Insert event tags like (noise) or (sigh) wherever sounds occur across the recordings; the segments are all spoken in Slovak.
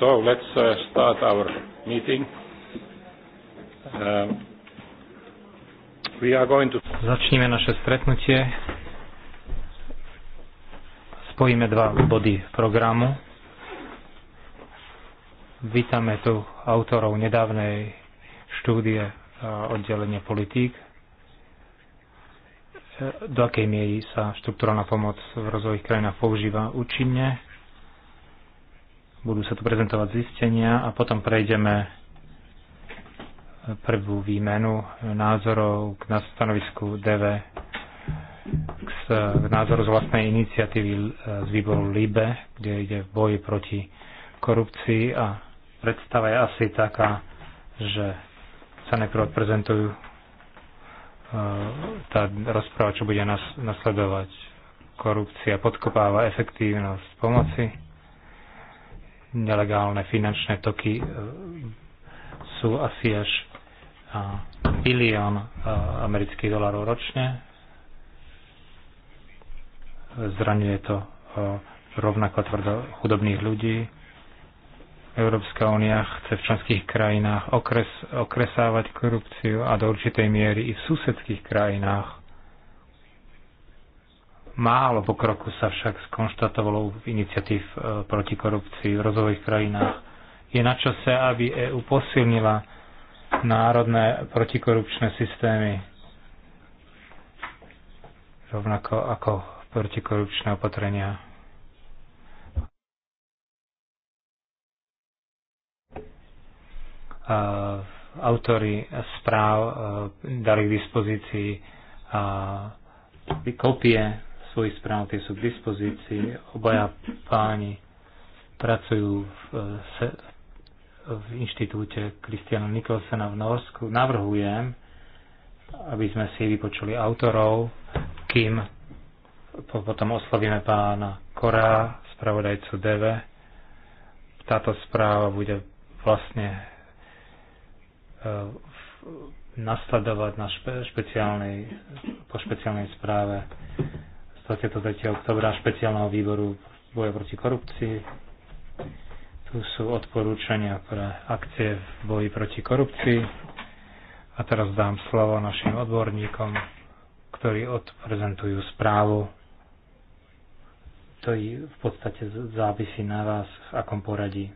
So let's uh, start our meeting. Uh, to... Začneme naše stretnutie. Spojíme dva body programu. Vítame tu autorov nedávnej štúdie oddelenie politík, e, do akej miery sa štruktúrálna pomoc v rozvojových krajinách používa účinne. Budú sa tu prezentovať zistenia a potom prejdeme prvú výmenu názorov k stanovisku DV k názoru z vlastnej iniciatívy z výboru LIBE, kde ide v boji proti korupcii a predstava je asi taká, že sa najprv odprezentujú e, tá rozpráva, čo bude nas, nasledovať. Korupcia podkopáva efektívnosť pomoci, nelegálne finančné toky e, sú asi až bilión e, amerických dolarov ročne. Zraňuje to rovnako tvrdo chudobných ľudí, Európska únia chce v členských krajinách okres, okresávať korupciu a do určitej miery i v susedských krajinách. Málo pokroku sa však skonštatovalo v iniciatív e, proti korupcii v rozvojových krajinách. Je na čase, aby EU posilnila národné protikorupčné systémy, rovnako ako protikorupčné opatrenia autory správ e, dali k dispozícii kopie svojich správ, tie sú k dispozícii. Obaja páni pracujú v, e, v inštitúte Kristiana Nikolsena v Norsku. Navrhujem, aby sme si vypočuli autorov, kým potom oslovíme pána Korá, spravodajcu DV. Táto správa bude vlastne Eh, nasledovať na špe, špeciálnej, po špeciálnej správe z 23. oktobra špeciálneho výboru boja proti korupcii. Tu sú odporúčania pre akcie v boji proti korupcii. A teraz dám slovo našim odborníkom, ktorí odprezentujú správu. To v podstate závisí na vás, v akom poradí.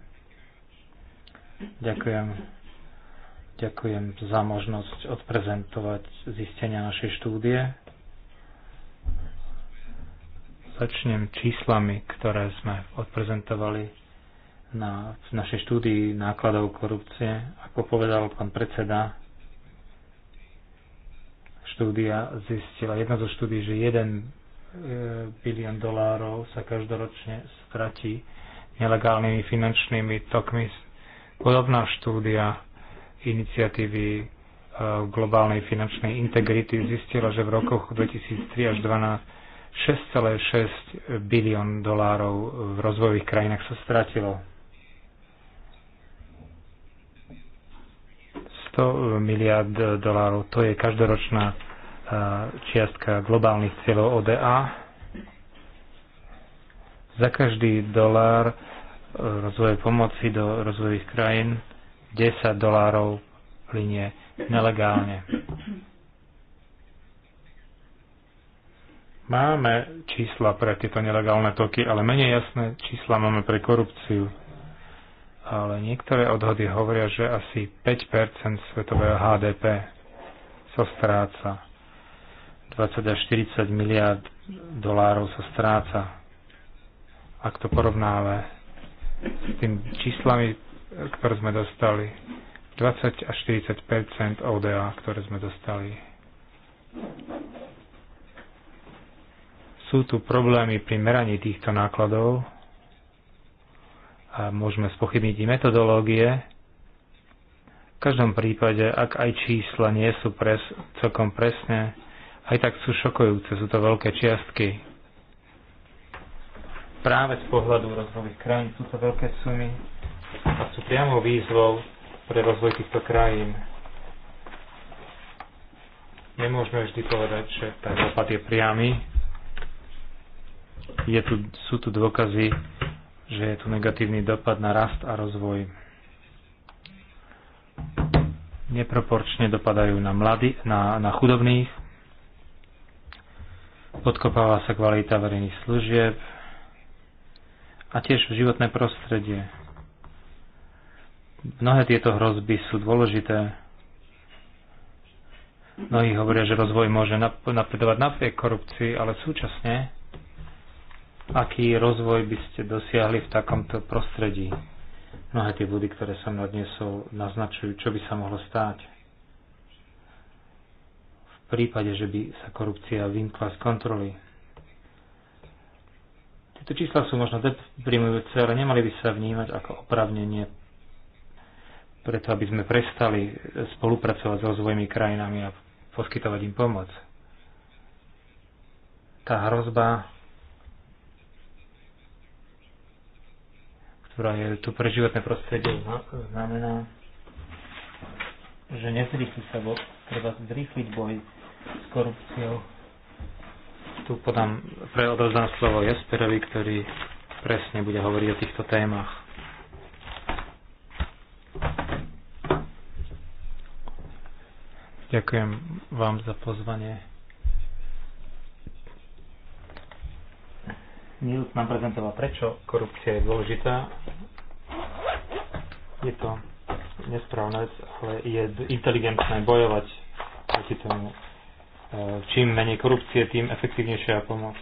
Ďakujem. Ďakujem za možnosť odprezentovať zistenia našej štúdie. Začnem číslami, ktoré sme odprezentovali na, v našej štúdii nákladov korupcie. Ako povedal pán predseda, štúdia zistila, jedna zo štúdí, že 1 e, bilión dolárov sa každoročne stratí nelegálnymi finančnými tokmi. Podobná štúdia iniciatívy e, globálnej finančnej integrity zistila, že v rokoch 2003 až 2012 6,6 bilión dolárov v rozvojových krajinách sa stratilo. 100 miliard dolárov, to je každoročná e, čiastka globálnych cieľov ODA. Za každý dolár e, rozvoje pomoci do rozvojových krajín 10 dolárov linie nelegálne. Máme čísla pre tieto nelegálne toky, ale menej jasné čísla máme pre korupciu. Ale niektoré odhody hovoria, že asi 5% svetového HDP sa stráca. 20 až 40 miliard dolárov sa stráca. Ak to porovnáme s tým číslami ktoré sme dostali. 20 až 40 ODA, ktoré sme dostali. Sú tu problémy pri meraní týchto nákladov a môžeme spochybniť i metodológie. V každom prípade, ak aj čísla nie sú pres, celkom presné, aj tak sú šokujúce, sú to veľké čiastky. Práve z pohľadu rozvojových krajín sú to veľké sumy, sú priamou výzvou pre rozvoj týchto krajín. Nemôžeme vždy povedať, že ten dopad je priamy. Je tu, sú tu dôkazy, že je tu negatívny dopad na rast a rozvoj. Neproporčne dopadajú na, mladý, na, na chudobných, podkopáva sa kvalita verejných služieb a tiež životné prostredie. Mnohé tieto hrozby sú dôležité. Mnohí hovoria, že rozvoj môže napredovať napriek korupcii, ale súčasne, aký rozvoj by ste dosiahli v takomto prostredí? Mnohé tie body, ktoré som nadnesol, naznačujú, čo by sa mohlo stáť. V prípade, že by sa korupcia vymkla z kontroly. Tieto čísla sú možno deprimujúce, ale nemali by sa vnímať ako opravnenie preto aby sme prestali spolupracovať s rozvojmi krajinami a poskytovať im pomoc. Tá hrozba, ktorá je tu pre životné prostredie, znamená, že nezrýchli sa, bo treba zrýchliť boj s korupciou. Tu podám, preodovzdám slovo Jesperovi, ktorý presne bude hovoriť o týchto témach. Ďakujem vám za pozvanie. Nils nám prezentoval, prečo korupcia je dôležitá. Je to nesprávna vec, ale je inteligentné bojovať proti tomu. E, čím menej korupcie, tým efektívnejšia pomoc.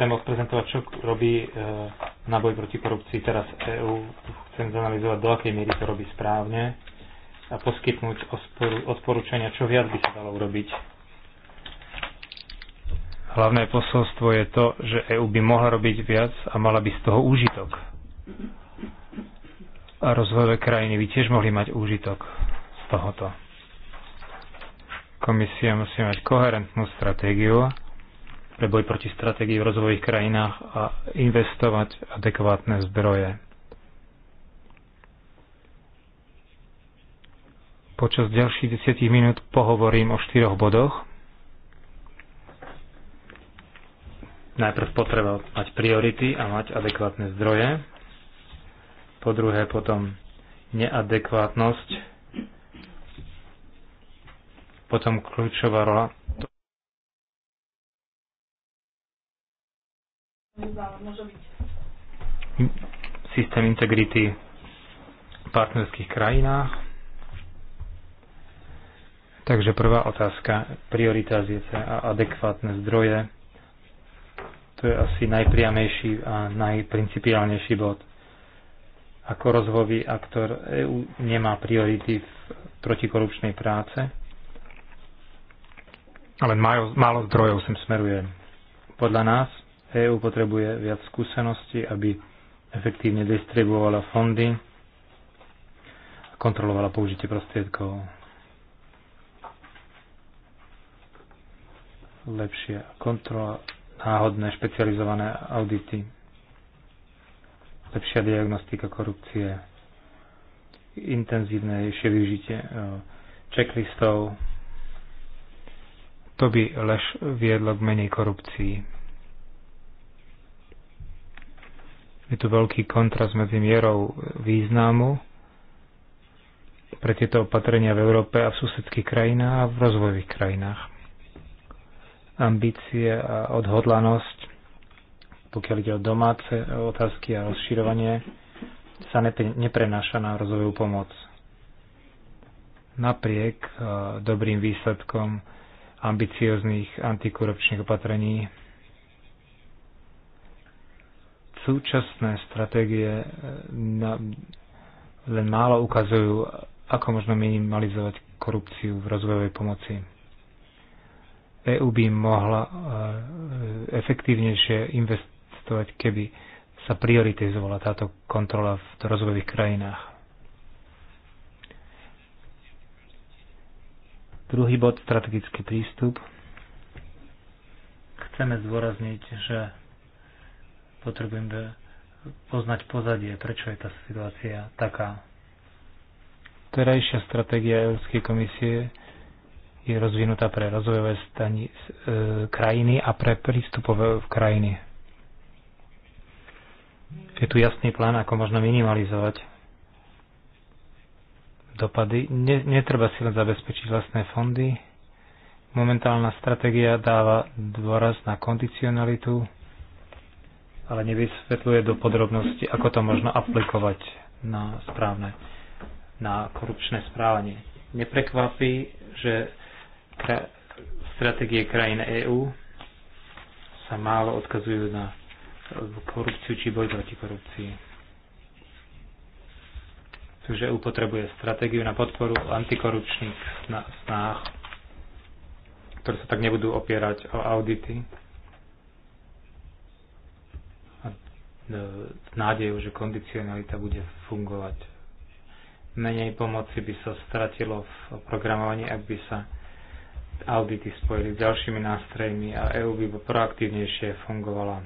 Chcem odprezentovať, čo robí e, na boj proti korupcii teraz EÚ. Chcem zanalizovať, do akej miery to robí správne a poskytnúť odporúčania, čo viac by sa dalo urobiť. Hlavné posolstvo je to, že EU by mohla robiť viac a mala by z toho úžitok. A rozvojové krajiny by tiež mohli mať úžitok z tohoto. Komisia musí mať koherentnú stratégiu pre boj proti stratégii v rozvojových krajinách a investovať adekvátne zdroje Počas ďalších 10 minút pohovorím o štyroch bodoch. Najprv potreba mať priority a mať adekvátne zdroje. Po druhé potom neadekvátnosť. Potom kľúčová rola systém integrity v partnerských krajinách Takže prvá otázka, prioritizácia a adekvátne zdroje. To je asi najpriamejší a najprincipiálnejší bod. Ako rozvojový aktor EÚ nemá priority v protikorupčnej práce, ale málo, málo zdrojov sem smeruje. Podľa nás EÚ potrebuje viac skúseností, aby efektívne distribuovala fondy a kontrolovala použitie prostriedkov lepšie kontrola, náhodné špecializované audity, lepšia diagnostika korupcie, intenzívnejšie využitie eh, checklistov. To by lež viedlo k menej korupcii. Je tu veľký kontrast medzi mierou významu pre tieto opatrenia v Európe a v susedských krajinách a v rozvojových krajinách ambície a odhodlanosť, pokiaľ ide o domáce otázky a rozširovanie, sa neprenáša na rozvojovú pomoc. Napriek e, dobrým výsledkom ambicióznych antikorupčných opatrení súčasné stratégie e, len málo ukazujú, ako možno minimalizovať korupciu v rozvojovej pomoci. EU by mohla e, efektívnejšie investovať, keby sa prioritizovala táto kontrola v rozvojových krajinách. Druhý bod, strategický prístup. Chceme zdôrazniť, že potrebujeme poznať pozadie, prečo je tá situácia taká. Terajšia stratégia Európskej komisie je rozvinutá pre rozvojové stani, e, krajiny a pre prístupové krajiny. Je tu jasný plán, ako možno minimalizovať dopady. Ne, netreba si len zabezpečiť vlastné fondy. Momentálna stratégia dáva dôraz na kondicionalitu, ale nevysvetľuje do podrobnosti, ako to možno aplikovať na správne, na korupčné správanie. Neprekvapí, že kra- stratégie krajín EÚ sa málo odkazujú na korupciu či boj proti korupcii. Takže EU potrebuje stratégiu na podporu antikorupčných snách, ktoré sa tak nebudú opierať o audity a s e, nádejou, že kondicionalita bude fungovať. Menej pomoci by sa stratilo v programovaní, ak by sa audity spojili s ďalšími nástrojmi a EU by proaktívnejšie fungovala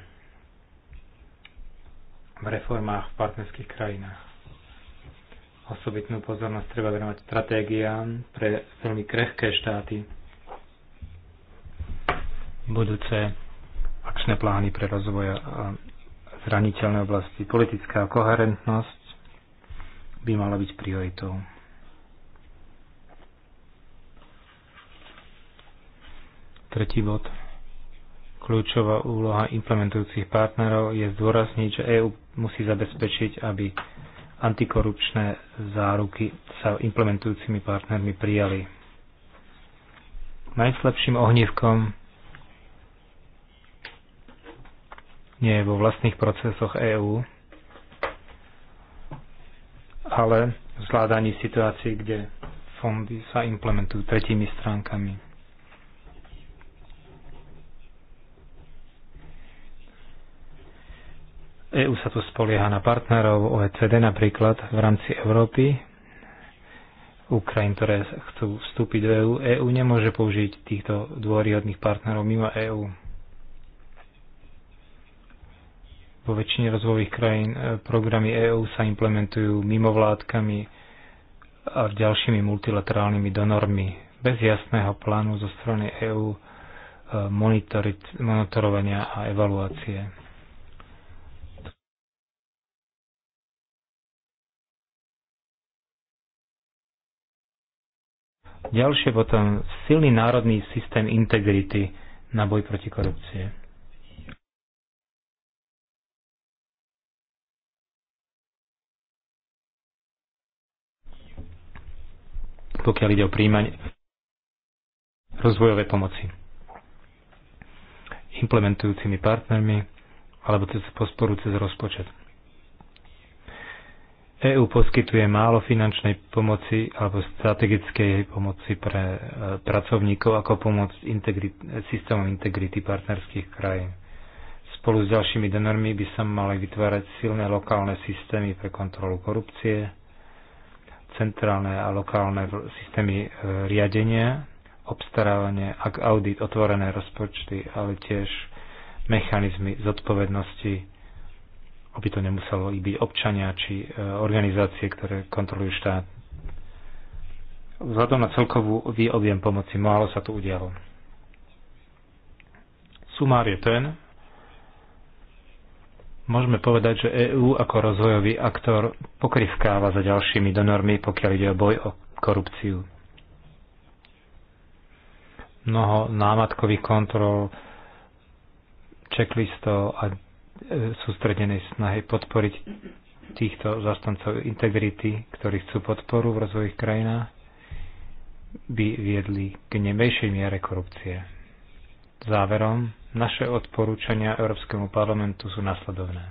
v reformách v partnerských krajinách. Osobitnú pozornosť treba venovať stratégiám pre veľmi krehké štáty. Budúce akčné plány pre rozvoj a zraniteľné oblasti. Politická koherentnosť by mala byť prioritou. Tretí bod. Kľúčová úloha implementujúcich partnerov je zdôrazniť, že EÚ musí zabezpečiť, aby antikorupčné záruky sa implementujúcimi partnermi prijali. Najslabším ohnívkom nie je vo vlastných procesoch EÚ, ale v zvládaní situácií, kde fondy sa implementujú tretími stránkami. EÚ sa tu spolieha na partnerov OECD napríklad v rámci Európy. Ukrajín, ktoré chcú vstúpiť do EÚ. EÚ nemôže použiť týchto dôryhodných partnerov mimo EÚ. Vo väčšine rozvojových krajín e, programy EÚ sa implementujú mimovládkami a ďalšími multilaterálnymi donormi bez jasného plánu zo strany EÚ e, monitorovania a evaluácie Ďalšie potom silný národný systém integrity na boj proti korupcie. pokiaľ ide o príjmanie rozvojové pomoci implementujúcimi partnermi alebo cez podporu cez rozpočet. EÚ poskytuje málo finančnej pomoci alebo strategickej pomoci pre e, pracovníkov ako pomoc integri- systémom integrity partnerských krajín. Spolu s ďalšími donormi by sa mali vytvárať silné lokálne systémy pre kontrolu korupcie, centrálne a lokálne systémy e, riadenia, obstarávanie, ak audit, otvorené rozpočty, ale tiež mechanizmy zodpovednosti aby to nemuselo byť občania či e, organizácie, ktoré kontrolujú štát. Vzhľadom na celkovú objem pomoci málo sa to udialo. Sumár je ten, môžeme povedať, že EÚ ako rozvojový aktor pokrivkáva za ďalšími donormi, pokiaľ ide o boj o korupciu. Mnoho námatkových kontrol, checklistov a E, sústredenej snahy podporiť týchto zastancov integrity, ktorí chcú podporu v rozvojových krajinách, by viedli k nemejšej miere korupcie. Záverom, naše odporúčania Európskemu parlamentu sú nasledovné.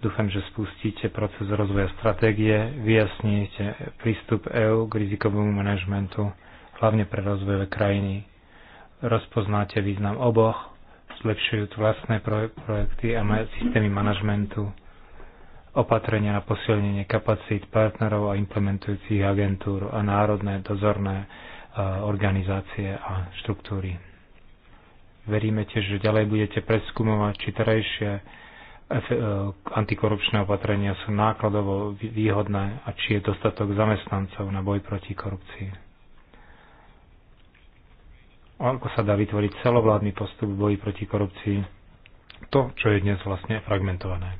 Dúfam, že spustíte proces rozvoja stratégie, vyjasníte prístup EÚ k rizikovému manažmentu, hlavne pre rozvojové krajiny. Rozpoznáte význam oboch zlepšujú vlastné projekty a systémy manažmentu, opatrenia na posilnenie kapacít partnerov a implementujúcich agentúr a národné dozorné e, organizácie a štruktúry. Veríme tiež, že ďalej budete preskúmovať, či terajšie e, antikorupčné opatrenia sú nákladovo výhodné a či je dostatok zamestnancov na boj proti korupcii ako sa dá vytvoriť celovládny postup v boji proti korupcii, to, čo je dnes vlastne fragmentované.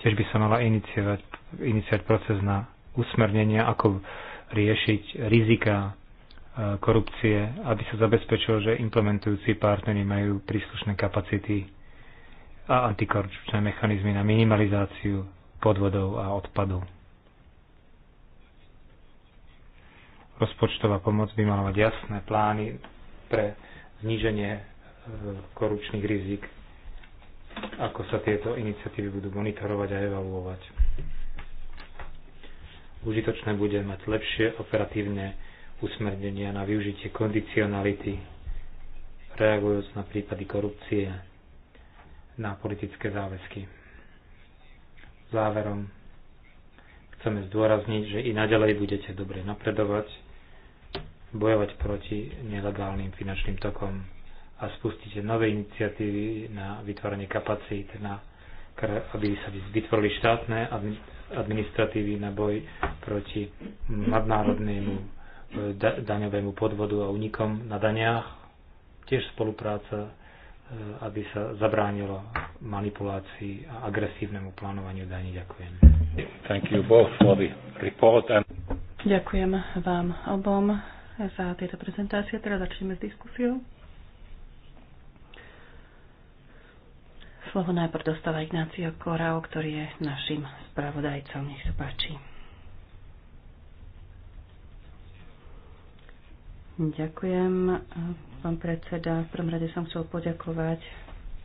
Tiež by sa mala iniciovať, iniciovať proces na usmernenie, ako riešiť rizika e, korupcie, aby sa zabezpečilo, že implementujúci partnery majú príslušné kapacity a antikorupčné mechanizmy na minimalizáciu podvodov a odpadov. Rozpočtová pomoc by mala mať jasné plány pre zníženie e, korupčných rizik, ako sa tieto iniciatívy budú monitorovať a evaluovať. Užitočné bude mať lepšie operatívne usmernenia na využitie kondicionality, reagujúc na prípady korupcie, na politické záväzky. Záverom chceme zdôrazniť, že i naďalej budete dobre napredovať bojovať proti nelegálnym finančným tokom a spustiť nové iniciatívy na vytváranie kapacít, na, aby sa vytvorili štátne administratívy na boj proti nadnárodnému e, daňovému podvodu a unikom na daniach. Tiež spolupráca, e, aby sa zabránilo manipulácii a agresívnemu plánovaniu daní. Ďakujem. Thank you both for the report and... Ďakujem vám obom za tieto prezentácie. Teraz začneme s diskusiou. Slovo najprv dostáva Ignácio Korao, ktorý je našim spravodajcom. Nech sa páči. Ďakujem, pán predseda. V prvom rade som chcel poďakovať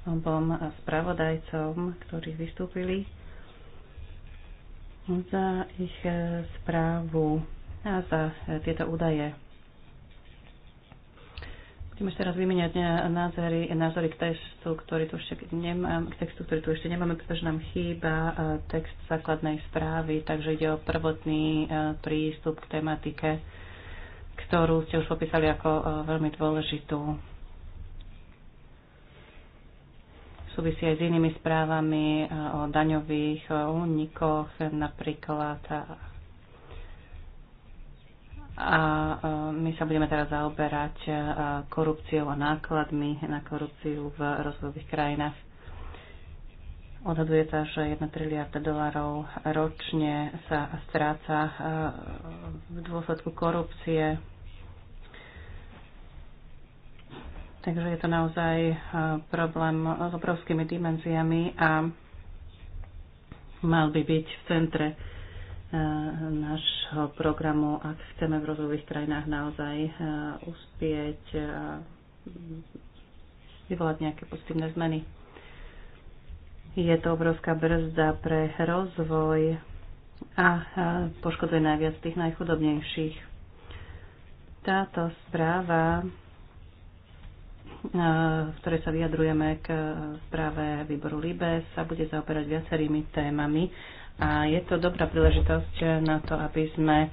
obom spravodajcom, ktorí vystúpili za ich správu a za tieto údaje. Budeme ešte raz vymeniať eh, názory, názory k textu, ktorý tu ešte nemám, eh, k textu, ktorý tu ešte nemáme, pretože nám chýba eh, text základnej správy, takže ide o prvotný prístup k tematike, ktorú ste už popísali ako veľmi dôležitú. Súvisí aj s inými správami o daňových únikoch napríklad a e, my sa budeme teraz zaoberať e, korupciou a nákladmi na korupciu v rozvojových krajinách. Odhaduje sa, že 1 triliarda dolárov ročne sa stráca e, v dôsledku korupcie. Takže je to naozaj problém s obrovskými dimenziami a mal by byť v centre nášho programu, ak chceme v rozvojových krajinách naozaj eh, uspieť eh, vyvolať nejaké pozitívne zmeny. Je to obrovská brzda pre rozvoj a eh, poškoduje najviac tých najchudobnejších. Táto správa v ktorej sa vyjadrujeme k eh, správe výboru LIBE, sa bude zaoberať viacerými témami a je to dobrá príležitosť na to, aby sme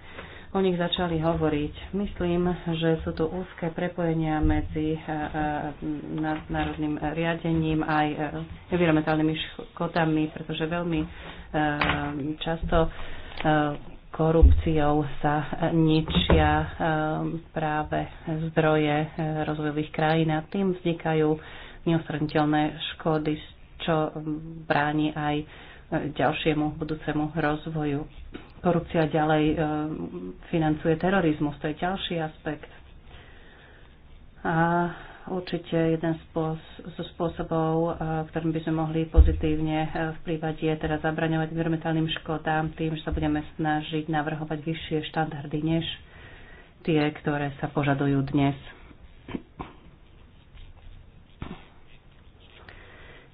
o nich začali hovoriť. Myslím, že sú tu úzke prepojenia medzi eh, eh, národným riadením aj environmentálnymi škodami, pretože veľmi často korupciou sa e, ničia e, práve zdroje e, rozvojových krajín a tým vznikajú neostraniteľné škody, čo bráni aj ďalšiemu budúcemu rozvoju. Korupcia ďalej financuje terorizmus, to je ďalší aspekt. A Určite jeden zo spôsobov, eh, ktorým by sme mohli pozitívne eh, vplývať, je teda zabraňovať environmentálnym škodám tým, že sa budeme snažiť navrhovať vyššie štandardy než tie, ktoré sa požadujú dnes.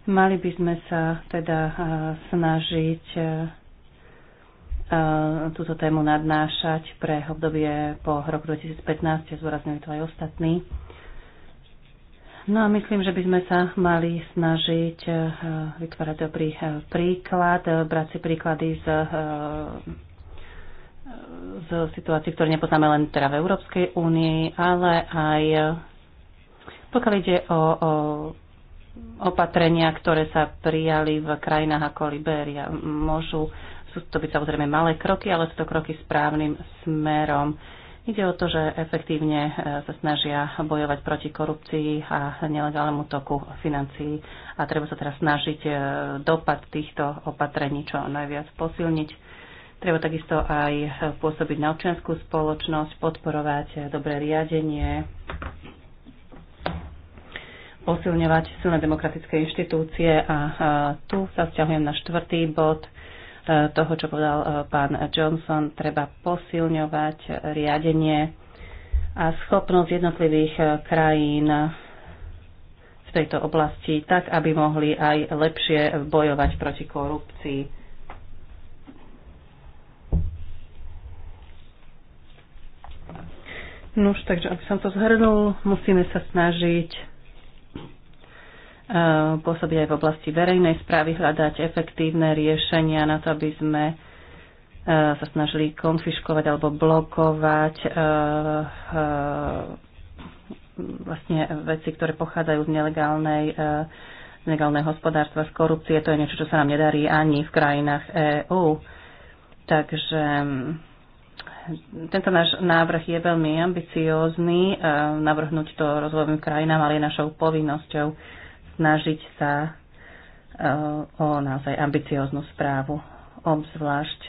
Mali by sme sa teda eh, snažiť túto tému nadnášať pre obdobie po roku 2015, zvorazňujú to aj ostatní. No a myslím, že by sme sa mali snažiť eh, vytvárať dobrý eh, príklad, eh, brať si príklady z, z situácií, ktoré nepoznáme len teda v Európskej únii, ale aj pokiaľ ide o, o opatrenia, ktoré sa prijali v krajinách ako Liberia. Môžu, sú to byť samozrejme malé kroky, ale sú to kroky správnym smerom. Uh, Ide o to, že efektívne e, sa snažia bojovať proti korupcii a nelegálnemu toku financií a treba sa teraz snažiť e, dopad týchto opatrení čo najviac posilniť. Treba takisto aj e, pôsobiť na občianskú spoločnosť, podporovať dobré riadenie, posilňovať silné demokratické inštitúcie a tu sa vzťahujem na štvrtý bod – toho, čo povedal eh, pán Johnson, treba posilňovať riadenie a schopnosť jednotlivých eh, krajín v tejto oblasti tak, aby mohli aj lepšie bojovať proti korupcii. Nuž, takže aby som to zhrnul, musíme sa snažiť Eh, pôsobiť aj v oblasti verejnej správy, hľadať efektívne riešenia na to, aby sme eh, sa snažili konfiškovať alebo blokovať eh, vlastne veci, ktoré pochádzajú z nelegálnej nelegálneho hospodárstva, z korupcie. To je niečo, čo sa nám nedarí ani v krajinách EÚ. Takže hm, tento náš návrh je veľmi ambiciózny. Navrhnúť to rozvojovým krajinám, ale je našou povinnosťou snažiť sa e, o naozaj ambicióznu správu, obzvlášť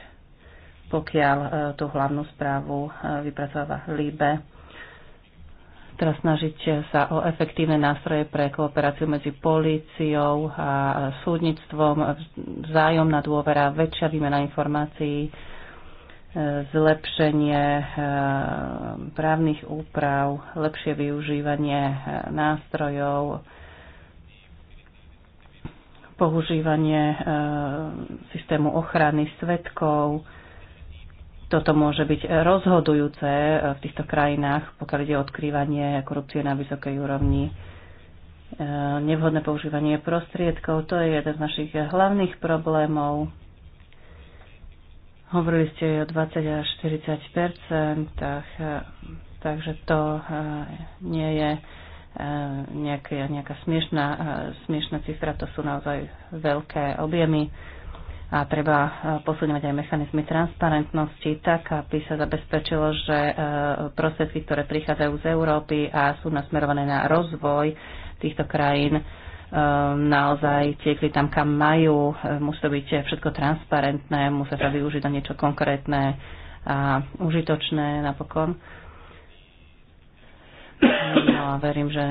pokiaľ e, tú hlavnú správu e, vypracováva LIBE. Teraz snažiť sa o efektívne nástroje pre kooperáciu medzi políciou a súdnictvom, vzájomná dôvera, väčšia výmena informácií, zlepšenie právnych úprav, lepšie využívanie nástrojov, používanie e, systému ochrany svetkov. Toto môže byť rozhodujúce e, v týchto krajinách, pokiaľ ide o odkrývanie korupcie na vysokej úrovni e, nevhodné používanie prostriedkov. To je jeden z našich hlavných problémov. Hovorili ste o 20 až 40 percentách, takže to nie je Eh, nejaké, nejaká smiešná, eh, smiešná cifra, to sú naozaj veľké objemy a treba eh, posilňovať aj mechanizmy transparentnosti tak, aby sa zabezpečilo, že prostriedky, ktoré prichádzajú z Európy a sú nasmerované na rozvoj týchto krajín, naozaj tiekli tam, kam majú. Musí to byť všetko transparentné, musia sa využiť na niečo konkrétne a užitočné napokon. No a verím, že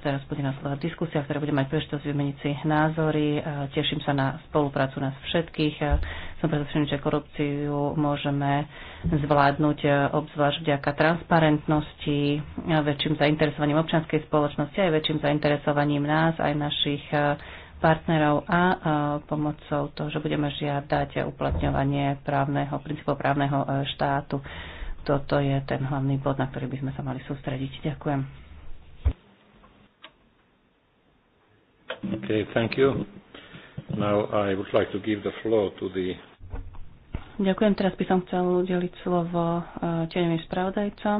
teraz bude nasledovať diskusia, ktorá bude mať príležitosť vymeniť si názory. Teším sa na spoluprácu nás všetkých. Som presvedčený, že korupciu môžeme zvládnuť e, obzvlášť vďaka transparentnosti, väčším zainteresovaním občianskej spoločnosti, aj väčším zainteresovaním nás, aj našich e, partnerov a e, pomocou toho, že budeme žiadať uplatňovanie právneho, princípov právneho štátu toto je ten hlavný bod, na ktorý by sme sa mali sústrediť. Ďakujem. Okay, thank you. Now I would like to give the floor to the Ďakujem. Teraz by som chcel udeliť slovo uh, tieňovým spravodajcom.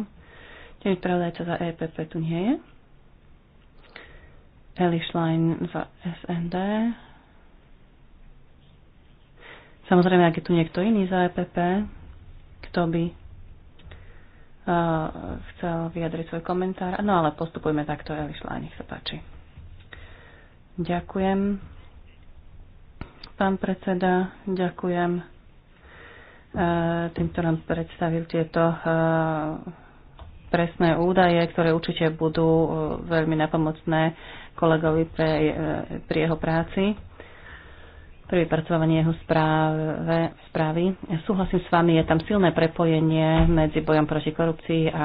Tieňový spravodajca za EPP tu nie je. Eli Schlein za SND. Samozrejme, ak je tu niekto iný za EPP, kto by Eh, chcel vyjadriť svoj komentár. No ale postupujme takto, Elišla, nech sa páči. Ďakujem. Pán predseda, ďakujem eh, tým, ktorým predstavil tieto eh, presné údaje, ktoré určite budú veľmi napomocné kolegovi pre, pri jeho práci pri vypracovaní jeho správe, správy. Ja súhlasím s vami, je tam silné prepojenie medzi bojom proti korupcii a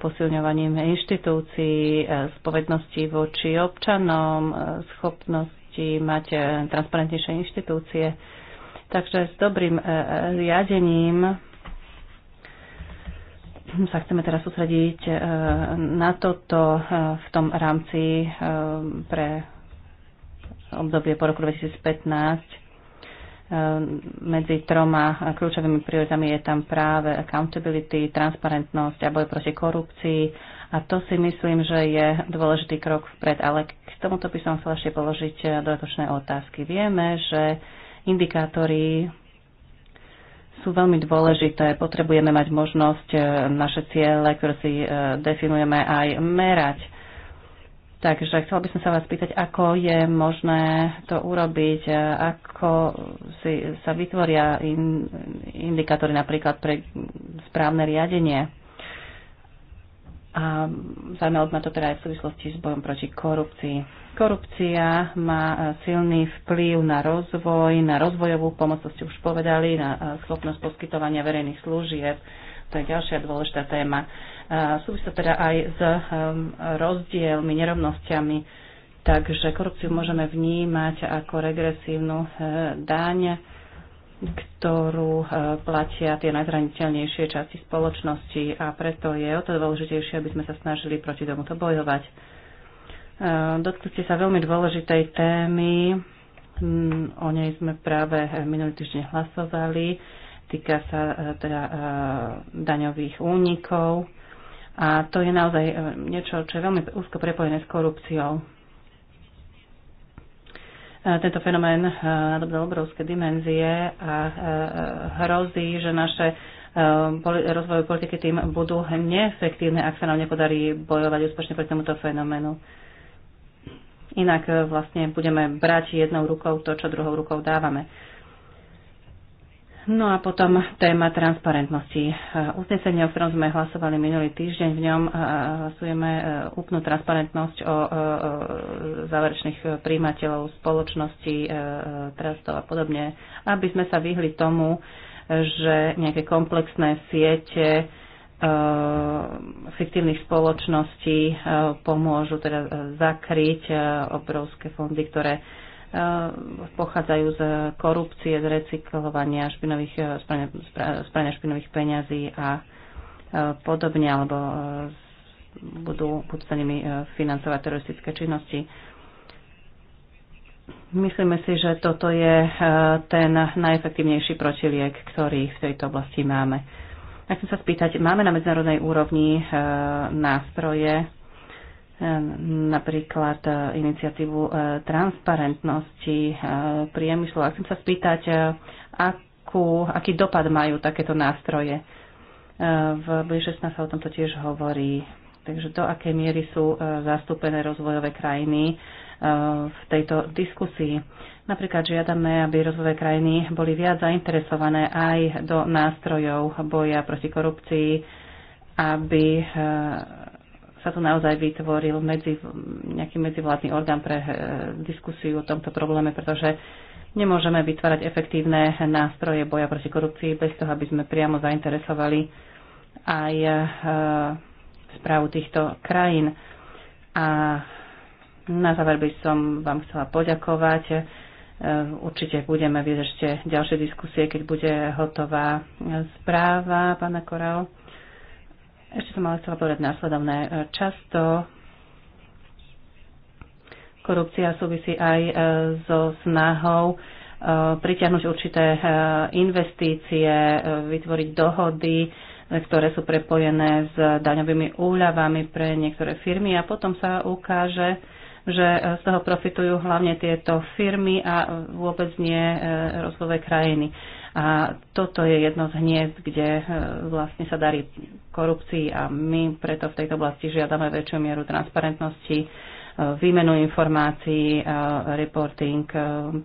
posilňovaním inštitúcií, e, spovednosti voči občanom, e, schopnosti mať e, transparentnejšie inštitúcie. Takže s dobrým riadením sa chceme teraz sústrediť na toto v tom rámci pre obdobie po roku 2015 medzi troma kľúčovými prioritami je tam práve accountability, transparentnosť a boj proti korupcii. A to si myslím, že je dôležitý krok vpred. Ale k tomuto by som chcela ešte položiť dodatočné otázky. Vieme, že indikátory sú veľmi dôležité. Potrebujeme mať možnosť e, naše ciele, ktoré si e, definujeme, aj merať Takže chcel by som sa vás pýtať, ako je možné to urobiť, ako si, sa vytvoria in, indikátory napríklad pre správne riadenie. A zaujímalo ma to teda aj v súvislosti s bojom proti korupcii. Korupcia má silný vplyv na rozvoj, na rozvojovú pomoc, to ste už povedali, na schopnosť poskytovania verejných služieb. To je ďalšia dôležitá téma. Súvisí teda aj s ehm, rozdielmi, nerovnosťami. Takže korupciu môžeme vnímať ako regresívnu e, daň, ktorú e, platia tie najzraniteľnejšie časti spoločnosti a preto je o to dôležitejšie, aby sme sa snažili proti tomuto bojovať. E, dotkli ste sa veľmi dôležitej témy, mm, o nej sme práve minulý týždeň hlasovali, týka sa teda daňových únikov a to je naozaj eh, niečo, čo je veľmi úzko prepojené s korupciou. Tento fenomén eh, nadobudol obrovské dimenzie a eh, hrozí, že naše rozvojové politiky tým budú neefektívne, ak sa nám nepodarí bojovať úspešne proti tomuto fenoménu. Inak vlastne budeme brať jednou rukou to, čo druhou rukou dávame. No a potom téma transparentnosti. E, uznesenie, o ktorom sme hlasovali minulý týždeň, v ňom e, hlasujeme úplnú e, transparentnosť o záverečných príjimateľov spoločnosti, trastov a podobne, aby sme sa vyhli tomu, že nejaké komplexné siete fiktívnych spoločností pomôžu teda zakryť obrovské fondy, ktoré Eh, pochádzajú z korupcie, z recyklovania špinových, eh, sprania špinových peňazí a eh, podobne, alebo budú, budú sa nimi financovať teroristické činnosti. Myslíme si, že toto je ten najefektívnejší protiliek, ktorý v tejto oblasti máme. Ja chcem sa spýtať, máme na medzinárodnej úrovni nástroje, napríklad e, iniciatívu e, transparentnosti e, priemyslu. A chcem sa spýtať, akú, aký dopad majú takéto nástroje. V B16 sa o tomto tiež hovorí. Takže do akej miery sú zastúpené rozvojové krajiny v tejto diskusii. Napríklad žiadame, aby rozvojové krajiny boli viac zainteresované aj do nástrojov boja proti korupcii, aby sa tu naozaj vytvoril medzi, nejaký medzivládny orgán pre eh, diskusiu o tomto probléme, pretože nemôžeme vytvárať efektívne nástroje boja proti korupcii bez toho, aby sme priamo zainteresovali aj eh, správu týchto krajín. A na záver by som vám chcela poďakovať. Eh, určite budeme viesť ešte ďalšie diskusie, keď bude hotová správa pána Korál ešte som ale chcela povedať následovné. E, Často korupcia súvisí aj e, so snahou e, priťahnuť určité investície, vytvoriť dohody, ktoré sú prepojené s daňovými úľavami pre niektoré firmy a potom sa ukáže, že z toho profitujú hlavne tieto firmy a vôbec nie rozvojové krajiny. A toto je jedno z hniezd, kde e, vlastne sa darí korupcii a my preto v tejto oblasti žiadame väčšiu mieru transparentnosti, e, výmenu informácií, e, reporting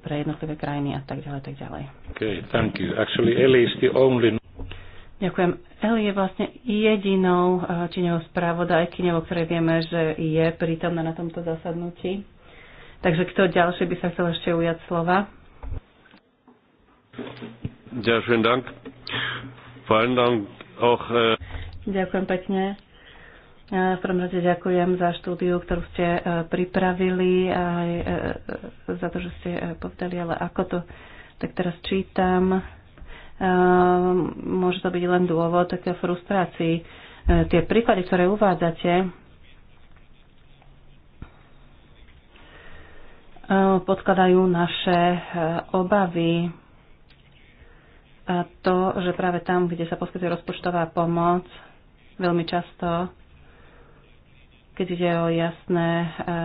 pre jednotlivé krajiny a tak ďalej, tak ďalej. Okay, thank you. Actually, Ellie is the only... Ďakujem. Eli je vlastne jedinou čineho spravodajkyňou, o ktorej vieme, že je prítomná na tomto zasadnutí. Takže kto ďalší by sa chcel ešte ujať slova? Ja, schönen Dank. Vor Dank auch, äh... Ďakujem pekne. V prvom rade ďakujem za štúdiu, ktorú ste e, pripravili aj e, e, za to, že ste povedali, ale ako to tak teraz čítam, môže to byť len dôvod také frustrácii. Tie príklady, ktoré uvádzate, podkladajú naše obavy to, že práve tam, kde sa poskytuje rozpočtová pomoc, veľmi často, keď ide o jasné, e,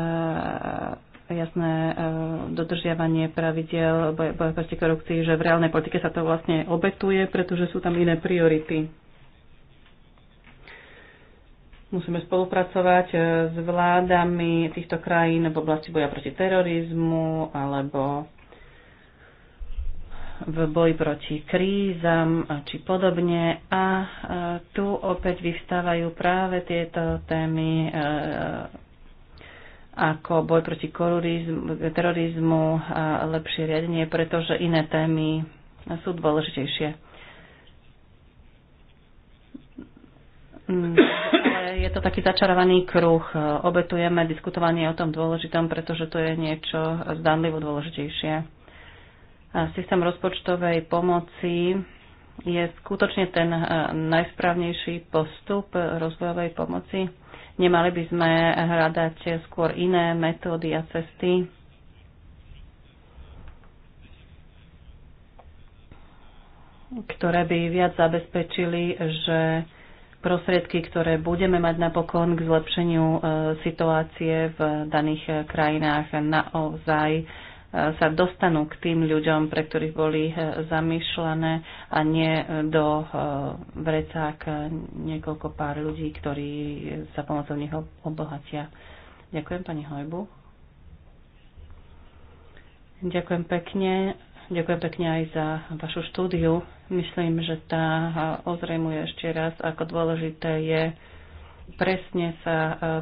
jasné e, dodržiavanie pravidel boja proti korupcii, že v reálnej politike sa to vlastne obetuje, pretože sú tam iné priority. Musíme spolupracovať e, s vládami týchto krajín v oblasti boja proti terorizmu alebo v boji proti krízam či podobne. A tu opäť vyvstávajú práve tieto témy e, ako boj proti terorizmu a lepšie riadenie, pretože iné témy sú dôležitejšie. Mm, ale je to taký začarovaný kruh. Obetujeme diskutovanie o tom dôležitom, pretože to je niečo zdanlivo dôležitejšie systém rozpočtovej pomoci je skutočne ten e, najsprávnejší postup rozvojovej pomoci. Nemali by sme hľadať skôr iné metódy a cesty. ktoré by viac zabezpečili, že prostriedky, ktoré budeme mať napokon k zlepšeniu e, situácie v daných e, krajinách, naozaj sa dostanú k tým ľuďom, pre ktorých boli eh, zamýšľané a nie eh, do eh, vrecák niekoľko pár ľudí, ktorí sa pomocou nich obohatia. Ďakujem pani Hojbu. Ďakujem pekne. Ďakujem pekne aj za vašu štúdiu. Myslím, že tá ozrejmuje ešte raz, ako dôležité je presne sa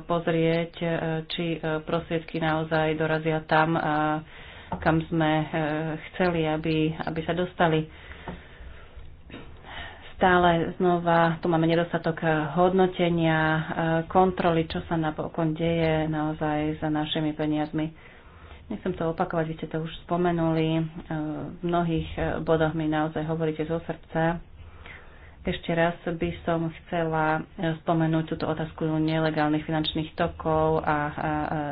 pozrieť, či prostriedky naozaj dorazia tam, kam sme e, chceli, aby, aby sa dostali. Stále znova tu máme nedostatok e, hodnotenia, e, kontroly, čo sa napokon deje naozaj za našimi peniazmi. Nechcem to opakovať, vy ste to už spomenuli. V mnohých bodoch mi naozaj hovoríte zo srdca. Ešte raz by som chcela spomenúť túto otázku nelegálnych finančných tokov a, a, a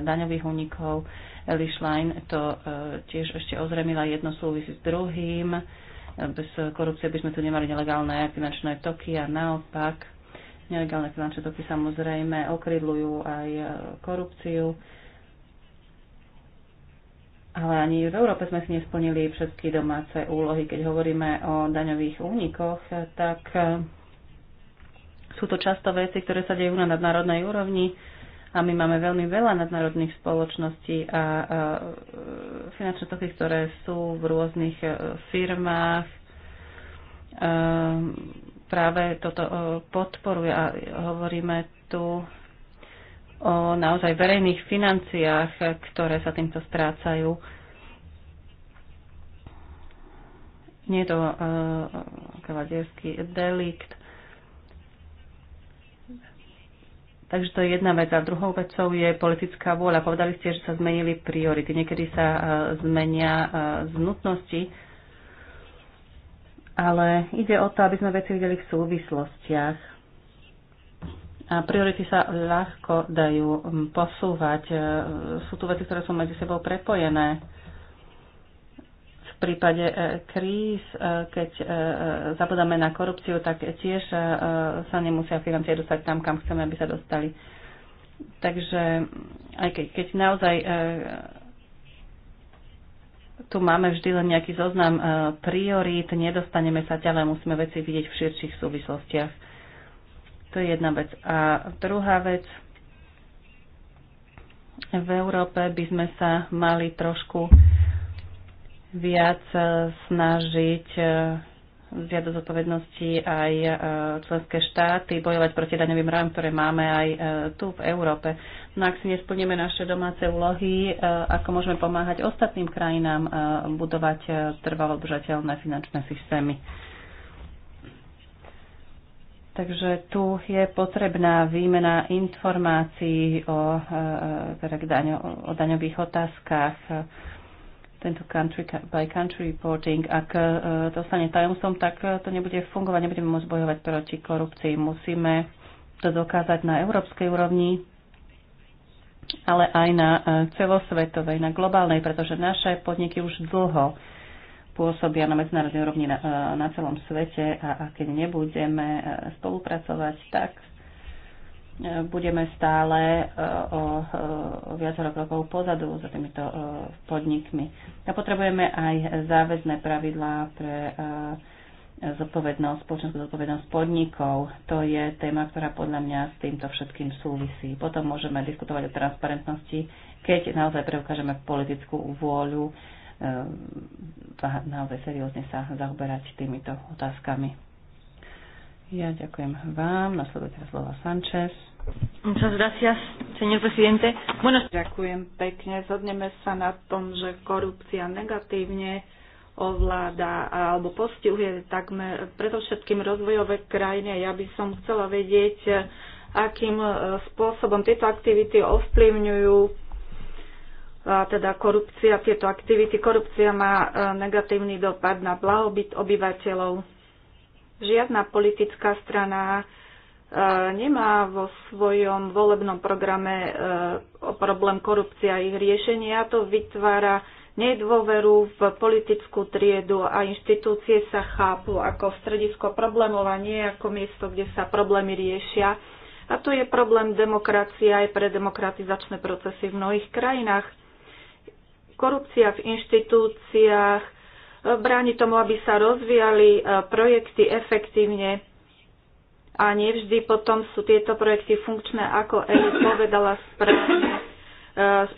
daňových únikov. Eli Schlein to e, tiež ešte ozremila jedno súvisí s druhým. E, bez korupcie by sme tu nemali nelegálne finančné toky a naopak nelegálne finančné toky samozrejme okrydľujú aj e, korupciu. Ale ani v Európe sme si nesplnili všetky domáce úlohy. Keď hovoríme o daňových únikoch, tak sú to často veci, ktoré sa dejú na nadnárodnej úrovni a my máme veľmi veľa nadnárodných spoločností a e, finančné toky, ktoré sú v rôznych e, firmách. E, práve toto podporuje a hovoríme tu o naozaj verejných financiách, ktoré sa týmto strácajú. nie je to uh, kavalierský delikt. Takže to je jedna vec. A druhou vecou je politická vôľa. Povedali ste, že sa zmenili priority. Niekedy sa e, zmenia e, z nutnosti, ale ide o to, aby sme veci videli v súvislostiach. A priority sa ľahko dajú posúvať. E, sú tu veci, ktoré sú medzi sebou prepojené v prípade e, kríz, e, keď e, zabudáme na korupciu, tak tiež sa nemusia financie dostať tam, kam chceme, aby sa dostali. Takže aj keď, keď naozaj tu máme vždy len nejaký zoznam priorít, nedostaneme sa ďalej, musíme veci vidieť v širších súvislostiach. To je jedna vec. A druhá vec, v Európe by sme sa mali trošku viac e, snažiť e, vziať do zodpovednosti aj e, členské štáty, bojovať proti daňovým rám, ktoré máme aj tu v Európe. No ak si nesplníme naše domáce úlohy, ako môžeme pomáhať ostatným krajinám budovať trvalo držateľné finančné systémy. Takže tu je potrebná výmena informácií o, teda daňo, o daňových otázkach, tento country by country reporting. Ak to e, stane tajomstvom, tak e, to nebude fungovať, nebudeme môcť bojovať proti korupcii. Musíme to dokázať na európskej úrovni, ale aj na e, celosvetovej, na globálnej, pretože naše podniky už dlho pôsobia na medzinárodnej úrovni na, na celom svete a, a keď nebudeme spolupracovať, tak budeme stále e, o, e, o viacero krokov pozadu za týmito e, podnikmi. A potrebujeme aj záväzné pravidlá pre zodpovednosť, spoločenskú zodpovednosť podnikov. To je téma, ktorá podľa mňa s týmto všetkým súvisí. Potom môžeme diskutovať o transparentnosti, keď naozaj preukážeme politickú vôľu naozaj seriózne sa zaoberať týmito otázkami. Ja ďakujem vám. Nasleduje teraz slova Sanchez. Muchas gracias, señor presidente. Bueno... Ďakujem pekne. Zhodneme sa na tom, že korupcia negatívne ovláda alebo postihuje takmer predovšetkým rozvojové krajiny. Ja by som chcela vedieť, akým e, spôsobom tieto aktivity ovplyvňujú e, teda korupcia, tieto aktivity. Korupcia má e, negatívny dopad na blahobyt obyvateľov Žiadna politická strana e, nemá vo svojom volebnom programe e, o problém korupcia a ich riešenia. To vytvára nedôveru v politickú triedu a inštitúcie sa chápu ako stredisko problémov a nie ako miesto, kde sa problémy riešia. A to je problém demokracie aj pre demokratizačné procesy v mnohých krajinách. Korupcia v inštitúciách bráni tomu, aby sa rozvíjali e, projekty efektívne a nevždy potom sú tieto projekty funkčné, ako Eli povedala správne. E,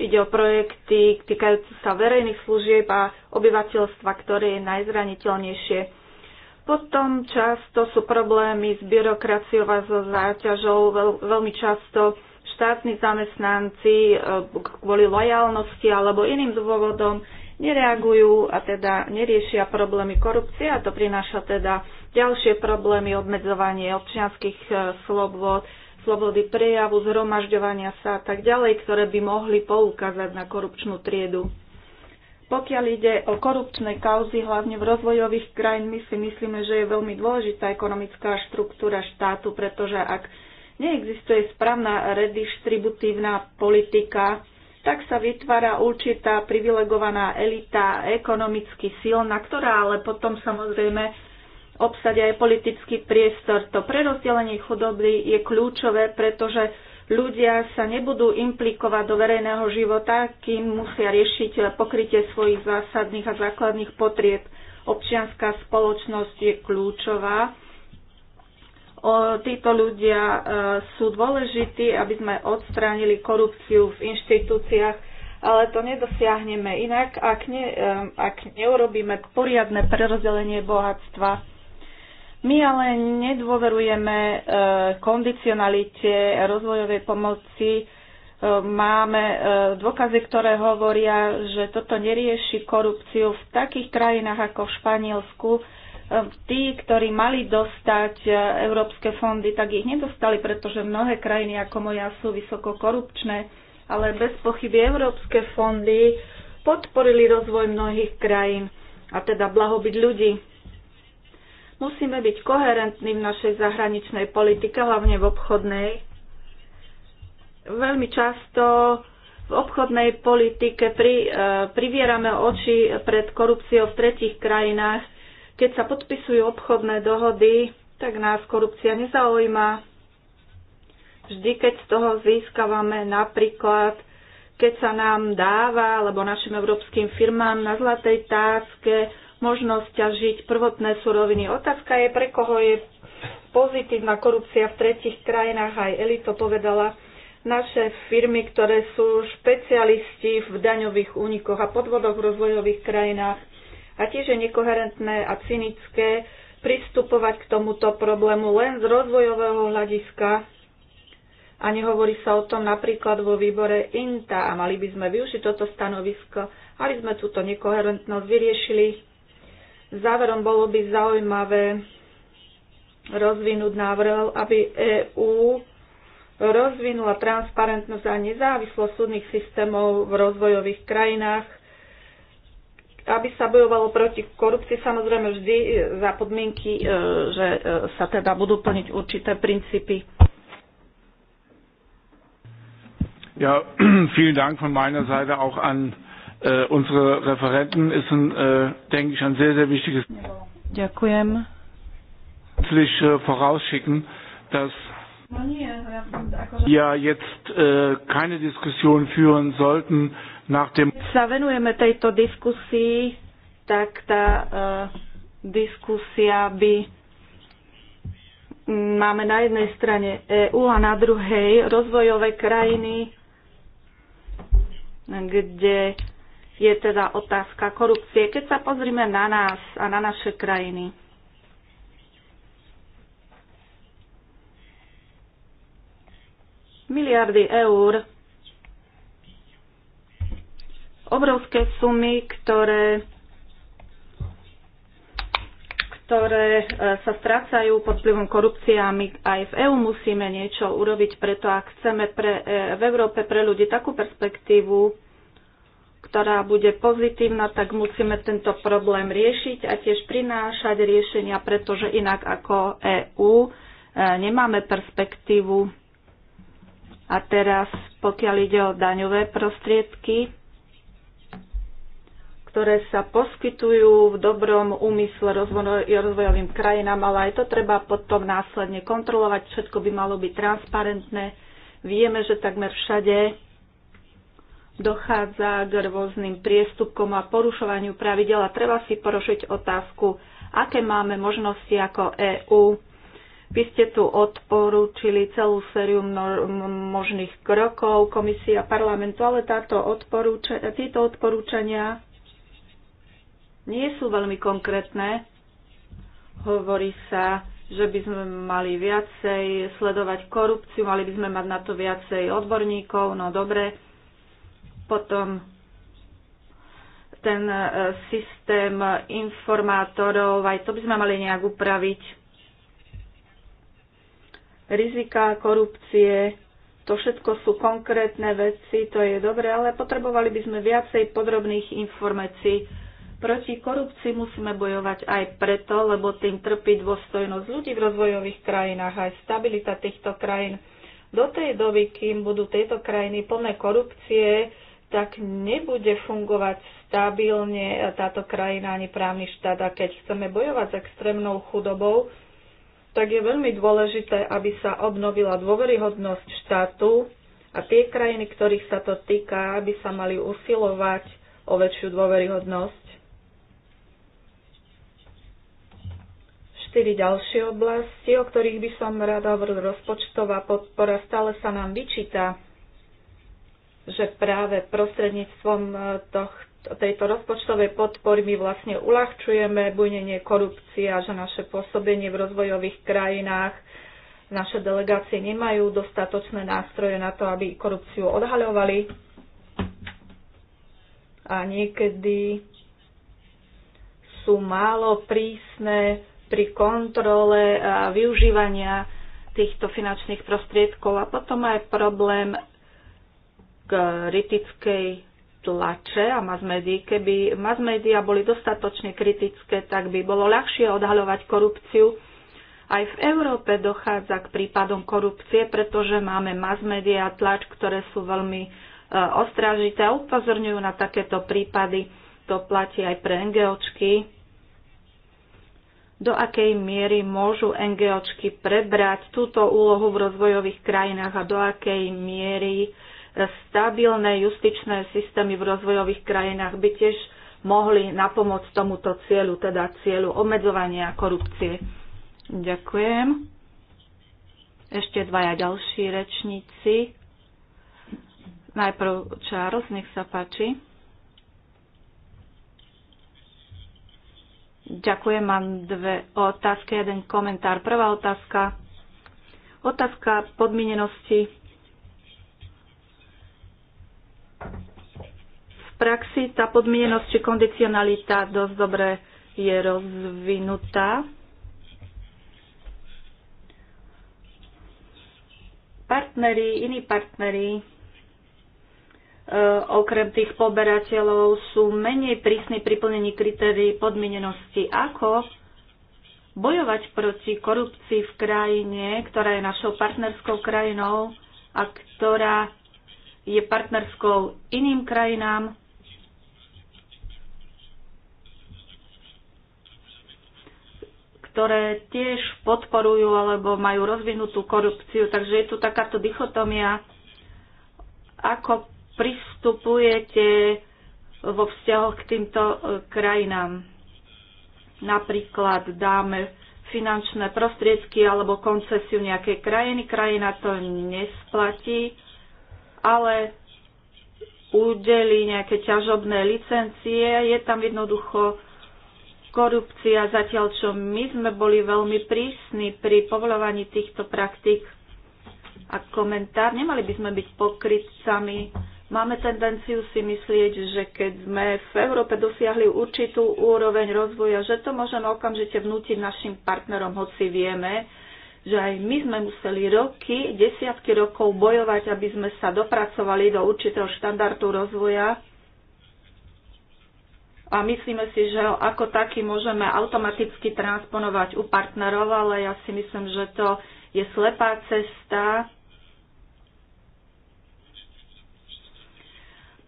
ide o projekty týkajúce sa verejných služieb a obyvateľstva, ktoré je najzraniteľnejšie. Potom často sú problémy s byrokraciou a so záťažou. Veľmi často štátni zamestnanci e, kvôli lojalnosti alebo iným dôvodom nereagujú a teda neriešia problémy korupcie a to prináša teda ďalšie problémy, obmedzovanie občianských e, slobod, slobody prejavu, zhromažďovania sa a tak ďalej, ktoré by mohli poukázať na korupčnú triedu. Pokiaľ ide o korupčné kauzy, hlavne v rozvojových krajín, my si myslíme, že je veľmi dôležitá ekonomická štruktúra štátu, pretože ak neexistuje správna redistributívna politika, tak sa vytvára určitá privilegovaná elita, ekonomicky silná, ktorá ale potom samozrejme obsadia aj politický priestor. To prerozdelenie chudoby je kľúčové, pretože ľudia sa nebudú implikovať do verejného života, kým musia riešiť pokrytie svojich zásadných a základných potrieb. Občianská spoločnosť je kľúčová O, títo ľudia e, sú dôležití, aby sme odstránili korupciu v inštitúciách, ale to nedosiahneme inak, ak, ne, e, ak neurobíme poriadne prerozdelenie bohatstva. My ale nedôverujeme e, kondicionalite rozvojovej pomoci. E, máme e, dôkazy, ktoré hovoria, že toto nerieši korupciu v takých krajinách ako v Španielsku, tí, ktorí mali dostať e, európske fondy, tak ich nedostali, pretože mnohé krajiny ako moja sú vysoko korupčné, ale bez pochyby európske fondy podporili rozvoj mnohých krajín a teda blahobyt ľudí. Musíme byť koherentní v našej zahraničnej politike, hlavne v obchodnej. Veľmi často v obchodnej politike pri, e, privierame oči pred korupciou v tretich krajinách, keď sa podpisujú obchodné dohody, tak nás korupcia nezaujíma. Vždy, keď z toho získavame napríklad, keď sa nám dáva, alebo našim európskym firmám na zlatej táske možnosť ťažiť prvotné suroviny. Otázka je, pre koho je pozitívna korupcia v tretich krajinách, aj Eli to povedala, naše firmy, ktoré sú špecialisti v daňových únikoch a podvodoch v rozvojových krajinách, a tiež je nekoherentné a cynické pristupovať k tomuto problému len z rozvojového hľadiska a nehovorí sa o tom napríklad vo výbore INTA a mali by sme využiť toto stanovisko, aby sme túto nekoherentnosť vyriešili. Záverom bolo by zaujímavé rozvinúť návrh, aby EÚ rozvinula transparentnosť a nezávislosť súdnych systémov v rozvojových krajinách aby sa bojovalo proti korupcii, samozrejme vždy e, za podmienky, e, že e, sa teda budú plniť určité princípy. Ja, (clears throat) vielen Dank von meiner Seite auch an äh, unsere Referenten. Ist ein, äh, denke ich, ein sehr, sehr wichtiges. Ďakujem. Natürlich äh, vorausschicken, dass no wir jetzt äh, keine Diskussion führen sollten, keď sa venujeme tejto diskusii, tak tá uh, diskusia by máme na jednej strane EU a na druhej rozvojové krajiny, kde je teda otázka korupcie. Keď sa pozrime na nás a na naše krajiny, miliardy eur obrovské sumy, ktoré ktoré e, sa strácajú pod vplyvom korupcie a my aj v EÚ musíme niečo urobiť preto, ak chceme pre, e, v Európe pre ľudí takú perspektívu, ktorá bude pozitívna, tak musíme tento problém riešiť a tiež prinášať riešenia, pretože inak ako EÚ e, nemáme perspektívu. A teraz, pokiaľ ide o daňové prostriedky, ktoré sa poskytujú v dobrom úmysle rozvojovým krajinám, ale aj to treba potom následne kontrolovať. Všetko by malo byť transparentné. Vieme, že takmer všade dochádza k rôznym priestupkom a porušovaniu pravidel a treba si porušiť otázku, aké máme možnosti ako EÚ. Vy ste tu odporúčili celú sériu možných krokov komisia parlamentu, ale táto odporúča- títo odporúčania nie sú veľmi konkrétne. Hovorí sa, že by sme mali viacej sledovať korupciu, mali by sme mať na to viacej odborníkov, no dobre. Potom ten e, systém informátorov, aj to by sme mali nejak upraviť. Rizika korupcie, to všetko sú konkrétne veci, to je dobre, ale potrebovali by sme viacej podrobných informácií. Proti korupcii musíme bojovať aj preto, lebo tým trpí dôstojnosť ľudí v rozvojových krajinách aj stabilita týchto krajín. Do tej doby, kým budú tieto krajiny plné korupcie, tak nebude fungovať stabilne táto krajina ani právny štát. A keď chceme bojovať s extrémnou chudobou, tak je veľmi dôležité, aby sa obnovila dôveryhodnosť štátu a tie krajiny, ktorých sa to týka, aby sa mali usilovať o väčšiu dôveryhodnosť. štyri ďalšie oblasti, o ktorých by som rada hovoril. Rozpočtová podpora stále sa nám vyčíta, že práve prostredníctvom e, tohto, tejto rozpočtovej podpory my vlastne uľahčujeme bujnenie korupcie a že naše pôsobenie v rozvojových krajinách naše delegácie nemajú dostatočné nástroje na to, aby korupciu odhaľovali. A niekedy sú málo prísne pri kontrole a využívania týchto finančných prostriedkov a potom aj problém kritickej tlače a mass médií. Keby mass médiá boli dostatočne kritické, tak by bolo ľahšie odhaľovať korupciu. Aj v Európe dochádza k prípadom korupcie, pretože máme mass médiá a tlač, ktoré sú veľmi e, ostrážite a upozorňujú na takéto prípady. To platí aj pre NGOčky, do akej miery môžu NGOčky prebrať túto úlohu v rozvojových krajinách a do akej miery stabilné justičné systémy v rozvojových krajinách by tiež mohli napomôcť tomuto cieľu, teda cieľu obmedzovania korupcie. Ďakujem. Ešte dvaja ďalší rečníci. Najprv Čáros, nech sa páči. Ďakujem, mám dve otázky, jeden komentár. Prvá otázka. Otázka podmienenosti. V praxi tá podmienenosť či kondicionalita dosť dobre je rozvinutá. Partneri, iní partneri Eh, okrem tých poberateľov sú menej prísni pri plnení kritérií podmienenosti. Ako bojovať proti korupcii v krajine, ktorá je našou partnerskou krajinou a ktorá je partnerskou iným krajinám? ktoré tiež podporujú alebo majú rozvinutú korupciu. Takže je tu takáto dichotomia, ako pristupujete vo vzťahoch k týmto e, krajinám. Napríklad dáme finančné prostriedky alebo koncesiu nejakej krajiny. Krajina to nesplatí, ale udeli nejaké ťažobné licencie. Je tam jednoducho korupcia, zatiaľ čo my sme boli veľmi prísni pri povolovaní týchto praktik a komentár. Nemali by sme byť pokrytcami Máme tendenciu si myslieť, že keď sme v Európe dosiahli určitú úroveň rozvoja, že to môžeme okamžite vnútiť našim partnerom, hoci vieme, že aj my sme museli roky, desiatky rokov bojovať, aby sme sa dopracovali do určitého štandardu rozvoja. A myslíme si, že ako taký môžeme automaticky transponovať u partnerov, ale ja si myslím, že to je slepá cesta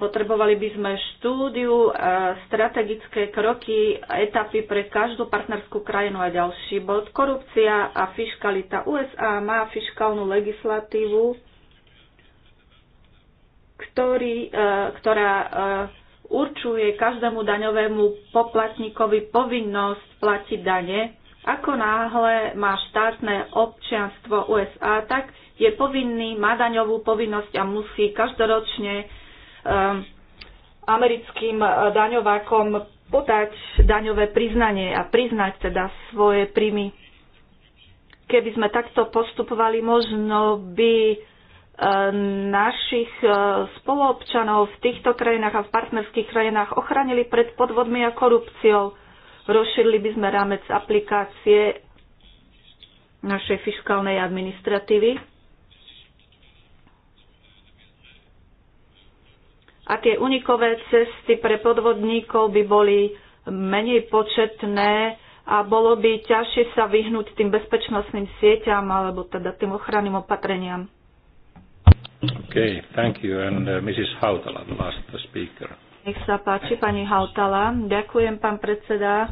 Potrebovali by sme štúdiu, e, strategické kroky, etapy pre každú partnerskú krajinu a ďalší bod. Korupcia a fiskalita. USA má fiškálnu legislatívu, ktorý, e, ktorá e, určuje každému daňovému poplatníkovi povinnosť platiť dane. Ako náhle má štátne občianstvo USA, tak je povinný, má daňovú povinnosť a musí každoročne Um, americkým uh, daňovákom podať daňové priznanie a priznať teda svoje príjmy. Keby sme takto postupovali, možno by uh, našich uh, spoluobčanov v týchto krajinách a v partnerských krajinách ochránili pred podvodmi a korupciou. Rozšírili by sme rámec aplikácie našej fiskálnej administratívy a tie unikové cesty pre podvodníkov by boli menej početné a bolo by ťažšie sa vyhnúť tým bezpečnostným sieťam alebo teda tým ochranným opatreniam. Okay, thank you. And uh, Mrs. Hautala, the last speaker. Nech sa páči, pani Hautala. Ďakujem, pán predseda.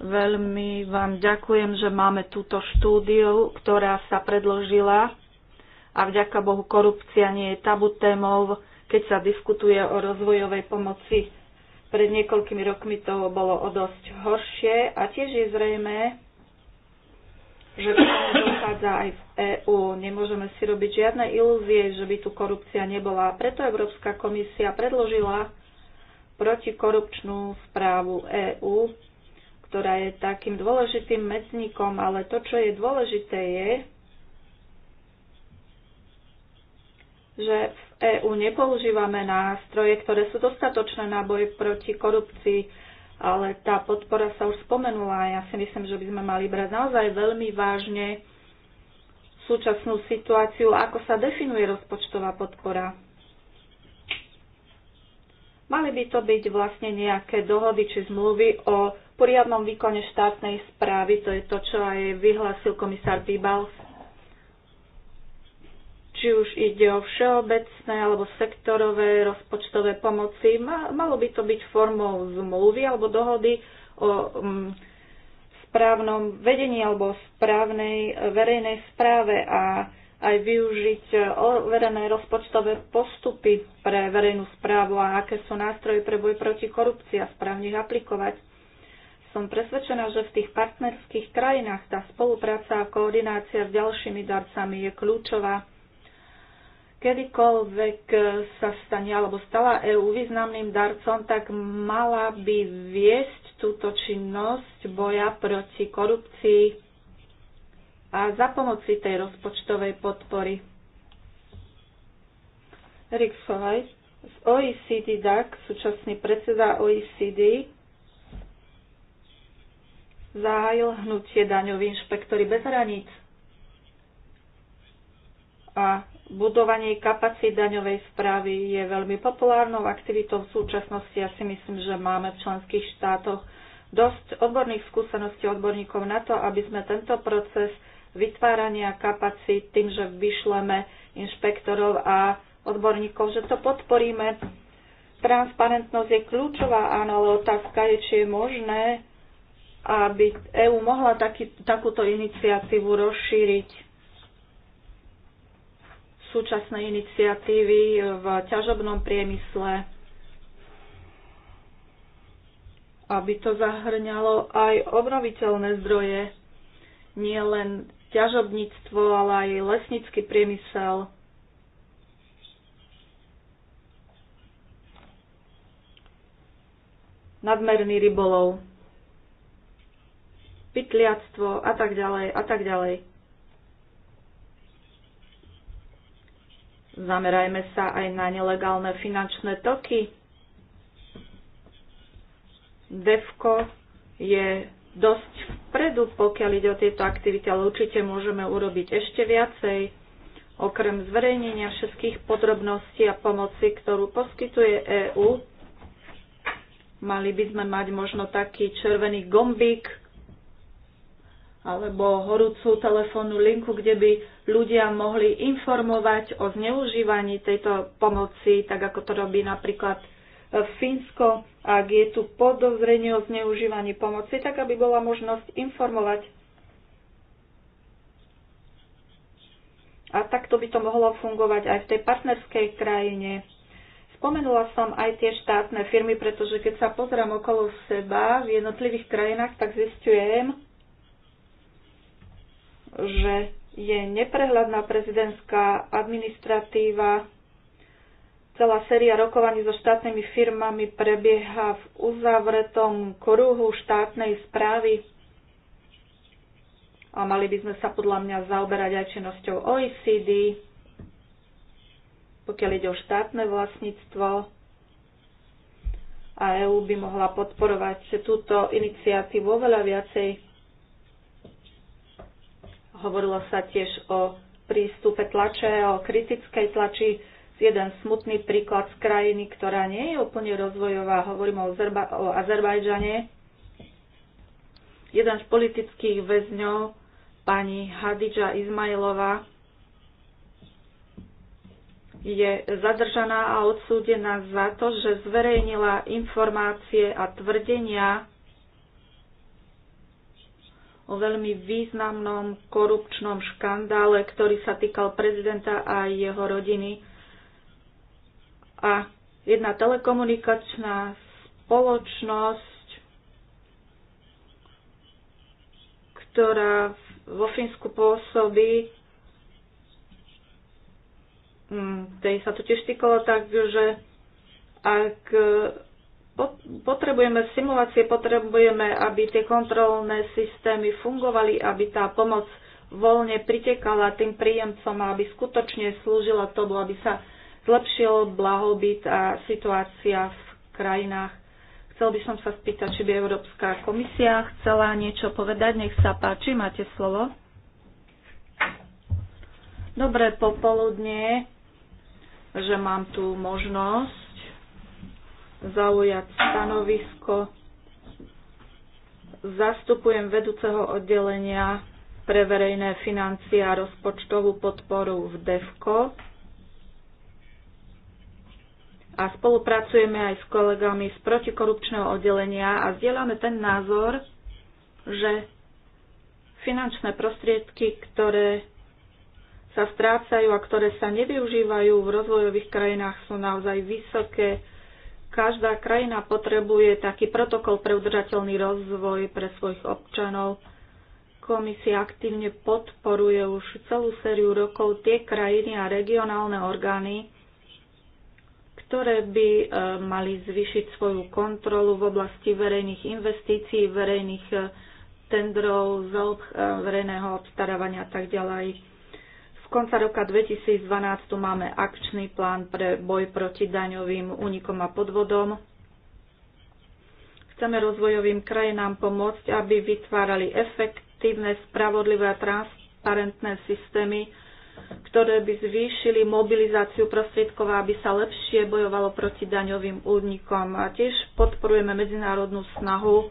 Veľmi vám ďakujem, že máme túto štúdiu, ktorá sa predložila a vďaka Bohu korupcia nie je tabu témou, keď sa diskutuje o rozvojovej pomoci. Pred niekoľkými rokmi to bolo o dosť horšie a tiež je zrejme, že to dochádza aj v EÚ. Nemôžeme si robiť žiadne ilúzie, že by tu korupcia nebola. Preto Európska komisia predložila protikorupčnú správu EÚ, ktorá je takým dôležitým medzníkom, ale to, čo je dôležité, je, že v EÚ nepoužívame nástroje, ktoré sú dostatočné na boj proti korupcii, ale tá podpora sa už spomenula. a Ja si myslím, že by sme mali brať naozaj veľmi vážne súčasnú situáciu, ako sa definuje rozpočtová podpora. Mali by to byť vlastne nejaké dohody či zmluvy o poriadnom výkone štátnej správy, to je to, čo aj vyhlásil komisár Bibals či už ide o všeobecné alebo sektorové rozpočtové pomoci. Malo by to byť formou zmluvy alebo dohody o mm, správnom vedení alebo správnej e, verejnej správe a aj využiť e, overené rozpočtové postupy pre verejnú správu a aké sú nástroje pre boj proti korupcii a správne ich aplikovať. Som presvedčená, že v tých partnerských krajinách tá spolupráca a koordinácia s ďalšími darcami je kľúčová kedykoľvek eh, sa stane alebo stala EÚ významným darcom, tak mala by viesť túto činnosť boja proti korupcii a za pomoci tej rozpočtovej podpory. Rick Sovaj, z OECD DAC, súčasný predseda OECD, zahájil hnutie daňoví inšpektory bez hraníc. A Budovanie kapacít daňovej správy je veľmi populárnou aktivitou v súčasnosti. Ja si myslím, že máme v členských štátoch dosť odborných skúseností odborníkov na to, aby sme tento proces vytvárania kapacít tým, že vyšleme inšpektorov a odborníkov, že to podporíme. Transparentnosť je kľúčová, áno, ale otázka je, či je možné, aby EÚ mohla taký, takúto iniciatívu rozšíriť súčasné iniciatívy v ťažobnom priemysle, aby to zahrňalo aj obnoviteľné zdroje, nie len ťažobníctvo, ale aj lesnícky priemysel. nadmerný rybolov, pytliactvo a tak ďalej a tak ďalej. Zamerajme sa aj na nelegálne finančné toky. DEVKO je dosť vpredu, pokiaľ ide o tieto aktivity, ale určite môžeme urobiť ešte viacej. Okrem zverejnenia všetkých podrobností a pomoci, ktorú poskytuje EÚ, mali by sme mať možno taký červený gombík, alebo horúcu telefónnu linku, kde by ľudia mohli informovať o zneužívaní tejto pomoci, tak ako to robí napríklad e, Fínsko, ak je tu podozrenie o zneužívaní pomoci, tak aby bola možnosť informovať. A takto by to mohlo fungovať aj v tej partnerskej krajine. Spomenula som aj tie štátne firmy, pretože keď sa pozriem okolo seba v jednotlivých krajinách, tak zistujem, že je neprehľadná prezidentská administratíva. Celá séria rokovaní so štátnymi firmami prebieha v uzavretom kruhu štátnej správy a mali by sme sa podľa mňa zaoberať aj činnosťou OECD, pokiaľ ide o štátne vlastníctvo a EÚ by mohla podporovať túto iniciatívu oveľa viacej. Hovorilo sa tiež o prístupe tlače, o kritickej tlači. Jeden smutný príklad z krajiny, ktorá nie je úplne rozvojová, hovorím o, Zerba- o Azerbajdžane. Jeden z politických väzňov, pani Hadidža Izmailová, je zadržaná a odsúdená za to, že zverejnila informácie a tvrdenia o veľmi významnom korupčnom škandále, ktorý sa týkal prezidenta a jeho rodiny. A jedna telekomunikačná spoločnosť, ktorá vo Fínsku pôsobí, hm, tej sa to tiež týkalo, takže ak potrebujeme simulácie, potrebujeme, aby tie kontrolné systémy fungovali, aby tá pomoc voľne pritekala tým príjemcom a aby skutočne slúžila tomu, aby sa zlepšil blahobyt a situácia v krajinách. Chcel by som sa spýtať, či by Európska komisia chcela niečo povedať. Nech sa páči, máte slovo. Dobré popoludne, že mám tu možnosť zaujať stanovisko. Zastupujem vedúceho oddelenia pre verejné financie a rozpočtovú podporu v DEFCO a spolupracujeme aj s kolegami z protikorupčného oddelenia a zdieľame ten názor, že finančné prostriedky, ktoré sa strácajú a ktoré sa nevyužívajú v rozvojových krajinách, sú naozaj vysoké Každá krajina potrebuje taký protokol pre udržateľný rozvoj pre svojich občanov. Komisia aktívne podporuje už celú sériu rokov tie krajiny a regionálne orgány, ktoré by e, mali zvýšiť svoju kontrolu v oblasti verejných investícií, verejných e, tendrov, e, verejného obstarávania a tak ďalej konca roka 2012 tu máme akčný plán pre boj proti daňovým únikom a podvodom. Chceme rozvojovým krajinám pomôcť, aby vytvárali efektívne, spravodlivé a transparentné systémy, ktoré by zvýšili mobilizáciu prostriedkov, aby sa lepšie bojovalo proti daňovým únikom. A tiež podporujeme medzinárodnú snahu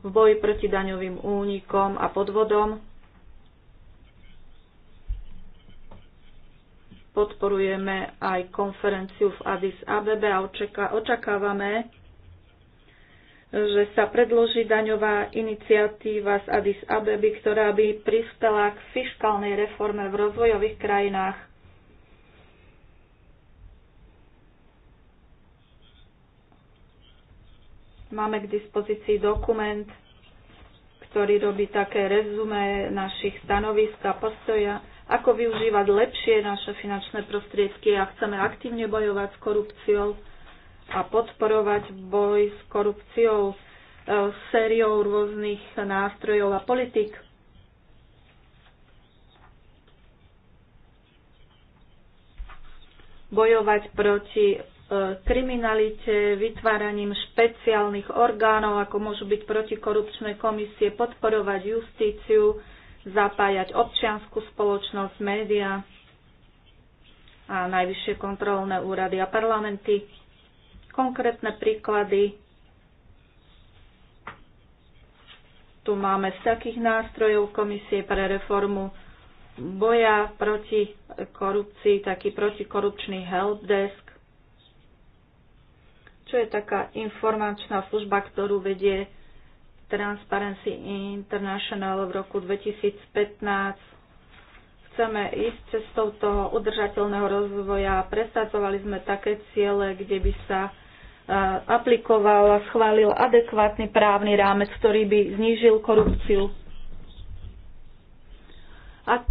v boji proti daňovým únikom a podvodom podporujeme aj konferenciu v Addis Abebe a očakávame, že sa predloží daňová iniciatíva z Addis Abeby, ktorá by prispela k fiskálnej reforme v rozvojových krajinách. Máme k dispozícii dokument, ktorý robí také rezume našich stanovisk a postoja ako využívať lepšie naše finančné prostriedky a chceme aktívne bojovať s korupciou a podporovať boj s korupciou e, sériou rôznych nástrojov a politik. Bojovať proti e, kriminalite, vytváraním špeciálnych orgánov, ako môžu byť protikorupčné komisie, podporovať justíciu, zapájať občianskú spoločnosť, médiá a najvyššie kontrolné úrady a parlamenty. Konkrétne príklady tu máme z takých nástrojov Komisie pre reformu boja proti korupcii, taký protikorupčný helpdesk, čo je taká informačná služba, ktorú vedie Transparency International v roku 2015. Chceme ísť cestou toho udržateľného rozvoja. Presadzovali sme také ciele, kde by sa e, aplikoval a schválil adekvátny právny rámec, ktorý by znížil korupciu. A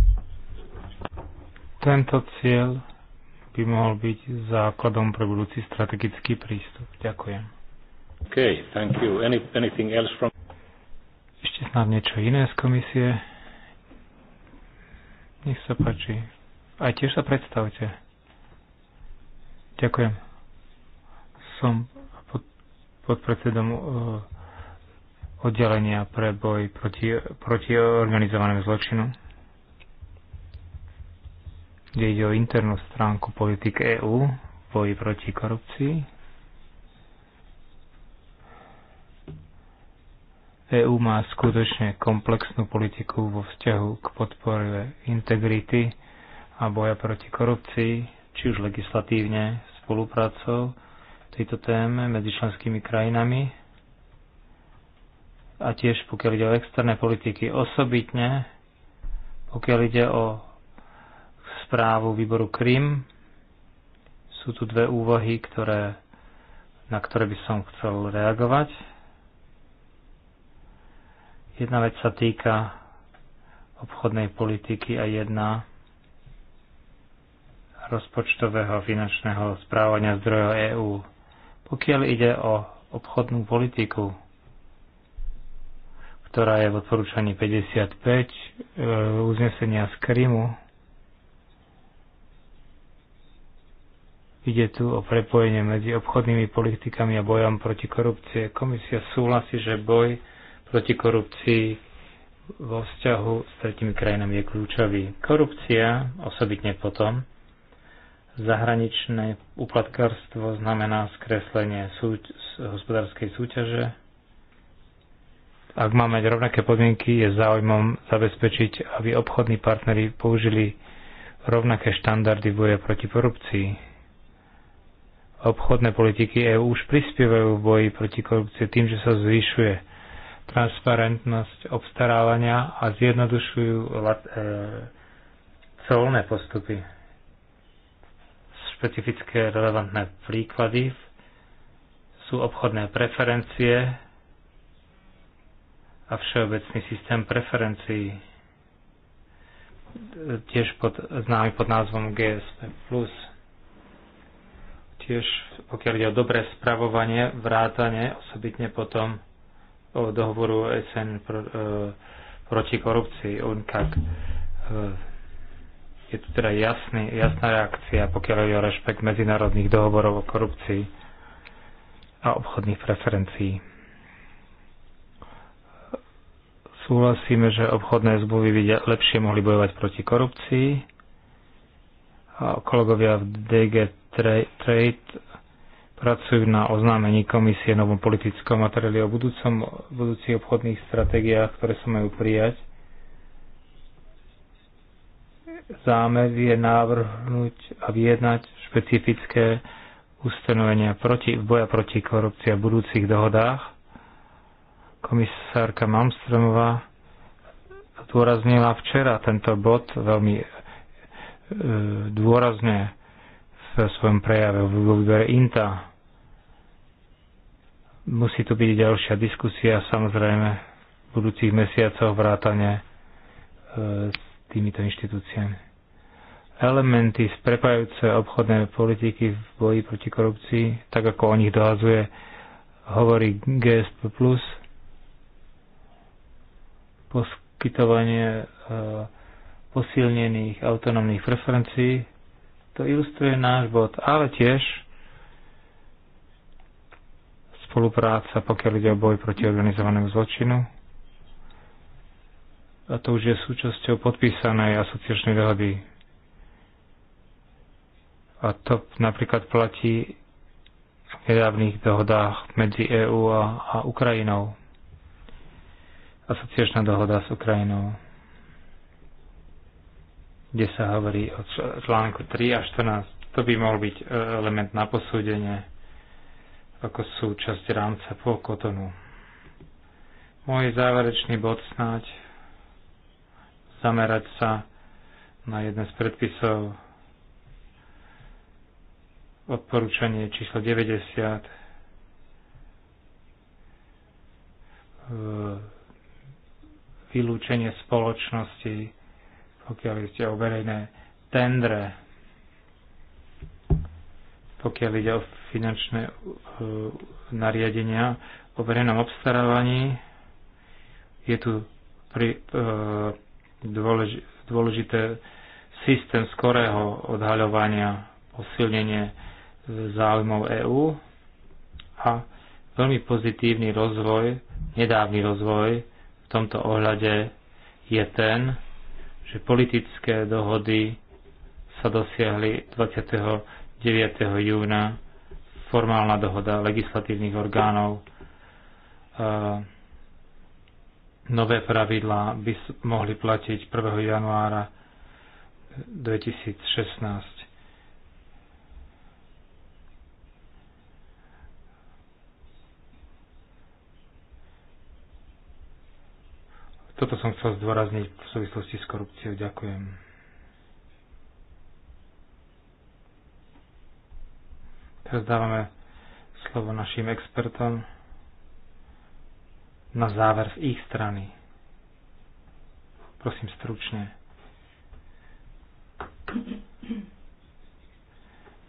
tento cieľ by mohol byť základom pre budúci strategický prístup. Ďakujem. Okay, thank you. Any, anything else from... Ešte snad niečo iné z komisie? Nech sa páči. Aj tiež sa predstavte. Ďakujem. Som pod, podpredsedom e, oddelenia pre boj proti, proti organizovanému zločinu, kde ide o internú stránku politik EÚ, boji proti korupcii EÚ má skutočne komplexnú politiku vo vzťahu k podpore integrity a boja proti korupcii, či už legislatívne, spoluprácou tejto téme medzi členskými krajinami a tiež pokiaľ ide o externé politiky osobitne, pokiaľ ide o správu výboru Krym, sú tu dve úvahy, ktoré, na ktoré by som chcel reagovať. Jedna vec sa týka obchodnej politiky a jedna rozpočtového finančného správania zdrojov EÚ. Pokiaľ ide o obchodnú politiku, ktorá je v odporúčaní 55 e, uznesenia z Krymu, Ide tu o prepojenie medzi obchodnými politikami a bojom proti korupcie. Komisia súhlasí, že boj proti korupcii vo vzťahu s tretimi krajinami je kľúčový. Korupcia, osobitne potom, zahraničné uplatkárstvo znamená skreslenie súť, hospodárskej súťaže. Ak máme rovnaké podmienky, je záujmom zabezpečiť, aby obchodní partnery použili rovnaké štandardy boja proti korupcii. Obchodné politiky EÚ už prispievajú v boji proti korupcii tým, že sa zvyšuje transparentnosť obstarávania a zjednodušujú e, celné postupy. Špecifické relevantné príklady sú obchodné preferencie a všeobecný systém preferencií e, tiež pod, známy pod názvom GSP+. Tiež pokiaľ ide o dobré spravovanie, vrátanie, osobitne potom o dohovoru SN pro, e, proti korupcii, UNCAC. E, je tu teda jasný, jasná reakcia, pokiaľ je o rešpekt medzinárodných dohovorov o korupcii a obchodných preferencií. Súhlasíme, že obchodné zmluvy by lepšie mohli bojovať proti korupcii. A kolegovia v DG Trade pracujú na oznámení komisie novom politickom materiáli o budúcom, budúcich obchodných stratégiách, ktoré sa majú prijať. Zámer je návrhnúť a vyjednať špecifické ustanovenia proti, boja proti korupcii a budúcich dohodách. Komisárka Malmströmová zdôraznila včera tento bod veľmi e, dôrazne v svojom prejave v výbere INTA. Musí tu byť ďalšia diskusia, samozrejme, v budúcich mesiacoch vrátane e, s týmito inštitúciami. Elementy sprepajúce obchodné politiky v boji proti korupcii, tak ako o nich dohazuje, hovorí GSP+, poskytovanie e, posilnených autonómnych preferencií, to ilustruje náš bod, ale tiež spolupráca, pokiaľ ide o boj proti organizovanému zločinu. A to už je súčasťou podpísanej asociačnej dohody. A to napríklad platí v nedávnych dohodách medzi EÚ a, a Ukrajinou. Asociačná dohoda s Ukrajinou kde sa hovorí o článku 3 a 14. To by mohol byť e, element na posúdenie ako súčasť rámca po kotonu. Môj záverečný bod snáď zamerať sa na jeden z predpisov odporúčanie číslo 90 e, vylúčenie spoločnosti, pokiaľ ide o verejné tendre, pokiaľ ide o finančné e, nariadenia o verejnom obstarávaní. Je tu pri, e, dôlež, dôležité systém skorého odhaľovania, posilnenie záujmov EÚ a veľmi pozitívny rozvoj, nedávny rozvoj v tomto ohľade je ten, že politické dohody sa dosiahli 29. júna formálna dohoda legislatívnych orgánov. Nové pravidlá by mohli platiť 1. januára 2016. Toto som chcel zdôrazniť v súvislosti s korupciou. Ďakujem. Teraz dávame slovo našim expertom na záver z ich strany. Prosím stručne.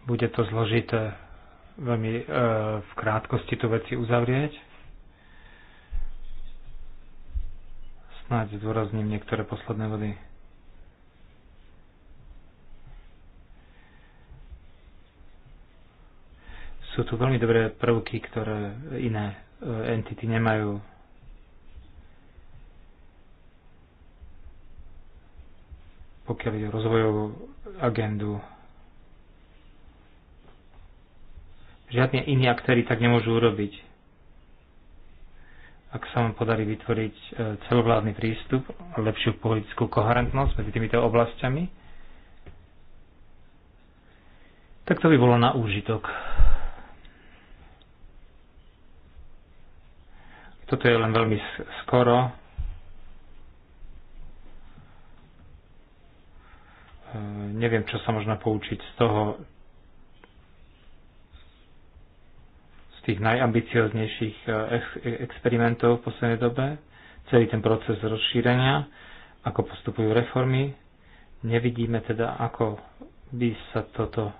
Bude to zložité veľmi e, v krátkosti tu veci uzavrieť. Snáď zdôrazním niektoré posledné vody. Sú tu veľmi dobré prvky, ktoré iné e, entity nemajú. Pokiaľ ide o rozvojovú agendu, žiadne iní aktéry tak nemôžu urobiť. Ak sa vám podarí vytvoriť e, celovládny prístup, lepšiu politickú koherentnosť medzi týmito oblastiami, tak to by bolo na úžitok. Toto je len veľmi skoro. E, neviem, čo sa možno poučiť z toho, z tých najambicioznejších e, e, experimentov v poslednej dobe. Celý ten proces rozšírenia, ako postupujú reformy. Nevidíme teda, ako by sa toto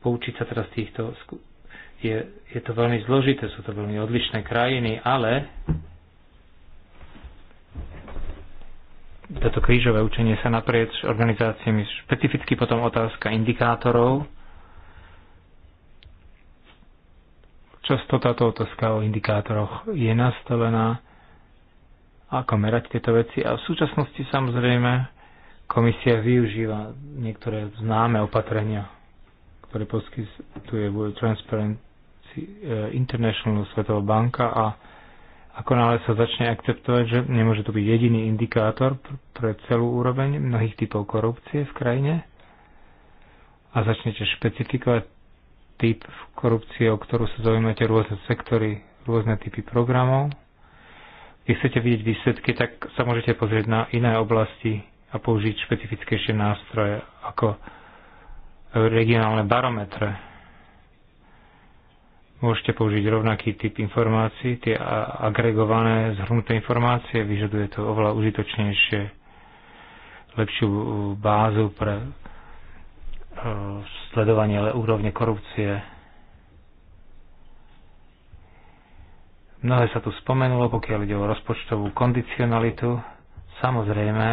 poučiť sa teraz týchto je, je to veľmi zložité, sú to veľmi odlišné krajiny, ale toto krížové učenie sa naprieč organizáciami, špecificky potom otázka indikátorov. Často táto otázka o indikátoroch je nastavená, ako merať tieto veci a v súčasnosti samozrejme komisia využíva niektoré známe opatrenia, ktoré poskytuje Transparent E, International Svetová banka a ako nále sa začne akceptovať, že nemôže to byť jediný indikátor pre celú úroveň mnohých typov korupcie v krajine a začnete špecifikovať typ korupcie, o ktorú sa zaujímate rôzne sektory, rôzne typy programov. Keď chcete vidieť výsledky, tak sa môžete pozrieť na iné oblasti a použiť špecifickejšie nástroje ako regionálne barometre Môžete použiť rovnaký typ informácií, tie agregované, zhrnuté informácie, vyžaduje to oveľa užitočnejšie, lepšiu uh, bázu pre uh, sledovanie úrovne korupcie. Mnohé sa tu spomenulo, pokiaľ ide o rozpočtovú kondicionalitu. Samozrejme,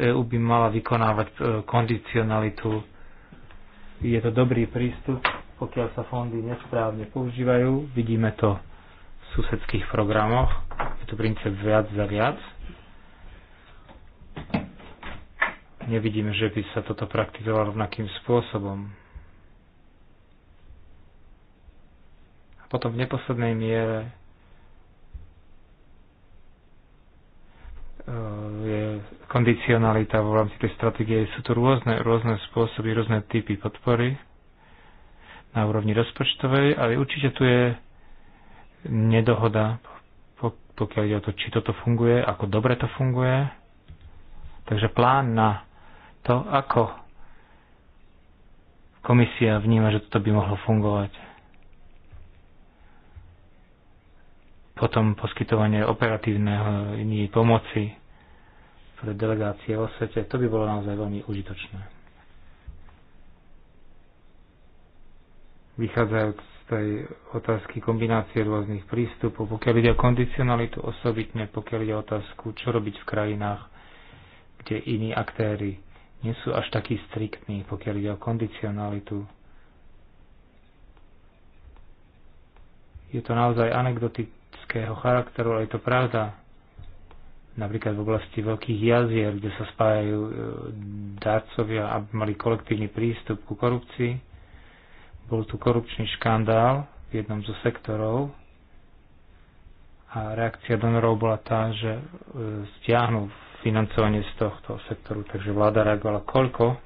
EU by mala vykonávať e, kondicionalitu je to dobrý prístup, pokiaľ sa fondy nesprávne používajú. Vidíme to v susedských programoch. Je to princíp viac za viac. Nevidíme, že by sa toto praktizovalo rovnakým spôsobom. A potom v neposlednej miere Eh, je kondicionalita v rámci tej stratégie. Sú tu rôzne, rôzne spôsoby, rôzne typy podpory na úrovni rozpočtovej, ale určite tu je nedohoda, pokiaľ ide o to, či toto funguje, ako dobre to funguje. Takže plán na to, ako komisia vníma, že toto by mohlo fungovať. potom poskytovanie operatívnej pomoci pre delegácie vo svete, to by bolo naozaj veľmi užitočné. Vychádzajúc z tej otázky kombinácie rôznych prístupov, pokiaľ ide o kondicionalitu osobitne, pokiaľ ide o otázku, čo robiť v krajinách, kde iní aktéry nie sú až takí striktní, pokiaľ ide o kondicionalitu. Je to naozaj anekdotické politického charakteru, ale je to pravda. Napríklad v oblasti veľkých jazier, kde sa spájajú e, dárcovia, aby mali kolektívny prístup ku korupcii. Bol tu korupčný škandál v jednom zo sektorov a reakcia donorov bola tá, že e, stiahnu financovanie z tohto sektoru, takže vláda reagovala koľko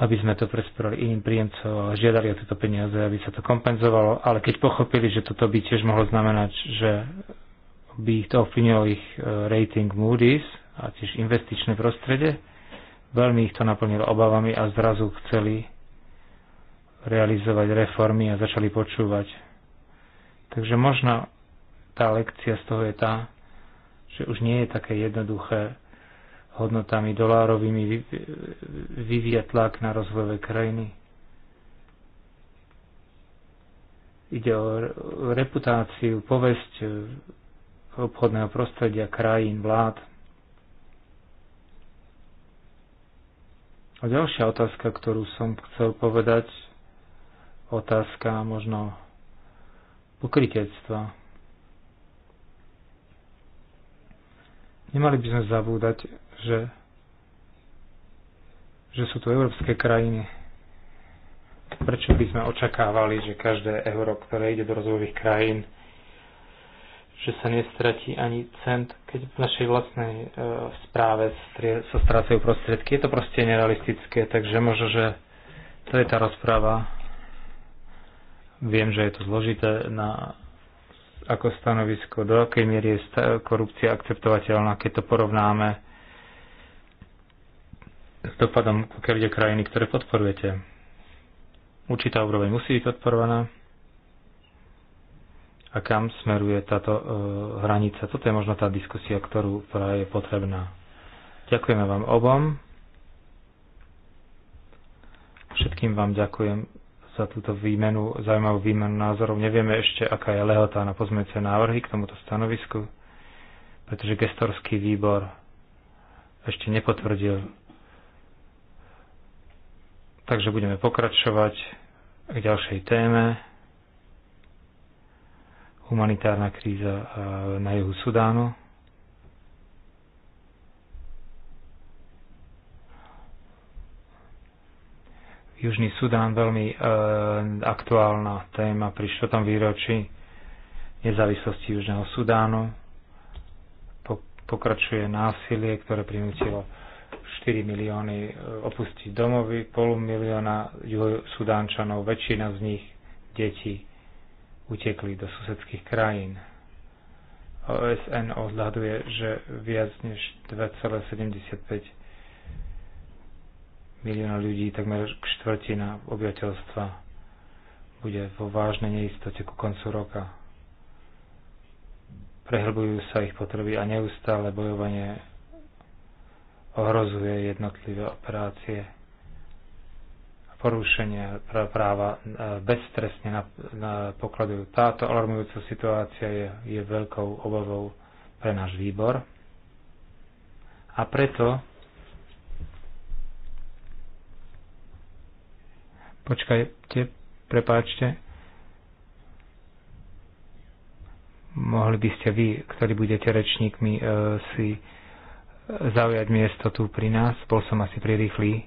aby sme to presporali iným príjemcom a žiadali o tieto peniaze, aby sa to kompenzovalo, ale keď pochopili, že toto by tiež mohlo znamenať, že by ich to ovplyvnilo ich e, rating Moody's a tiež investičné prostredie, veľmi ich to naplnilo obavami a zrazu chceli realizovať reformy a začali počúvať. Takže možno tá lekcia z toho je tá, že už nie je také jednoduché hodnotami dolárovými vyvíja tlak na rozvojové krajiny. Ide o reputáciu, povesť e, obchodného prostredia krajín, vlád. A ďalšia otázka, ktorú som chcel povedať, otázka možno pokritectva. Nemali by sme zabúdať, že, že sú to európske krajiny. Prečo by sme očakávali, že každé euro, ktoré ide do rozvojových krajín, že sa nestratí ani cent, keď v našej vlastnej e, správe sa strácajú prostriedky. Je to proste nerealistické, takže možno, že to je tá rozpráva. Viem, že je to zložité na ako stanovisko, do akej miery je korupcia akceptovateľná, keď to porovnáme s dopadom, pokiaľ ide krajiny, ktoré podporujete. Určitá úroveň musí byť podporovaná. A kam smeruje táto e, hranica? Toto je možno tá diskusia, ktorú, ktorá je potrebná. Ďakujeme vám obom. Všetkým vám ďakujem za túto výmenu, zaujímavú výmenu názorov. Nevieme ešte, aká je lehota na pozmeňujúce návrhy k tomuto stanovisku, pretože gestorský výbor ešte nepotvrdil. Takže budeme pokračovať k ďalšej téme. Humanitárna kríza eh, na juhu Sudánu. Južný Sudán veľmi e, aktuálna téma pri štvrtom výročí nezávislosti Južného Sudánu. Po, pokračuje násilie, ktoré prinútilo 4 milióny e, opustiť domovy, pol milióna juhosudánčanov, väčšina z nich deti utekli do susedských krajín. OSN odhaduje, že viac než 2,75 milióna ľudí, takmer štvrtina obyvateľstva bude vo vážnej neistote ku koncu roka. Prehlbujú sa ich potreby a neustále bojovanie ohrozuje jednotlivé operácie a porušenie práva e, bezstresne pokladujú. Táto alarmujúca situácia je, je veľkou obavou pre náš výbor a preto Počkajte, prepáčte. Mohli by ste vy, ktorí budete rečníkmi, e, si zaujať miesto tu pri nás. Bol som asi prirýchly.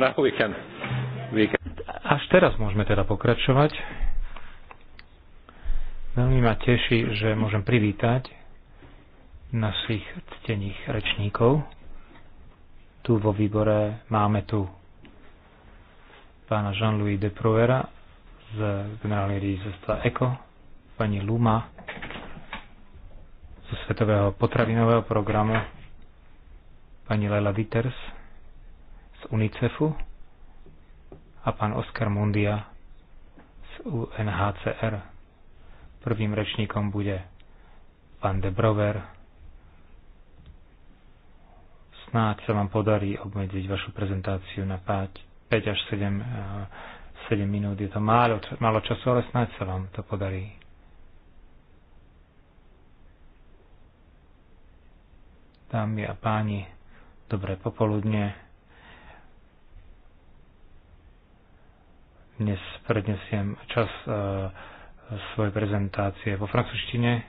now we can, we can. Až teraz môžeme teda pokračovať. Veľmi ma teší, že môžem privítať našich ctených rečníkov. Tu vo výbore máme tu pána Jean-Louis de Provera z generálnej riaditeľstva ECO, pani Luma zo Svetového potravinového programu, pani Lela Viters. UNICEFu a pán Oskar Mundia z UNHCR. Prvým rečníkom bude pán De Brover. Snáď sa vám podarí obmedziť vašu prezentáciu na 5, 5 až 7, 7 eh, minút. Je to málo, málo času, ale snáď sa vám to podarí. Dámy a páni, dobré popoludne. Dnes prednesiem čas e, svojej prezentácie vo francúzštine,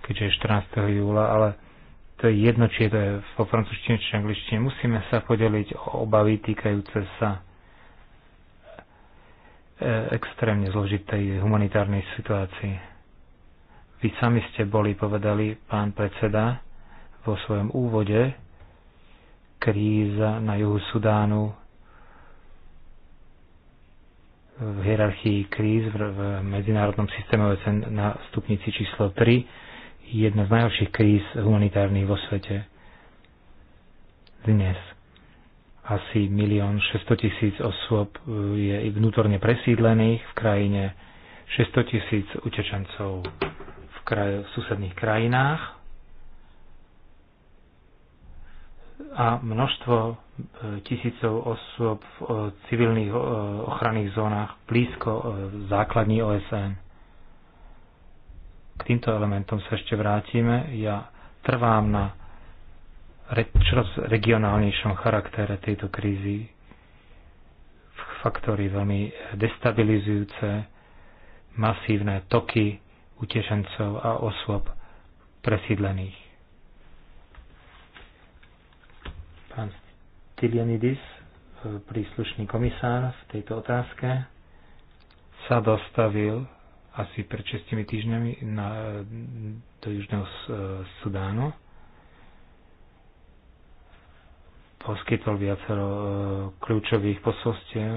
keďže je 14. júla, ale to je jedno, či je to je vo francúzštine či angličtine. Musíme sa podeliť o obavy týkajúce sa e, extrémne zložitej humanitárnej situácii. Vy sami ste boli, povedali pán predseda, vo svojom úvode, kríza na juhu Sudánu v hierarchii kríz v, v medzinárodnom systéme OSN na stupnici číslo 3, jedna z najhorších kríz humanitárnych vo svete dnes. Asi 1 600 tisíc osôb eh, je vnútorne presídlených v krajine, 600 tisíc utečencov v, kraj, v susedných krajinách a množstvo tisícov osôb v e, civilných e, ochranných zónach blízko e, základní OSN. K týmto elementom sa ešte vrátime. Ja trvám na čoraz regionálnejšom charaktere tejto krízy. Faktory veľmi destabilizujúce, masívne toky utešencov a osôb presídlených. Tilianidis, e, príslušný komisár v tejto otázke, sa dostavil asi pred 6 týždňami na, e, do Južného e, Sudánu. Poskytol viacero kľúčových posolstiev,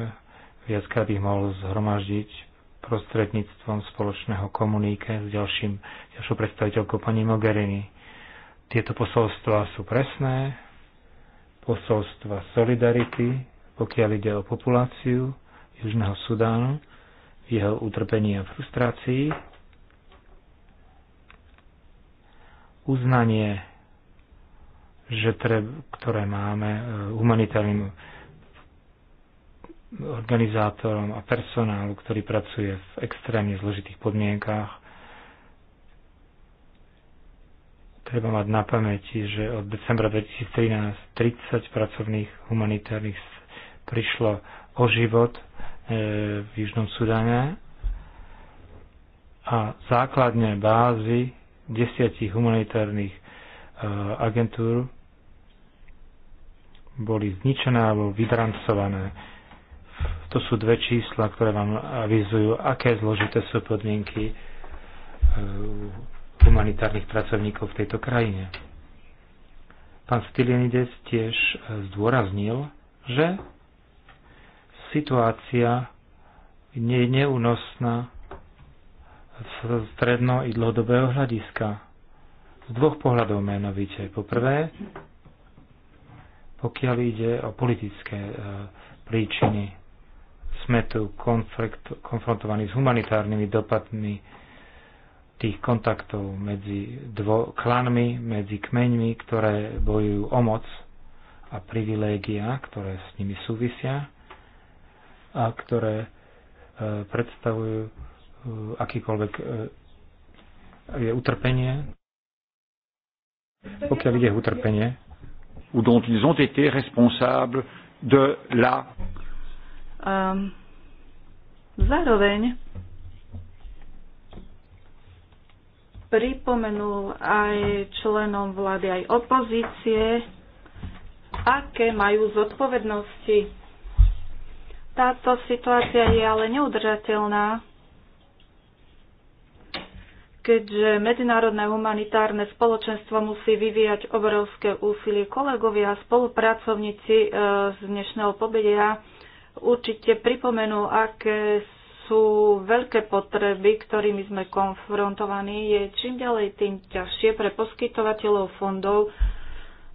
viackrát ich mohol zhromaždiť prostredníctvom spoločného komuníke s ďalším, ďalšou predstaviteľkou pani Mogherini. Tieto posolstva sú presné, posolstva solidarity, pokiaľ ide o populáciu Južného Sudánu, jeho utrpení a frustrácií, uznanie, že treb, ktoré máme e, humanitárnym organizátorom a personálu, ktorý pracuje v extrémne zložitých podmienkách, Treba mať na pamäti, že od decembra 2013 30 pracovných humanitárnych prišlo o život e, v Južnom Sudane a základné bázy desiatich humanitárnych e, agentúr boli zničené alebo vydrancované. To sú dve čísla, ktoré vám avizujú, aké zložité sú podmienky e, humanitárnych pracovníkov v tejto krajine. Pán Stylianides tiež e, zdôraznil, že situácia nie je neúnosná z stredno- i dlhodobého hľadiska. Z dvoch pohľadov menovite. Po prvé, pokiaľ ide o politické e, príčiny, sme tu konfrontovaní s humanitárnymi dopadmi tých kontaktov medzi dvo, klanmi, medzi kmeňmi, ktoré bojujú o moc a privilégia, ktoré s nimi súvisia a ktoré e, predstavujú e, akýkoľvek e, je utrpenie. Pokiaľ ide utrpenie, ou dont ils ont été responsables de la... Um, zároveň pripomenul aj členom vlády, aj opozície, aké majú zodpovednosti. Táto situácia je ale neudržateľná, keďže medzinárodné humanitárne spoločenstvo musí vyvíjať obrovské úsilie. Kolegovia a spolupracovníci eh, z dnešného pobedia určite pripomenú, aké sú veľké potreby, ktorými sme konfrontovaní, je čím ďalej tým ťažšie pre poskytovateľov fondov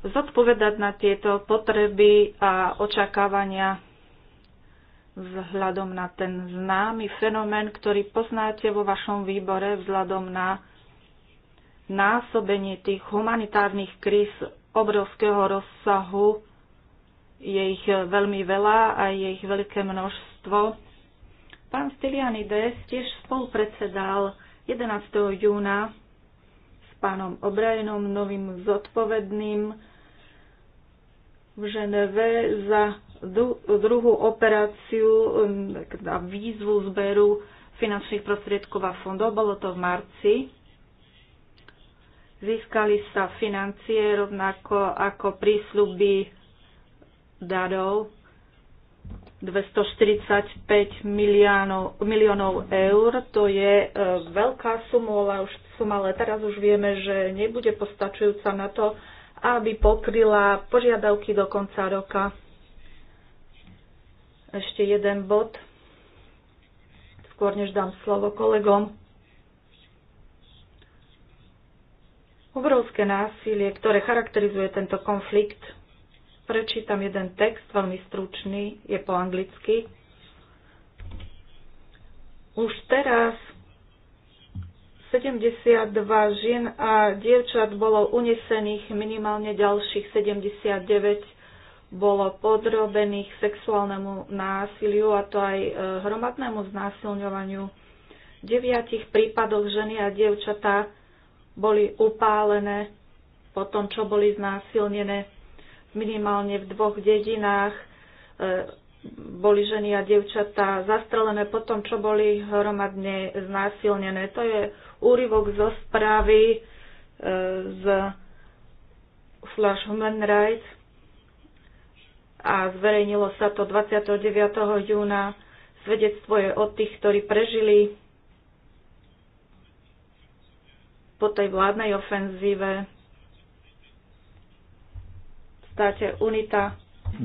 zodpovedať na tieto potreby a očakávania vzhľadom na ten známy fenomén, ktorý poznáte vo vašom výbore vzhľadom na násobenie tých humanitárnych kríz obrovského rozsahu. Je ich veľmi veľa a je ich veľké množstvo. Pán Stylianides tiež spolupredsedal 11. júna s pánom Obrajenom, novým zodpovedným v Ženeve za druhú operáciu, um, a výzvu zberu finančných prostriedkov a fondov. Bolo to v marci. Získali sa financie rovnako ako prísľuby darov 245 miliónov, miliónov eur. To je e, veľká suma, už, suma, ale teraz už vieme, že nebude postačujúca na to, aby pokryla požiadavky do konca roka. Ešte jeden bod, skôr než dám slovo kolegom. Obrovské násilie, ktoré charakterizuje tento konflikt, prečítam jeden text, veľmi stručný, je po anglicky. Už teraz 72 žien a dievčat bolo unesených, minimálne ďalších 79 bolo podrobených sexuálnemu násiliu a to aj e, hromadnému znásilňovaniu. V deviatich prípadoch ženy a dievčatá boli upálené po tom, čo boli znásilnené minimálne v dvoch dedinách e, boli ženy a dievčatá zastrelené po tom, čo boli hromadne znásilnené. To je úryvok zo správy e, z Flash Human Rights a zverejnilo sa to 29. júna. Svedectvo je od tých, ktorí prežili po tej vládnej ofenzíve podstate UNITA.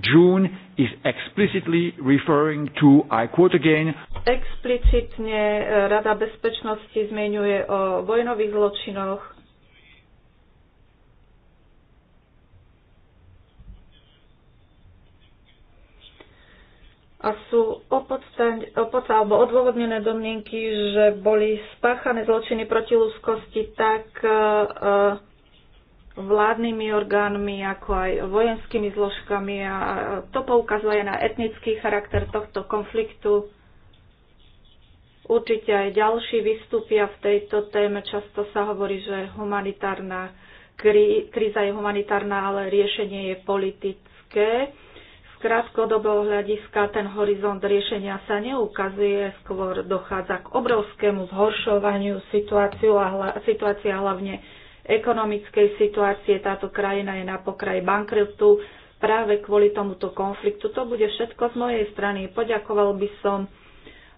June is explicitly referring to, I quote again, explicitne e, Rada bezpečnosti zmenuje o vojnových zločinoch. A sú opodsta- alebo odôvodnené domnenky, že boli spáchané zločiny proti ľudskosti tak uh, vládnymi orgánmi, ako aj vojenskými zložkami a to poukazuje na etnický charakter tohto konfliktu. Určite aj ďalší vystúpia v tejto téme. Často sa hovorí, že humanitárna krí, kríza je humanitárna, ale riešenie je politické. Z krátkodobého hľadiska ten horizont riešenia sa neukazuje, skôr dochádza k obrovskému zhoršovaniu situáciu a hla, situácia hlavne ekonomickej situácie. Táto krajina je na pokraji bankrotu práve kvôli tomuto konfliktu. To bude všetko z mojej strany. Poďakoval by som e,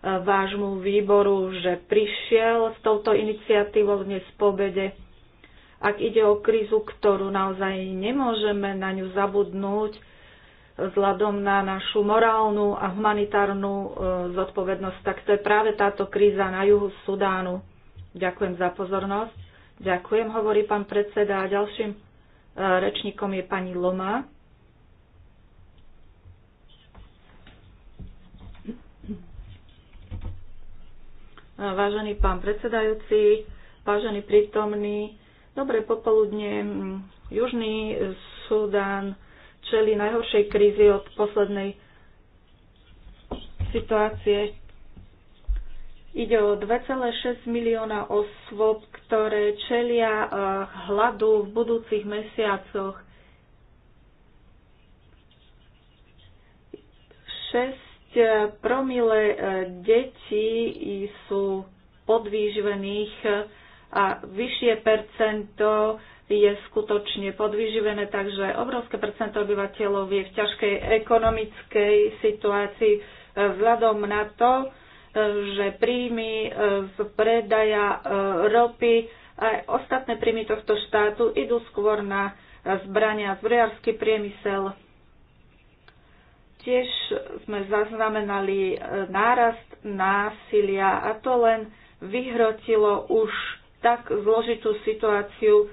vášmu výboru, že prišiel s touto iniciatívou dnes po obede. Ak ide o krízu, ktorú naozaj nemôžeme na ňu zabudnúť, vzhľadom na našu morálnu a humanitárnu e, zodpovednosť, tak to je práve táto kríza na juhu Sudánu. Ďakujem za pozornosť. Ďakujem, hovorí pán predseda. A ďalším e, rečníkom je pani Loma. E, vážený pán predsedajúci, vážený prítomný, dobre popoludne. Južný Sudán čeli najhoršej krízy od poslednej situácie Ide o 2,6 milióna osôb, ktoré čelia e, hladu v budúcich mesiacoch. 6 e, promile e, detí sú podvýživených a vyššie percento je skutočne podvyživené, takže obrovské percento obyvateľov je v ťažkej ekonomickej situácii vzhľadom na to, že príjmy e, z predaja e, ropy a ostatné príjmy tohto štátu idú skôr na zbrania a zbrojársky priemysel. Tiež sme zaznamenali e, nárast násilia a to len vyhrotilo už tak zložitú situáciu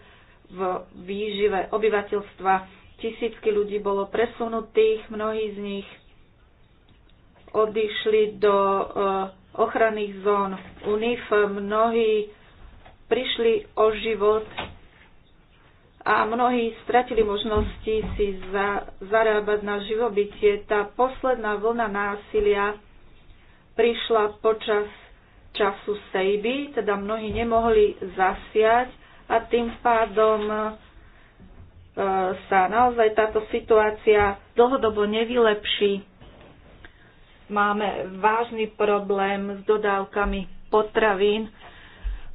v výžive obyvateľstva. Tisícky ľudí bolo presunutých, mnohí z nich odišli do eh, ochranných zón UNIF. Mnohí prišli o život a mnohí stratili možnosti si za, zarábať na živobytie. Tá posledná vlna násilia prišla počas času sejby, teda mnohí nemohli zasiať a tým pádom eh, sa naozaj táto situácia dlhodobo nevylepší máme vážny problém s dodávkami potravín.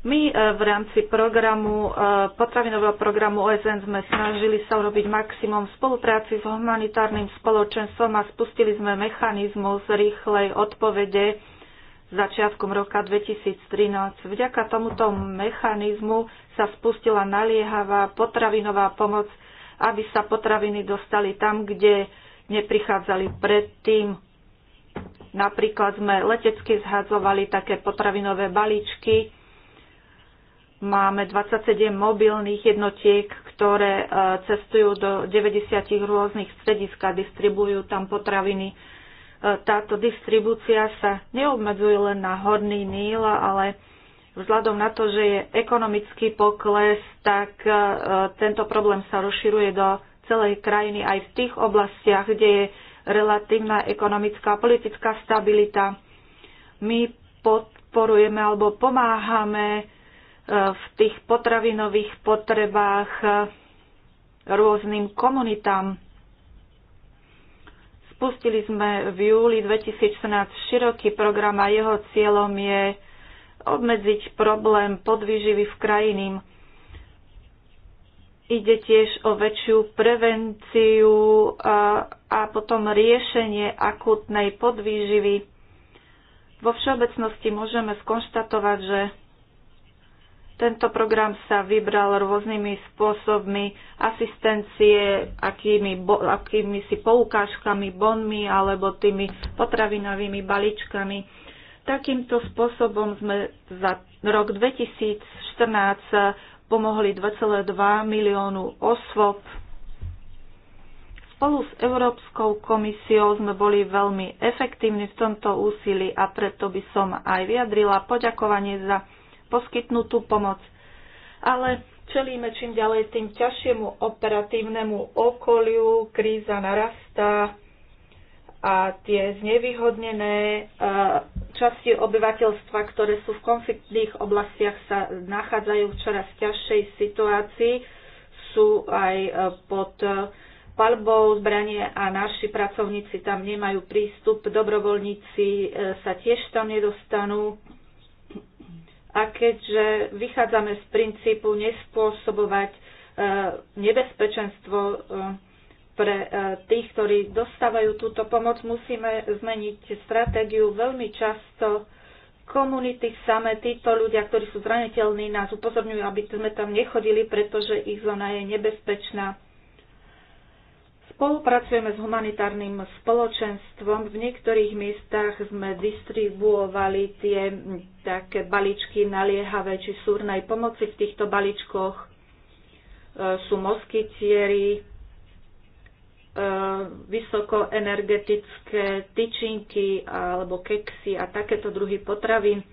My e, v rámci programu, e, potravinového programu OSN sme snažili sa urobiť maximum v spolupráci s humanitárnym spoločenstvom a spustili sme mechanizmus rýchlej odpovede začiatkom roka 2013. Vďaka tomuto mechanizmu sa spustila naliehavá potravinová pomoc, aby sa potraviny dostali tam, kde neprichádzali predtým Napríklad sme letecky zhadzovali také potravinové balíčky. Máme 27 mobilných jednotiek, ktoré e, cestujú do 90 rôznych stredisk a distribujú tam potraviny. E, táto distribúcia sa neobmedzuje len na Horný Níl, ale vzhľadom na to, že je ekonomický pokles, tak e, tento problém sa rozširuje do celej krajiny aj v tých oblastiach, kde je relatívna ekonomická a politická stabilita. My podporujeme alebo pomáhame e, v tých potravinových potrebách e, rôznym komunitám. Spustili sme v júli 2014 široký program a jeho cieľom je obmedziť problém podvýživy v krajinách Ide tiež o väčšiu prevenciu a, a potom riešenie akútnej podvýživy. Vo všeobecnosti môžeme skonštatovať, že tento program sa vybral rôznymi spôsobmi asistencie, akými, bo, akými si poukážkami, bonmi alebo tými potravinovými balíčkami. Takýmto spôsobom sme za rok 2014 pomohli 2,2 miliónu osôb. Spolu s Európskou komisiou sme boli veľmi efektívni v tomto úsilí a preto by som aj vyjadrila poďakovanie za poskytnutú pomoc. Ale čelíme čím ďalej tým ťažšiemu operatívnemu okoliu, kríza narastá, a tie znevýhodnené e, časti obyvateľstva, ktoré sú v konfliktných oblastiach, sa nachádzajú v čoraz ťažšej situácii, sú aj e, pod e, palbou zbranie a naši pracovníci tam nemajú prístup, dobrovoľníci sa tiež tam nedostanú. A keďže vychádzame z princípu nespôsobovať nebezpečenstvo pre e, tých, ktorí dostávajú túto pomoc, musíme zmeniť stratégiu. Veľmi často komunity same, títo ľudia, ktorí sú zraniteľní, nás upozorňujú, aby sme tam nechodili, pretože ich zóna je nebezpečná. Spolupracujeme s humanitárnym spoločenstvom. V niektorých miestach sme distribuovali tie také balíčky naliehavé či súrnej pomoci. V týchto balíčkoch e, sú moskytieri, vysokoenergetické tyčinky alebo keksy a takéto druhy potravín.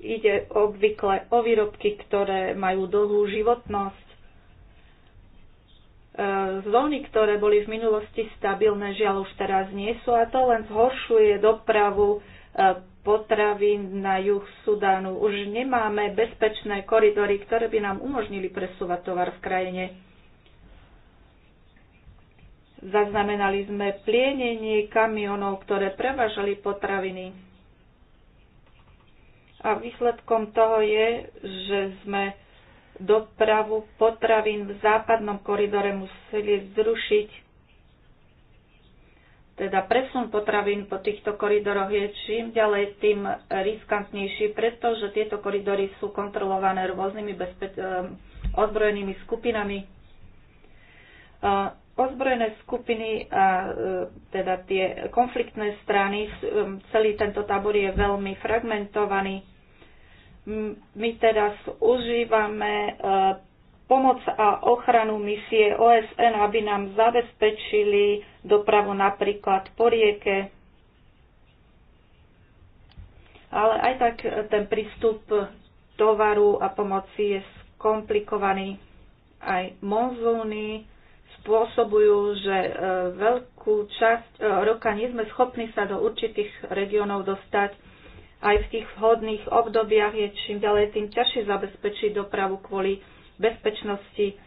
Ide obvykle o výrobky, ktoré majú dlhú životnosť. E, zóny, ktoré boli v minulosti stabilné, žiaľ už teraz nie sú a to len zhoršuje dopravu e, potravín na juh Sudánu. Už nemáme bezpečné koridory, ktoré by nám umožnili presúvať tovar v krajine. Zaznamenali sme plienenie kamionov, ktoré prevažali potraviny. A výsledkom toho je, že sme dopravu potravín v západnom koridore museli zrušiť. Teda presun potravín po týchto koridoroch je čím ďalej tým riskantnejší, pretože tieto koridory sú kontrolované rôznymi bezpe- eh, ozbrojenými skupinami ozbrojené skupiny a e, teda tie konfliktné strany, e, celý tento tábor je veľmi fragmentovaný. My teraz užívame e, pomoc a ochranu misie OSN, aby nám zabezpečili dopravu napríklad po rieke. Ale aj tak ten prístup tovaru a pomoci je skomplikovaný. Aj monzúny spôsobujú, že e, veľkú časť e, roka nie sme schopní sa do určitých regiónov dostať. Aj v tých vhodných obdobiach je čím ďalej tým ťažšie zabezpečiť dopravu kvôli bezpečnosti.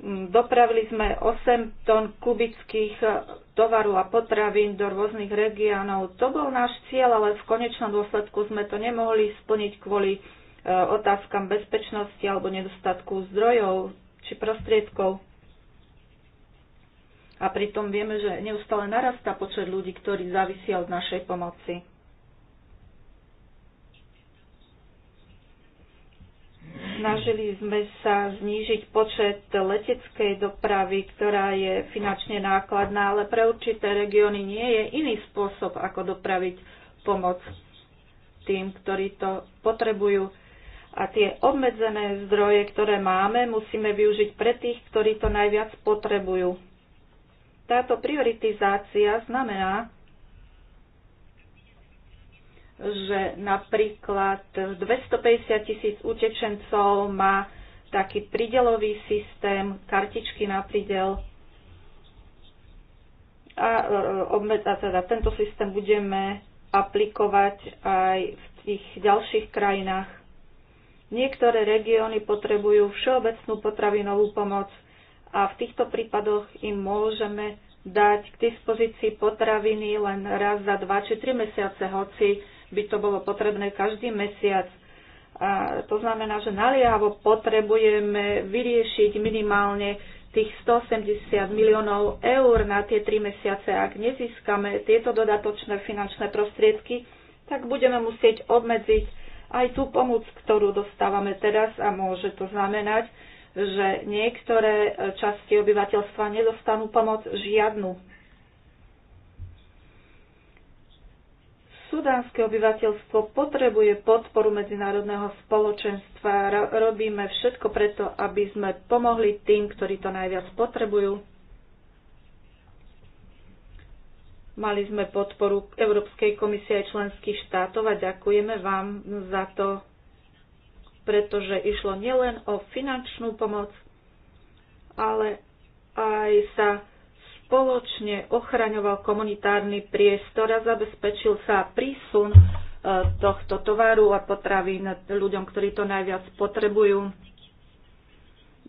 Mm, dopravili sme 8 tón kubických e, tovaru a potravín do rôznych regiónov. To bol náš cieľ, ale v konečnom dôsledku sme to nemohli splniť kvôli otázkam bezpečnosti alebo nedostatku zdrojov či prostriedkov. A pritom vieme, že neustále narastá počet ľudí, ktorí závisia od našej pomoci. Snažili sme sa znížiť počet leteckej dopravy, ktorá je finančne nákladná, ale pre určité regióny nie je iný spôsob, ako dopraviť pomoc tým, ktorí to potrebujú. A tie obmedzené zdroje, ktoré máme, musíme využiť pre tých, ktorí to najviac potrebujú. Táto prioritizácia znamená, že napríklad 250 tisíc utečencov má taký pridelový systém, kartičky na pridel. A, e, a teda tento systém budeme aplikovať aj v tých ďalších krajinách. Niektoré regióny potrebujú všeobecnú potravinovú pomoc, a v týchto prípadoch im môžeme dať k dispozícii potraviny len raz za dva či tri mesiace, hoci by to bolo potrebné každý mesiac. A to znamená, že naliehavo potrebujeme vyriešiť minimálne tých 180 miliónov eur na tie tri mesiace. Ak nezískame tieto dodatočné finančné prostriedky, tak budeme musieť obmedziť aj tú pomoc, ktorú dostávame teraz a môže to znamenať, že niektoré časti obyvateľstva nedostanú pomoc žiadnu. Sudánske obyvateľstvo potrebuje podporu medzinárodného spoločenstva. Robíme všetko preto, aby sme pomohli tým, ktorí to najviac potrebujú. Mali sme podporu Európskej komisie aj členských štátov a ďakujeme vám za to, pretože išlo nielen o finančnú pomoc, ale aj sa spoločne ochraňoval komunitárny priestor a zabezpečil sa prísun e, tohto tovaru a potravín ľuďom, ktorí to najviac potrebujú.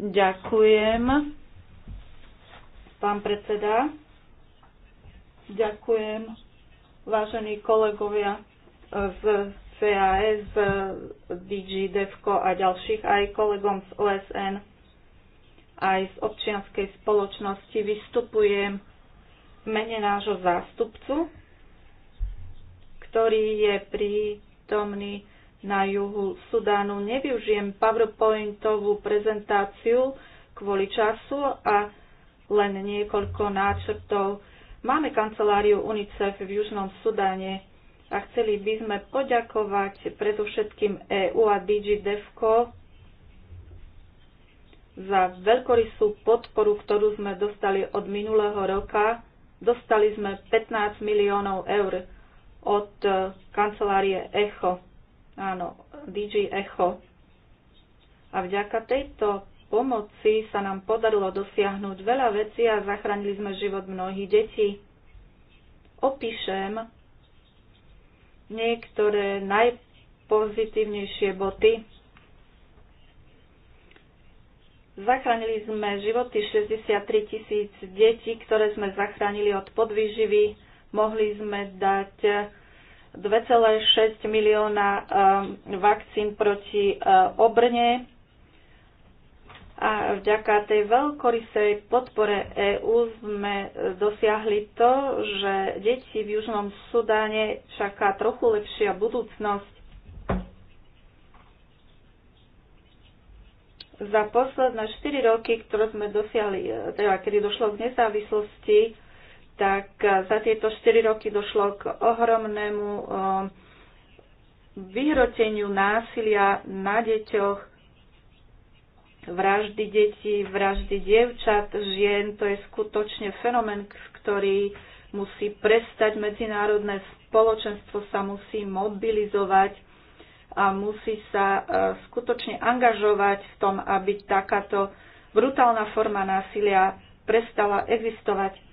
Ďakujem. Pán predseda. Ďakujem, vážení kolegovia e, z CAS, DG DEVCO a ďalších, aj kolegom z OSN, aj z občianskej spoločnosti vystupujem mene nášho zástupcu, ktorý je prítomný na juhu Sudánu. Nevyužijem PowerPointovú prezentáciu kvôli času a len niekoľko náčrtov. Máme kanceláriu UNICEF v Južnom Sudáne a chceli by sme poďakovať predovšetkým EU a DG DEFCO za veľkorysú podporu, ktorú sme dostali od minulého roka. Dostali sme 15 miliónov eur od e, kancelárie ECHO. Áno, DG ECHO. A vďaka tejto pomoci sa nám podarilo dosiahnuť veľa vecí a zachránili sme život mnohých detí. Opíšem niektoré najpozitívnejšie boty. Zachránili sme životy 63 tisíc detí, ktoré sme zachránili od podvýživy. Mohli sme dať 2,6 eh, milióna eh, vakcín proti eh, obrne a vďaka tej veľkorysej podpore EÚ sme dosiahli to, že deti v Južnom Sudáne čaká trochu lepšia budúcnosť. Za posledné 4 roky, ktoré sme dosiahli, e, teda kedy došlo k nezávislosti, tak e, za tieto 4 roky došlo k ohromnému e, vyhroteniu násilia na deťoch vraždy detí, vraždy dievčat, žien, to je skutočne fenomén, ktorý musí prestať. Medzinárodné spoločenstvo sa musí mobilizovať a musí sa e, skutočne angažovať v tom, aby takáto brutálna forma násilia prestala existovať.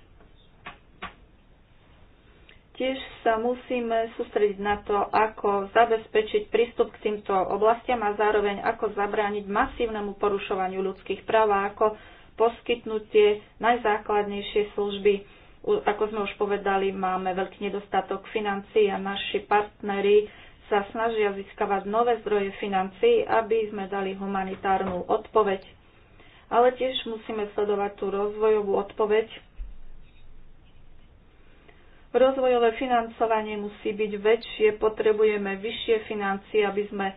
Tiež sa musíme sústrediť na to, ako zabezpečiť prístup k týmto oblastiam a zároveň ako zabrániť masívnemu porušovaniu ľudských práv a ako poskytnutie najzákladnejšie služby. Ako sme už povedali, máme veľký nedostatok financií a naši partnery sa snažia získavať nové zdroje financií, aby sme dali humanitárnu odpoveď. Ale tiež musíme sledovať tú rozvojovú odpoveď Rozvojové financovanie musí byť väčšie, potrebujeme vyššie financie, aby sme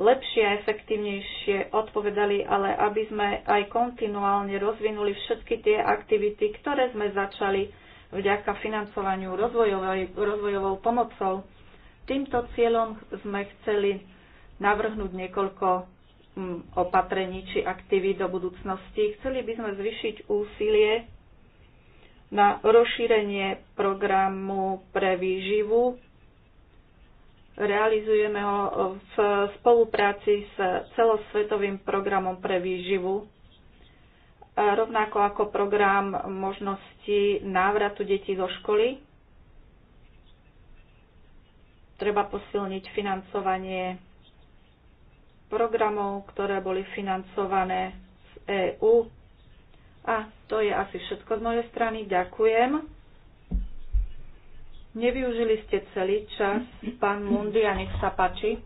lepšie a efektívnejšie odpovedali, ale aby sme aj kontinuálne rozvinuli všetky tie aktivity, ktoré sme začali vďaka financovaniu rozvojovej, rozvojovou pomocou. Týmto cieľom sme chceli navrhnúť niekoľko mm, opatrení či aktivít do budúcnosti. Chceli by sme zvyšiť úsilie na rozšírenie programu pre výživu. Realizujeme ho v spolupráci s celosvetovým programom pre výživu, rovnako ako program možnosti návratu detí zo školy. Treba posilniť financovanie programov, ktoré boli financované z EÚ a to je asi všetko z mojej strany. Ďakujem. Nevyužili ste celý čas. Pán a nech sa páči.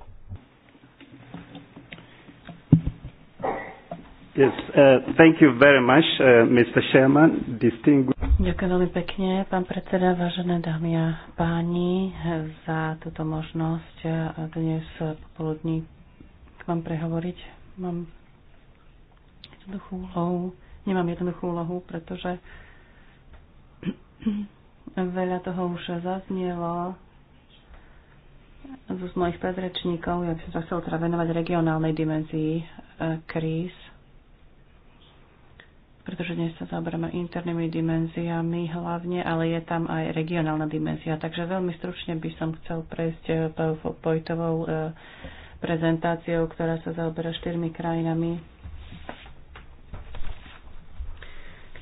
Yes, uh, thank you very much, uh, Mr. Chairman. Distinguished... Ďakujem veľmi pekne, pán predseda, vážené dámy a páni, za túto možnosť uh, dnes popoludní k vám prehovoriť. Mám jednoduchú úlohu nemám jednoduchú úlohu, pretože (clears throat) veľa toho už zaznielo z mojich predrečníkov. Ja by som sa chcel teda venovať regionálnej dimenzii e, kríz, pretože dnes sa zaoberáme internými dimenziami hlavne, ale je tam aj regionálna dimenzia. Takže veľmi stručne by som chcel prejsť e, Pojtovou e, prezentáciou, ktorá sa zaoberá štyrmi krajinami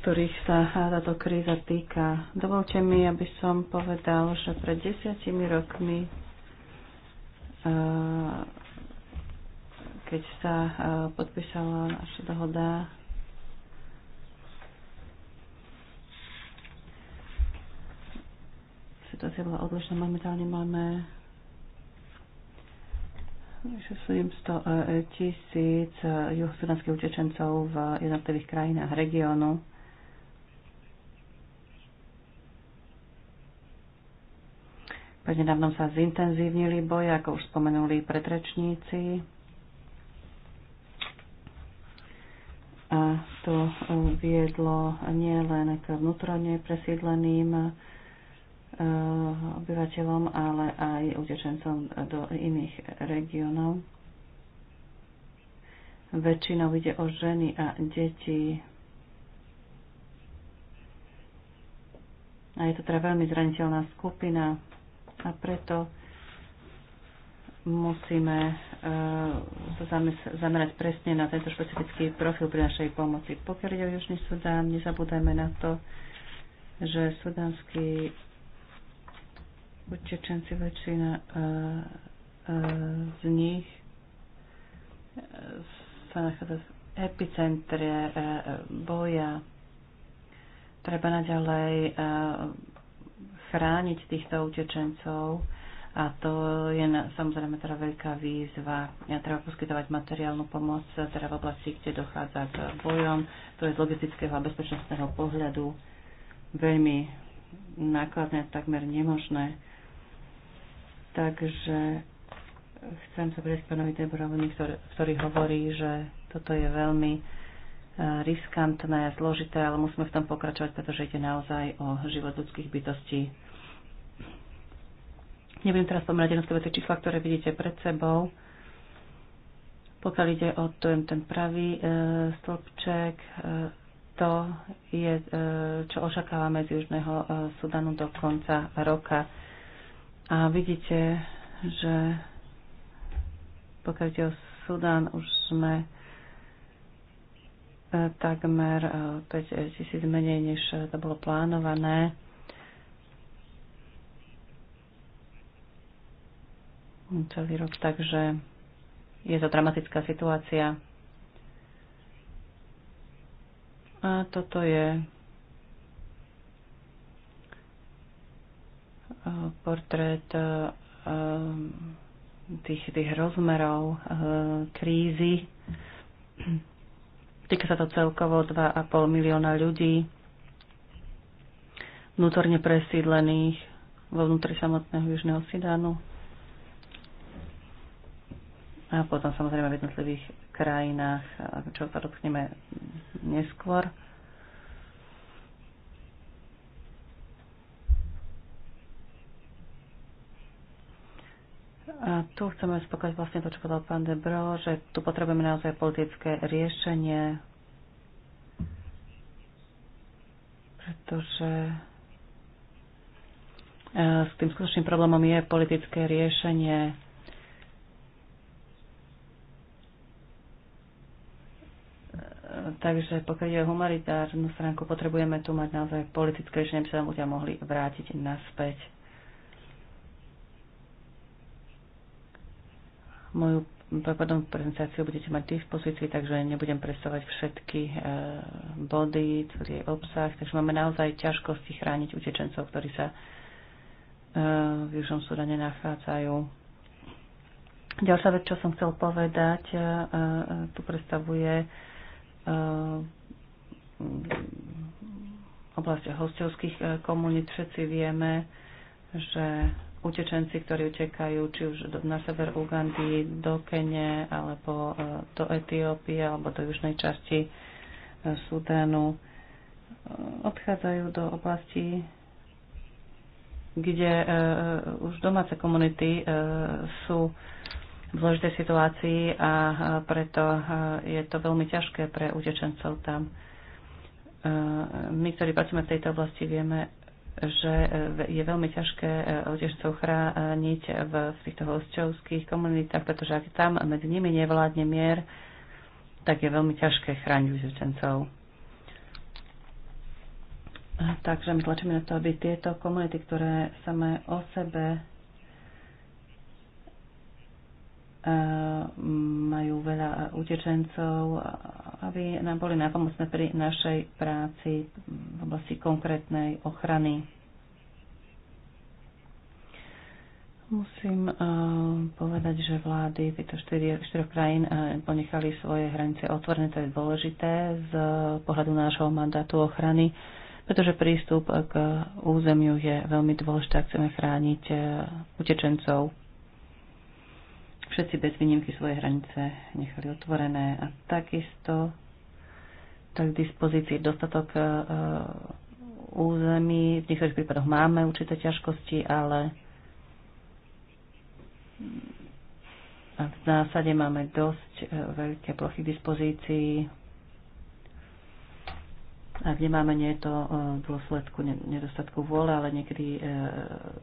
ktorých sa táto kríza týka. Dovolte mi, aby som povedal, že pred desiatimi rokmi, eh, keď sa eh, podpísala naša dohoda, situácia bola odlišná. Momentálne máme 700 eh, tisíc juhosudanských utečencov v jednotlivých krajinách regiónu. Prednedávnom sa zintenzívnili boje, ako už spomenuli pretrečníci. A to e, viedlo nielen k vnútorne presídleným e, obyvateľom, ale aj utečencom do iných regiónov. Väčšinou ide o ženy a deti, a je to teda veľmi zraniteľná skupina. A preto musíme e, sa zamerať presne na tento špecifický profil pri našej pomoci. Pokiaľ ide o Južný Sudán, nezabúdajme na to, že sudánsky utečenci väčšina e, e, z nich sa nachádza v epicentre boja. Treba naďalej chrániť týchto utečencov a to je na, samozrejme teda veľká výzva. Ja treba poskytovať materiálnu pomoc teda v oblasti, kde dochádza k bojom. To je z logistického a bezpečnostného pohľadu veľmi nákladné, takmer nemožné. Takže chcem sa prejsť pánovi Debrovovi, ktorý, ktorý hovorí, že toto je veľmi e, riskantné, zložité, ale musíme v tom pokračovať, pretože ide naozaj o život ľudských bytostí Nebudem teraz pomerať jednotlivé tie čísla, ktoré vidíte pred sebou. Pokiaľ ide o ten, ten pravý e, stĺpček, e, to je, e, čo očakávame z Južného e, Sudanu do konca roka. A vidíte, že pokiaľ ide o Sudan, už sme e, takmer 5 e, tisíc menej, než to bolo plánované. celý rok, takže je to dramatická situácia. A toto je e, portrét e, e, tých, tých rozmerov krízy. Týka sa to celkovo 2,5 milióna ľudí vnútorne presídlených vo vnútri samotného Južného Sidánu. A potom samozrejme v jednotlivých krajinách, čo sa dotkneme neskôr. A tu chceme spokojať vlastne to, čo povedal pán Debro, že tu potrebujeme naozaj politické riešenie, pretože e, s tým skutočným problémom je politické riešenie takže pokiaľ je humanitárnu stránku, potrebujeme tu mať naozaj politické riešenie, aby sa ľudia mohli vrátiť naspäť. Moju prepadom prezentáciu budete mať pozícií, takže nebudem presovať všetky e, body, celý jej obsah. Takže máme naozaj ťažkosti chrániť utečencov, ktorí sa e, v Južnom Sudane nachádzajú. Ďalšia vec, čo som chcel povedať, e, e tu predstavuje Eh, oblasti hostovských eh, komunít všetci vieme, že utečenci, ktorí utekajú či už na sever Ugandy, do Kene, alebo eh, do Etiópie, alebo do južnej časti Sudánu, odchádzajú do oblasti, kde už domáce komunity sú v zložitej situácii a preto je to veľmi ťažké pre utečencov tam. My, ktorí pracujeme v tejto oblasti, vieme, že e, je veľmi ťažké e, utečencov chrániť v, v týchto hostovských komunitách, pretože ak tam medzi nimi nevládne mier, tak je veľmi ťažké chrániť utečencov. Takže my tlačíme na to, aby tieto komunity, ktoré samé o sebe majú veľa utečencov, aby nám boli nápomocné pri našej práci v oblasti konkrétnej ochrany. Musím uh, povedať, že vlády týchto štyroch krajín uh, ponechali svoje hranice otvorené, to je dôležité z uh, pohľadu nášho mandátu ochrany, pretože prístup k územiu je veľmi dôležité, ak chceme chrániť uh, utečencov Všetci bez výnimky svoje hranice nechali otvorené a takisto tak k dispozícii dostatok e, e, území. V niektorých prípadoch máme určité ťažkosti, ale v zásade máme dosť e, veľké plochy k dispozícii ak nemáme, nie je to e, dôsledku nedostatku vôle, ale niekedy e,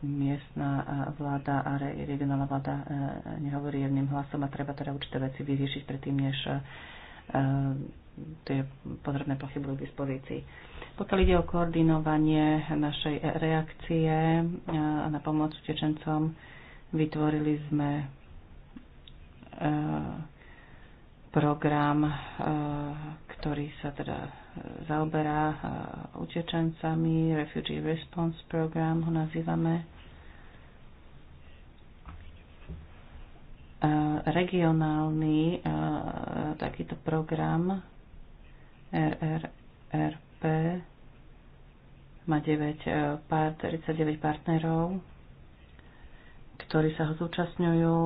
miestna e, vláda a regionálna vláda nehovorí jedným hlasom a treba teda určité veci vyriešiť predtým, než tie potrebné pochybujú budú k dispozícii. Pokiaľ ide o koordinovanie našej reakcie na pomoc utečencom, vytvorili sme program, ktorý sa teda zaoberá e, utečencami, Refugee Response Program ho nazývame. E, regionálny e, takýto program RRRP má 9, 39 partnerov, ktorí sa ho zúčastňujú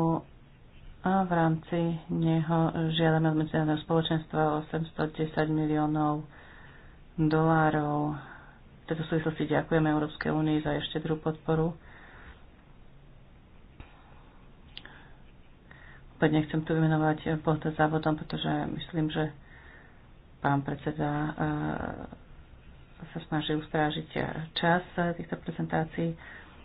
a v rámci neho žiadame od medzinárodného spoločenstva 810 miliónov dolárov. V tejto súvislosti ďakujeme Európskej únii za ešte druhú podporu. Opäť nechcem tu vymenovať pohľad závodom, pretože myslím, že pán predseda eh, sa snaží ustrážiť čas týchto prezentácií.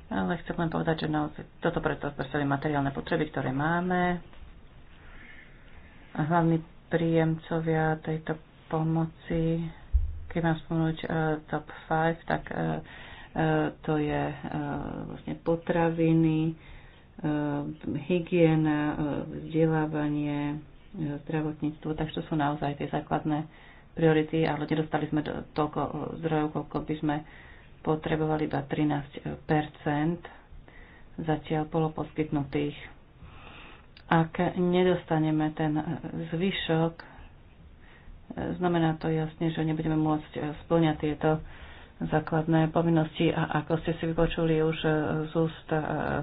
Ale chcem len povedať, že no, toto preto predstaví materiálne potreby, ktoré máme. A hlavní príjemcovia tejto pomoci keď mám spomenúť uh, top 5, tak uh, uh, to je uh, vlastne potraviny, uh, hygiena, uh, vzdelávanie, uh, zdravotníctvo, takže to sú naozaj tie základné priority, ale nedostali sme do, toľko zdrojov, koľko by sme potrebovali iba 13 zatiaľ bolo poskytnutých. Ak nedostaneme ten zvyšok, Znamená to jasne, že nebudeme môcť e, splňať tieto základné povinnosti a ako ste si vypočuli už e, z úst e,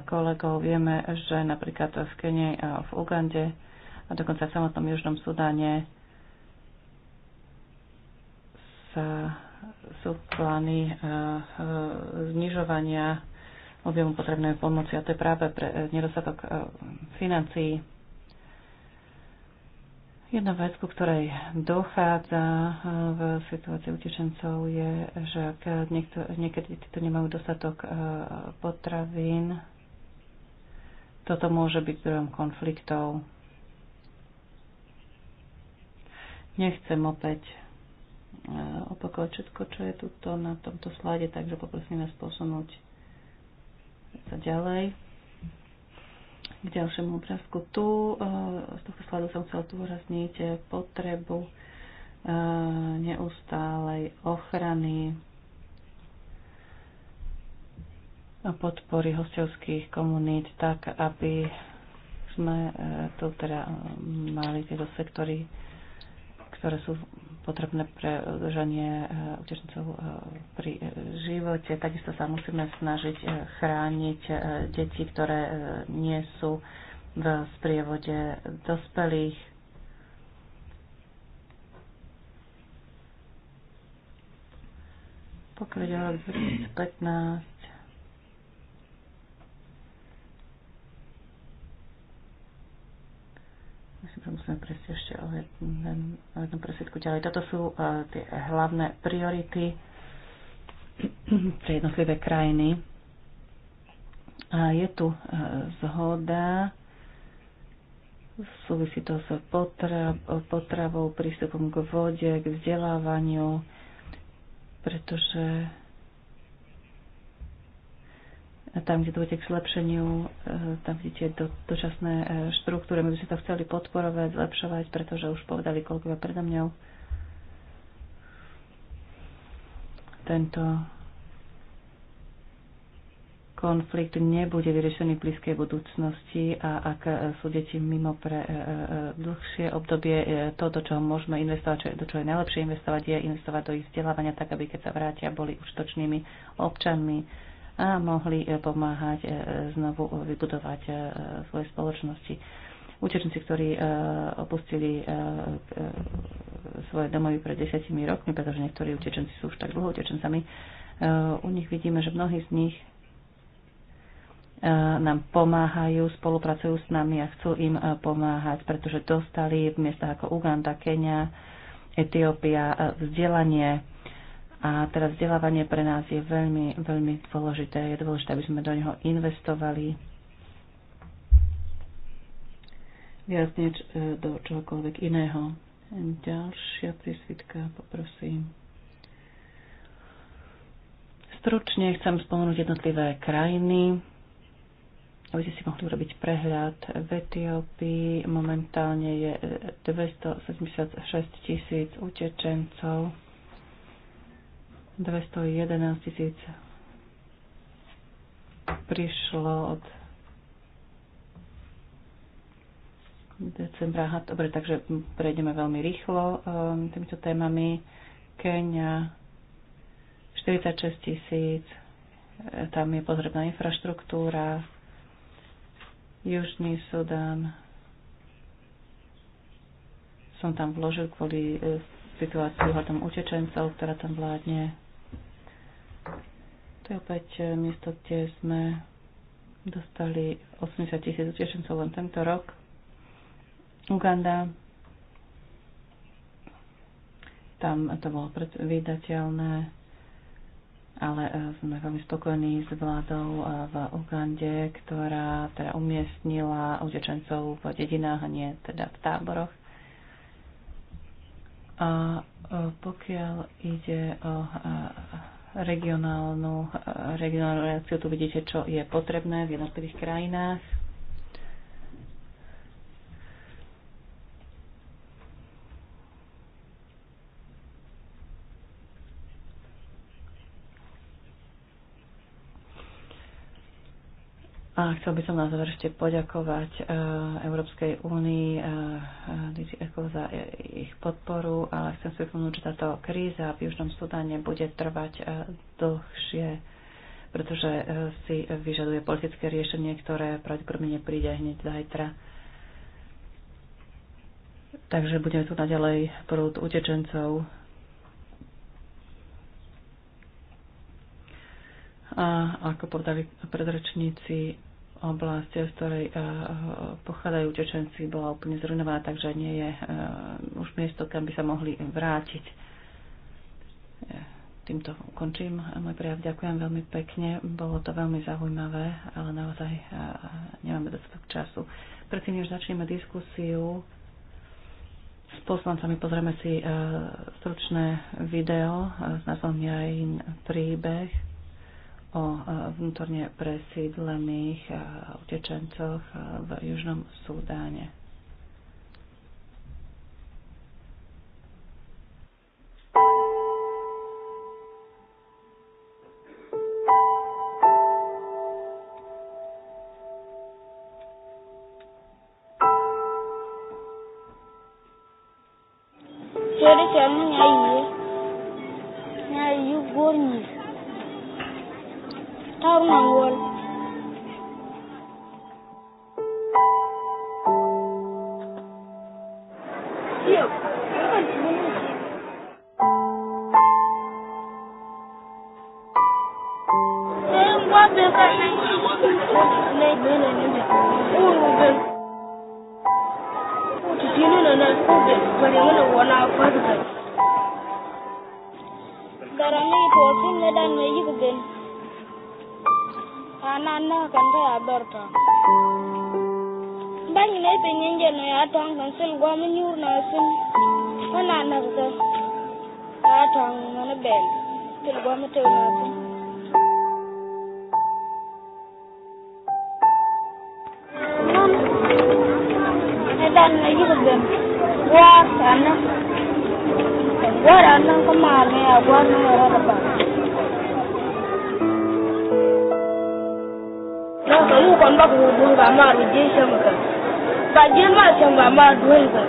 kolegov, vieme, že napríklad v Kene a v Ugande a dokonca v samotnom Južnom Sudáne sa sú plány znižovania objemu potrebnej pomoci a to je práve pre nedostatok financií Jedna vec, ku ktorej dochádza e, v situácii utečencov je, že ak niekto, niekedy títo nemajú dostatok e, potravín, toto môže byť zdrojom konfliktov. Nechcem opäť e, opakovať všetko, čo je tuto na tomto slajde, takže poprosím vás posunúť sa ďalej. K ďalšiemu obrázku tu, eh, z tohto sladu som chcel zdôrazniť potrebu eh, neustálej ochrany a podpory hostovských komunít tak, aby sme eh, tu teda mali tieto sektory, ktoré sú potrebné pre udržanie e, utečencov e, pri e, živote. Takisto sa musíme snažiť chrániť deti, ktoré nie sú v sprievode dospelých. Pokiaľ 2015, to musíme prejsť ešte o, jednom, jednom presvedku ďalej. Toto sú uh, tie hlavné priority (clears throat) pre jednotlivé krajiny. A je tu uh, zhoda, súvisí to s potra, potravou, prístupom k vode, k vzdelávaniu, pretože tam, kde dôjde k zlepšeniu, e, tam vidíte do, dočasné e, štruktúry. My by sme to chceli podporovať, zlepšovať, pretože už povedali kolegovia predo mňou. Tento konflikt nebude vyriešený v blízkej budúcnosti a ak e, sú deti mimo pre dlhšie obdobie, to, do čoho môžeme investovať, do čoho je najlepšie investovať, je investovať do ich vzdelávania tak, aby keď sa vrátia, boli užtočnými občanmi, a mohli e, pomáhať e, znovu vybudovať e, svoje spoločnosti. Učečníci, ktorí opustili svoje domovy pred desiatimi rokmi, pretože niektorí utečenci sú už tak dlho utečencami, u nich vidíme, že mnohí z nich nám pomáhajú, spolupracujú s nami a chcú im pomáhať, pretože dostali v miestach ako Uganda, Kenia, Etiópia vzdelanie, a teraz vzdelávanie pre nás je veľmi, veľmi dôležité. Je dôležité, aby sme do neho investovali viac než e, do čohokoľvek iného. Ďalšia prísvitka, poprosím. Stručne chcem spomenúť jednotlivé krajiny, aby ste si mohli urobiť prehľad. V Etiópii momentálne je 276 e, tisíc utečencov 211 tisíc prišlo od decembra. dobre, takže prejdeme veľmi rýchlo um, týmito témami. Kenia 46 tisíc, e, tam je potrebná infraštruktúra. Južný Sudan, som tam vložil kvôli e, situácii hľadom utečencov, ktorá tam vládne. To je opäť e, miesto, kde sme dostali 80 tisíc utečencov len tento rok. Uganda, tam to bolo predvydateľné, ale e, sme veľmi spokojní s vládou e, v Ugande, ktorá teda umiestnila utečencov v dedinách a nie teda v táboroch. A pokiaľ ide o regionálnu, eh, regionálnu reakciu. Tu vidíte, čo je potrebné v jednotlivých krajinách. A chcel by som na záver ešte poďakovať eh, Európskej únii eh, eh, za ich podporu, ale chcem si uvedomiť, že táto kríza v Južnom Sudáne bude trvať dlhšie, pretože si vyžaduje politické riešenie, ktoré pravdepodobne nepríde hneď zajtra. Takže budeme tu naďalej prúd utečencov A ako povedali predrečníci, oblasť, z ktorej eh, pochádzajú utečenci, bola úplne zrujnovaná, takže nie je eh, už miesto, kam by sa mohli vrátiť. Týmto ukončím eh, môj prijav. Ďakujem veľmi pekne. Bolo to veľmi zaujímavé, ale naozaj nemáme dostatok času. Predtým, než začneme diskusiu s poslancami, pozrieme si stručné video s názvom Jajin príbeh o e, vnútorne presídlených e, utečencoch e, v Južnom Súdáne. kwamba kuhudunga amarugisha mka kagira mashyamba amadunga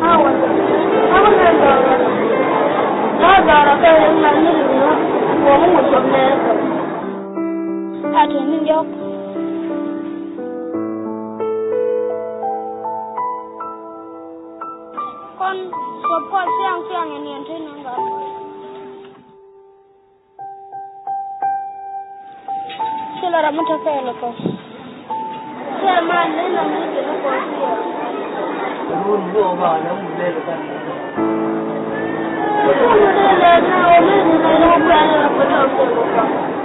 hawa hawa nandara nazara kare nanyirina uwo mumutomeza hatunzi njoko Kila mtu afanye nakosa. Kila mara nenda mmoja huko hiyo. Ndio ndio bana mbele sana. Ndio ndio ndio ndio ndio ndio ndio ndio ndio ndio ndio ndio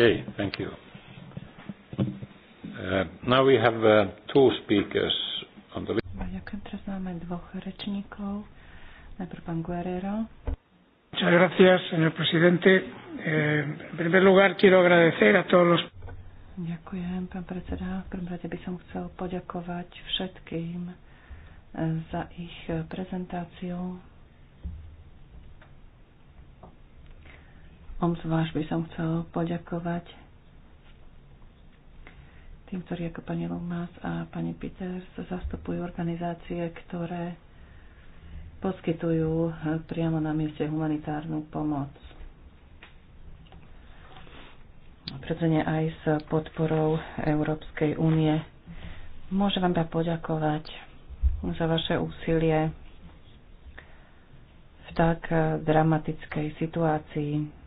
Okay, thank you. Uh, now we have uh, two speakers on the list. Ďakujem, teraz máme dvoch rečníkov. Najprv pán Guerrero. Muchas gracias, señor presidente. Eh, en primer lugar, quiero agradecer a todos los. Ďakujem, pán predseda. V prvom rade by som chcel poďakovať všetkým eh, za ich eh, prezentáciu. Obzvlášť by som chcel poďakovať tým, ktorí ako pani Lumas a pani Peters zastupujú organizácie, ktoré poskytujú eh, priamo na mieste humanitárnu pomoc. Predsene aj s podporou Európskej únie. Môžem vám poďakovať za vaše úsilie v tak eh, dramatickej situácii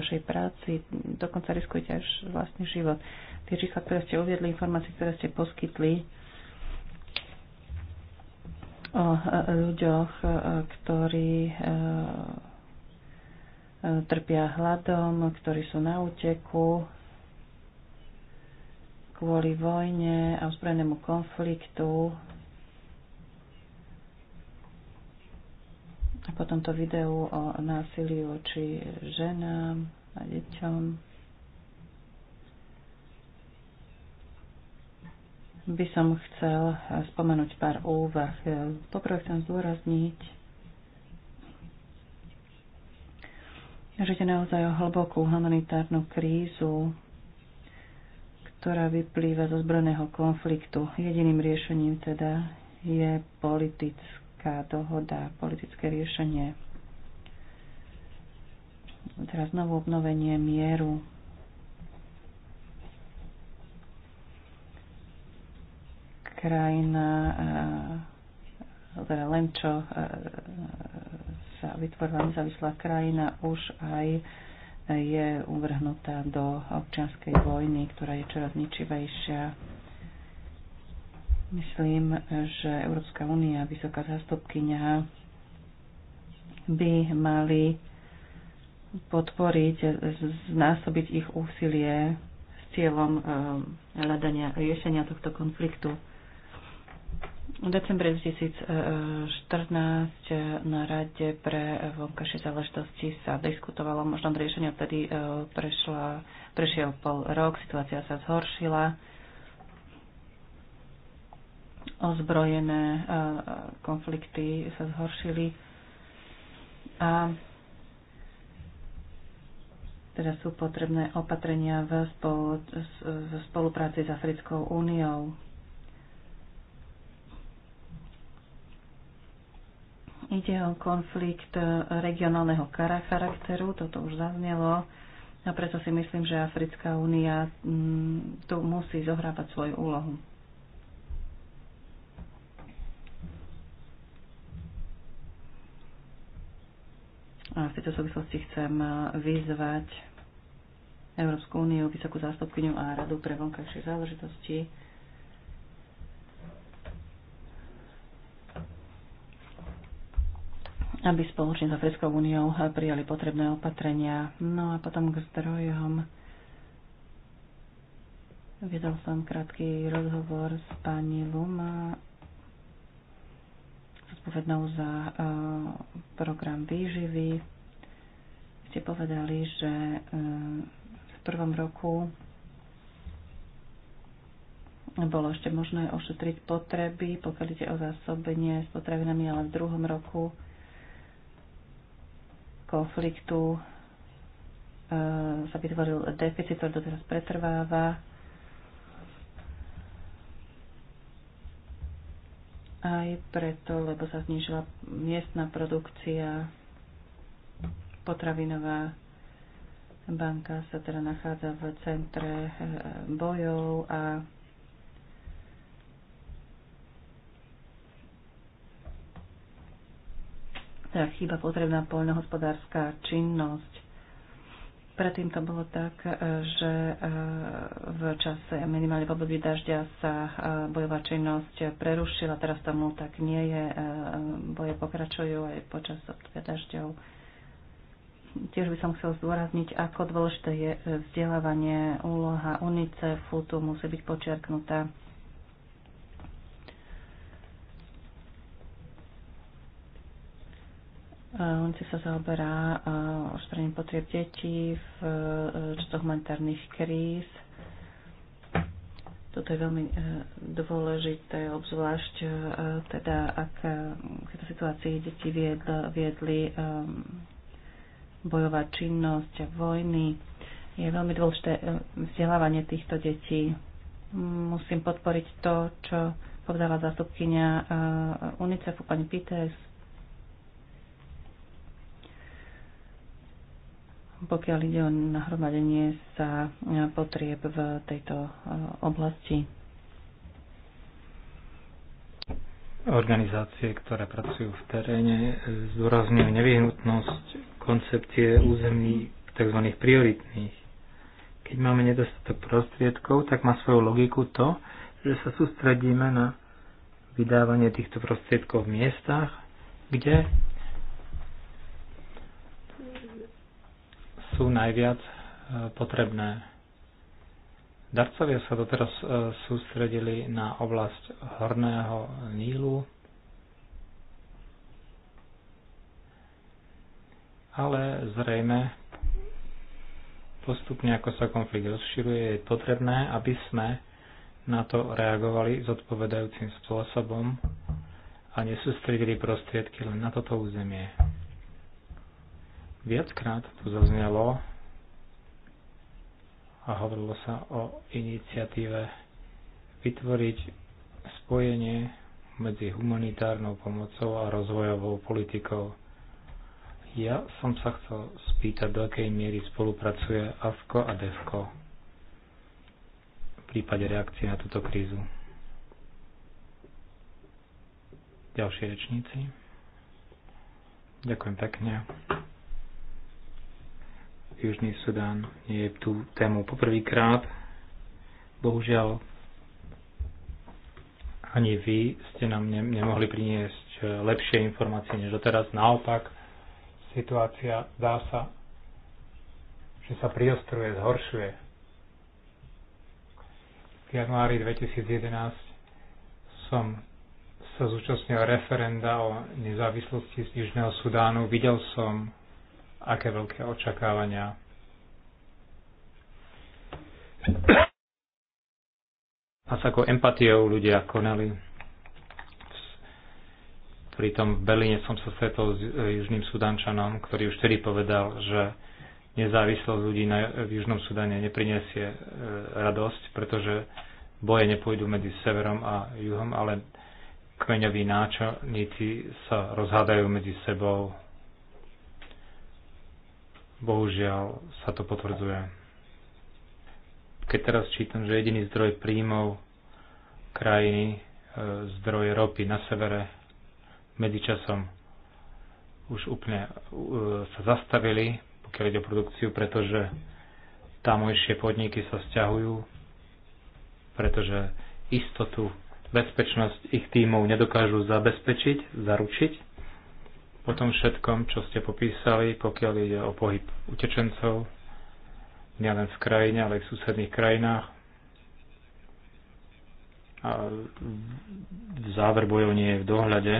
vašej práci, dokonca riskujete až vlastný život. Tie čísla, ktoré ste uviedli, informácie, ktoré ste poskytli o e, ľuďoch, e, ktorí e, trpia hladom, ktorí sú na úteku kvôli vojne a ozbrojenému konfliktu, Potom to videu o násiliu voči ženám a deťom. By som chcel spomenúť pár úvah. Poprvé chcem zdôrazniť, že je naozaj o hlbokú humanitárnu krízu, ktorá vyplýva zo zbrojného konfliktu. Jediným riešením teda je politické politická dohoda, politické riešenie. Teraz znovu obnovenie mieru. Krajina, eh, teda len čo eh, sa vytvorila nezávislá krajina, už aj je uvrhnutá do občianskej vojny, ktorá je čoraz ničivejšia Myslím, že Európska únia, vysoká zástupkynia by mali podporiť, znásobiť ich úsilie s cieľom eh, hľadania riešenia tohto konfliktu. V decembri 2014 na Rade pre vonkajšie záležitosti sa diskutovalo možno riešenia riešení, vtedy eh, prešla, prešiel pol rok, situácia sa zhoršila ozbrojené e, konflikty sa zhoršili. A teda sú potrebné opatrenia v spolu, v spolupráci s Africkou úniou. Ide o konflikt e, regionálneho charakteru, toto už zaznelo, a preto si myslím, že Africká únia mm, tu musí zohrávať svoju úlohu. A v tejto súvislosti chcem e, vyzvať Európsku úniu, vysokú zástupkyňu a Radu pre vonkajšie záležitosti, aby spoločne s Africkou úniou prijali potrebné opatrenia. No a potom k zdrojom. Viedol som krátky rozhovor s pani Luma zodpovednou za eh, program výživy. Ste povedali, že eh, v prvom roku bolo ešte možné ošetriť potreby, pokiaľ ide o zásobenie s potravinami, ale v druhom roku konfliktu eh, sa vytvoril deficit, ktorý doteraz pretrváva aj preto, lebo sa znižila miestna produkcia, potravinová banka sa teda nachádza v centre eh, bojov a teda chýba potrebná poľnohospodárska činnosť. Predtým to bolo tak, e, že e, v čase minimálne v období dažďa sa e, bojová činnosť prerušila, teraz tomu tak nie je. Boje pokračujú aj počas obdobia dažďov. Tiež by som chcel zdôrazniť, ako dôležité je vzdelávanie, úloha UNICEFu, tu musí byť počiarknutá. On sa zaoberá eh, ošetrením potrieb detí v časoch eh, humanitárnych kríz. Toto je veľmi eh, dôležité, obzvlášť teda, ak v tejto situácii deti viedli, viedli bojová činnosť a vojny. Je veľmi dôležité vzdelávanie týchto detí. Musím podporiť to, čo povedala zástupkynia UNICEFu pani Peters pokiaľ ide o nahromadenie sa e, potrieb v tejto e, oblasti. Organizácie, ktoré pracujú v teréne, e, zdôrazňujú nevyhnutnosť koncepcie území tzv. prioritných. Keď máme nedostatok prostriedkov, tak má svoju logiku to, že sa sústredíme na vydávanie týchto prostriedkov v miestach, kde sú najviac e, potrebné. Darcovia sa doteraz e, sústredili na oblasť Horného Nílu, ale zrejme postupne, ako sa konflikt rozširuje, je potrebné, aby sme na to reagovali zodpovedajúcim spôsobom a nesústredili prostriedky len na toto územie. Viackrát tu zaznelo a hovorilo sa o iniciatíve vytvoriť spojenie medzi humanitárnou pomocou a rozvojovou politikou. Ja som sa chcel spýtať, do akej miery spolupracuje AFKO a DEFKO v prípade reakcie na túto krízu. Ďalšie rečníci. Ďakujem pekne. Južný Sudán je tú tému poprvýkrát. Bohužiaľ, ani vy ste nám ne- nemohli priniesť eh, lepšie informácie než doteraz. Naopak, situácia dá sa, že sa priostruje, zhoršuje. V januári 2011 som sa zúčastnil referenda o nezávislosti z Južného Sudánu. Videl som aké veľké očakávania. A s akou empatiou ľudia konali. pri tom v Berlíne som sa stretol s e, južným sudančanom, ktorý už vtedy povedal, že nezávislosť ľudí na, v Južnom Sudane neprinesie e, radosť, pretože boje nepôjdu medzi severom a juhom, ale kmeňoví náčelníci sa rozhádajú medzi sebou Bohužiaľ sa to potvrdzuje. Keď teraz čítam, že jediný zdroj príjmov krajiny, e, zdroj ropy na severe, medzičasom už úplne e, sa zastavili, pokiaľ ide o produkciu, pretože tamojšie podniky sa stiahujú, pretože istotu, bezpečnosť ich tímov nedokážu zabezpečiť, zaručiť O tom všetkom, čo ste popísali, pokiaľ ide o pohyb utečencov, nielen v krajine, ale aj v susedných krajinách. A záver bojov nie je v dohľade.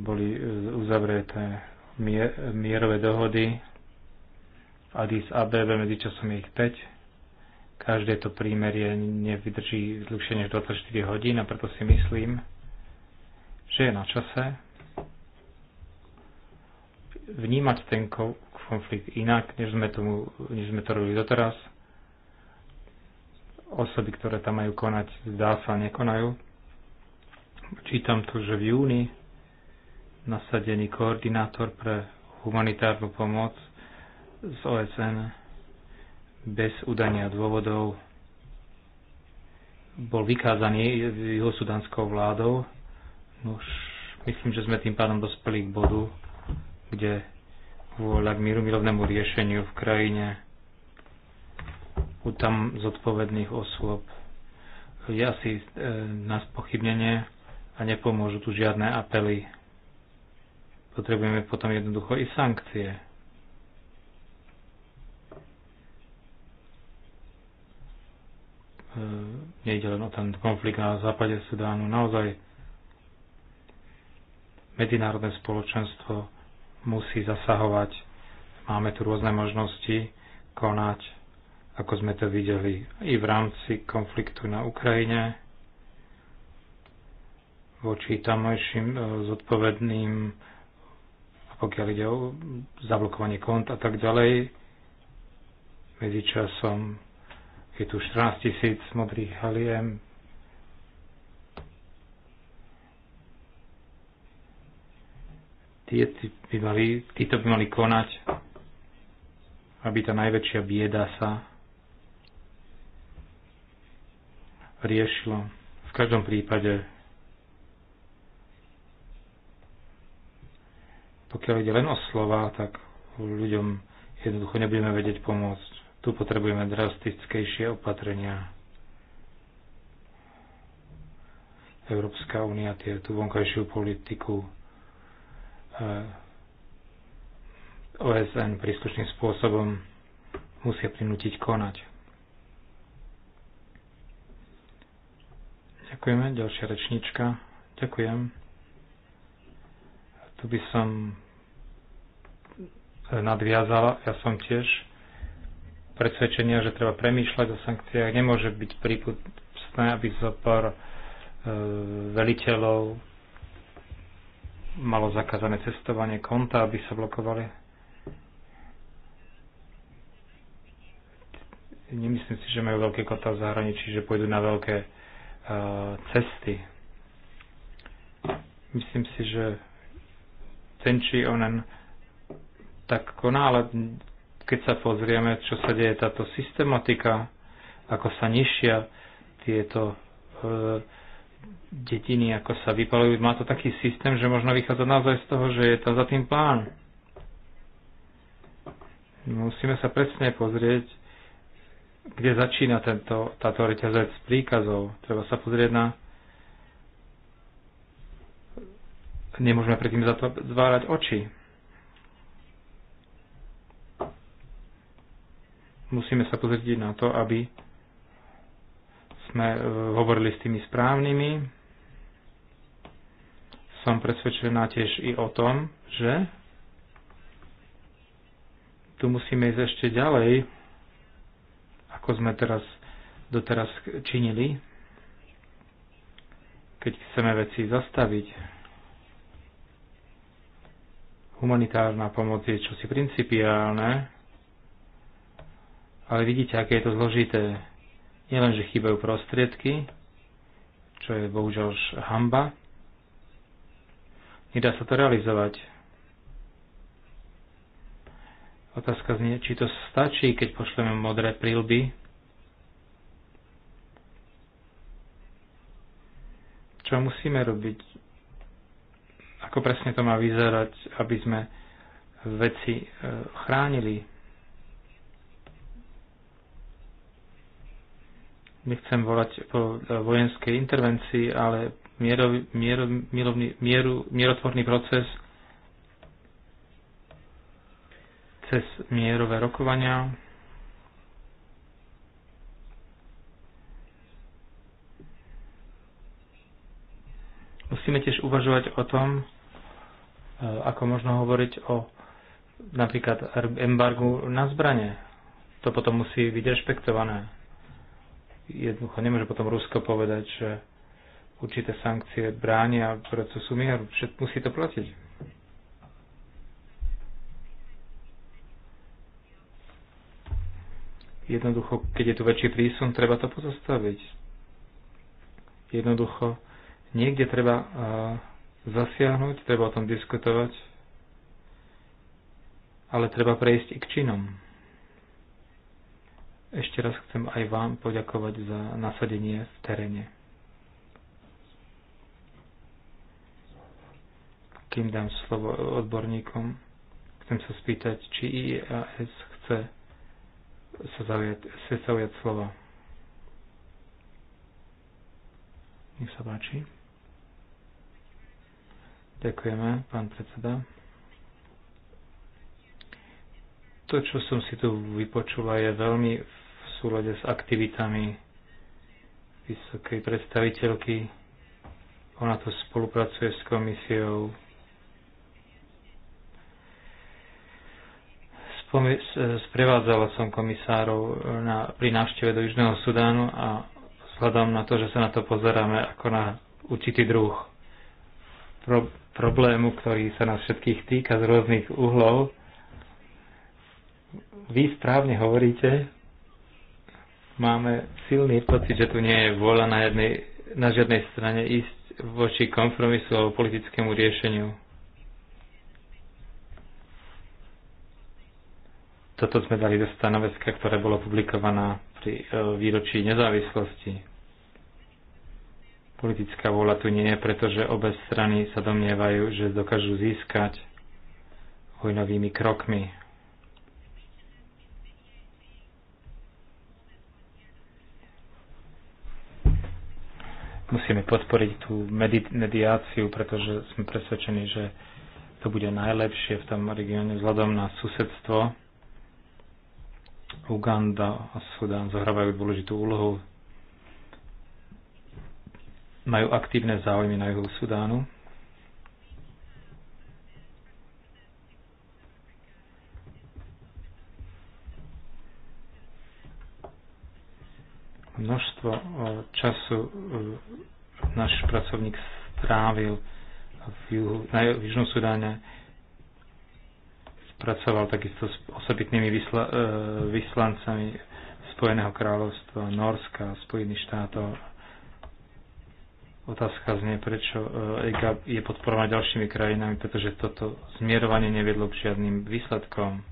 Boli uzavreté mierové dohody v Addis Abebe, medzičasom ich 5 Každé to prímerie nevydrží dlhšie než 24 hodín a preto si myslím, že je na čase vnímať ten konflikt inak, než sme, tomu, než sme to robili doteraz. Osoby, ktoré tam majú konať, zdá sa, nekonajú. Čítam tu, že v júni nasadený koordinátor pre humanitárnu pomoc z OSN bez udania dôvodov bol vykázaný jeho sudanskou vládou. Nož, myslím, že sme tým pádom dospeli k bodu, kde vôľa k míru milovnému riešeniu v krajine u tam zodpovedných osôb je asi e, na spochybnenie a nepomôžu tu žiadne apely. Potrebujeme potom jednoducho i sankcie. E, nejde len o ten konflikt na západe Sudánu, naozaj medzinárodné spoločenstvo musí zasahovať. Máme tu rôzne možnosti konať, ako sme to videli i v rámci konfliktu na Ukrajine voči tamojším e, zodpovedným, pokiaľ ide o zablokovanie kont a tak ďalej. Medzičasom je tu 14 tisíc modrých haliem. Tí by, mali, títo by mali konať, aby tá najväčšia bieda sa riešila. V každom prípade pokiaľ ide len o slova, tak ľuďom jednoducho nebudeme vedieť pomôcť. Tu potrebujeme drastickejšie opatrenia. Európska únia tie, tú vonkajšiu politiku eh, OSN príslušným spôsobom musia prinútiť konať. Ďakujeme. Ďalšia rečnička. Ďakujem. Tu by som nadviazala. Ja som tiež presvedčenia, že treba premýšľať o sankciách. Nemôže byť prípustné, aby zo pár e, veliteľov malo zakázané cestovanie konta, aby sa blokovali. Nemyslím si, že majú veľké konta v zahraničí, že pôjdu na veľké e, cesty. Myslím si, že ten či onen tak koná, ale keď sa pozrieme, čo sa deje táto systematika, ako sa nišia tieto e, detiny, ako sa vypalujú, má to taký systém, že možno vychádza naozaj z toho, že je tam za tým plán. Musíme sa presne pozrieť, kde začína tento, táto reťazec príkazov. Treba sa pozrieť na nemôžeme predtým zatvárať oči. musíme sa pozrieť na to, aby sme e, hovorili s tými správnymi. Som presvedčená tiež i o tom, že tu musíme ísť ešte ďalej, ako sme teraz doteraz činili, keď chceme veci zastaviť. Humanitárna pomoc je čosi principiálne, ale vidíte, aké je to zložité. Nielen, že chýbajú prostriedky, čo je bohužiaľ už hamba, nedá sa to realizovať. Otázka znie, či to stačí, keď pošleme modré prílby. Čo musíme robiť? Ako presne to má vyzerať, aby sme veci e, chránili? nechcem volať po e, vojenskej intervencii, ale mierov, mierov, mierovný, mieru, mierotvorný proces cez mierové rokovania. Musíme tiež uvažovať o tom, e, ako možno hovoriť o napríklad embargu na zbranie. To potom musí byť rešpektované Jednoducho nemôže potom Rusko povedať, že určité sankcie bránia procesu mieru. Všetko musí to platiť. Jednoducho, keď je tu väčší prísun, treba to pozastaviť. Jednoducho, niekde treba uh, zasiahnuť, treba o tom diskutovať, ale treba prejsť i k činom. Ešte raz chcem aj vám poďakovať za nasadenie v teréne. Kým dám slovo odborníkom, chcem sa spýtať, či IAS chce sa zaujať, chce zaujať slova. Nech sa páči. Ďakujeme, pán predseda. To, čo som si tu vypočula, je veľmi súlade s aktivitami vysokej predstaviteľky. Ona to spolupracuje s komisiou. sprevádzala som komisárov na, pri návšteve do Južného Sudánu a vzhľadom na to, že sa na to pozeráme ako na určitý druh pro- problému, ktorý sa nás všetkých týka z rôznych uhlov, vy správne hovoríte, Máme silný pocit, že tu nie je vôľa na, jednej, na žiadnej strane ísť voči kompromisu alebo politickému riešeniu. Toto sme dali do stanoviska, ktoré bolo publikovaná pri e, výročí nezávislosti. Politická vôľa tu nie je, pretože obe strany sa domnievajú, že dokážu získať vojnovými krokmi Musíme podporiť tú mediáciu, pretože sme presvedčení, že to bude najlepšie v tom regióne vzhľadom na susedstvo. Uganda a Sudán zohrávajú dôležitú úlohu. Majú aktívne záujmy na juhu Sudánu, Množstvo eh, času eh, náš pracovník strávil v, juhu, na, v Južnom Sudáne, pracoval takisto s osobitnými vysla, eh, vyslancami Spojeného kráľovstva, Norska, Spojených štátov. Otázka znie, prečo EGA je podporovaná ďalšími krajinami, pretože toto zmierovanie neviedlo k žiadnym výsledkom.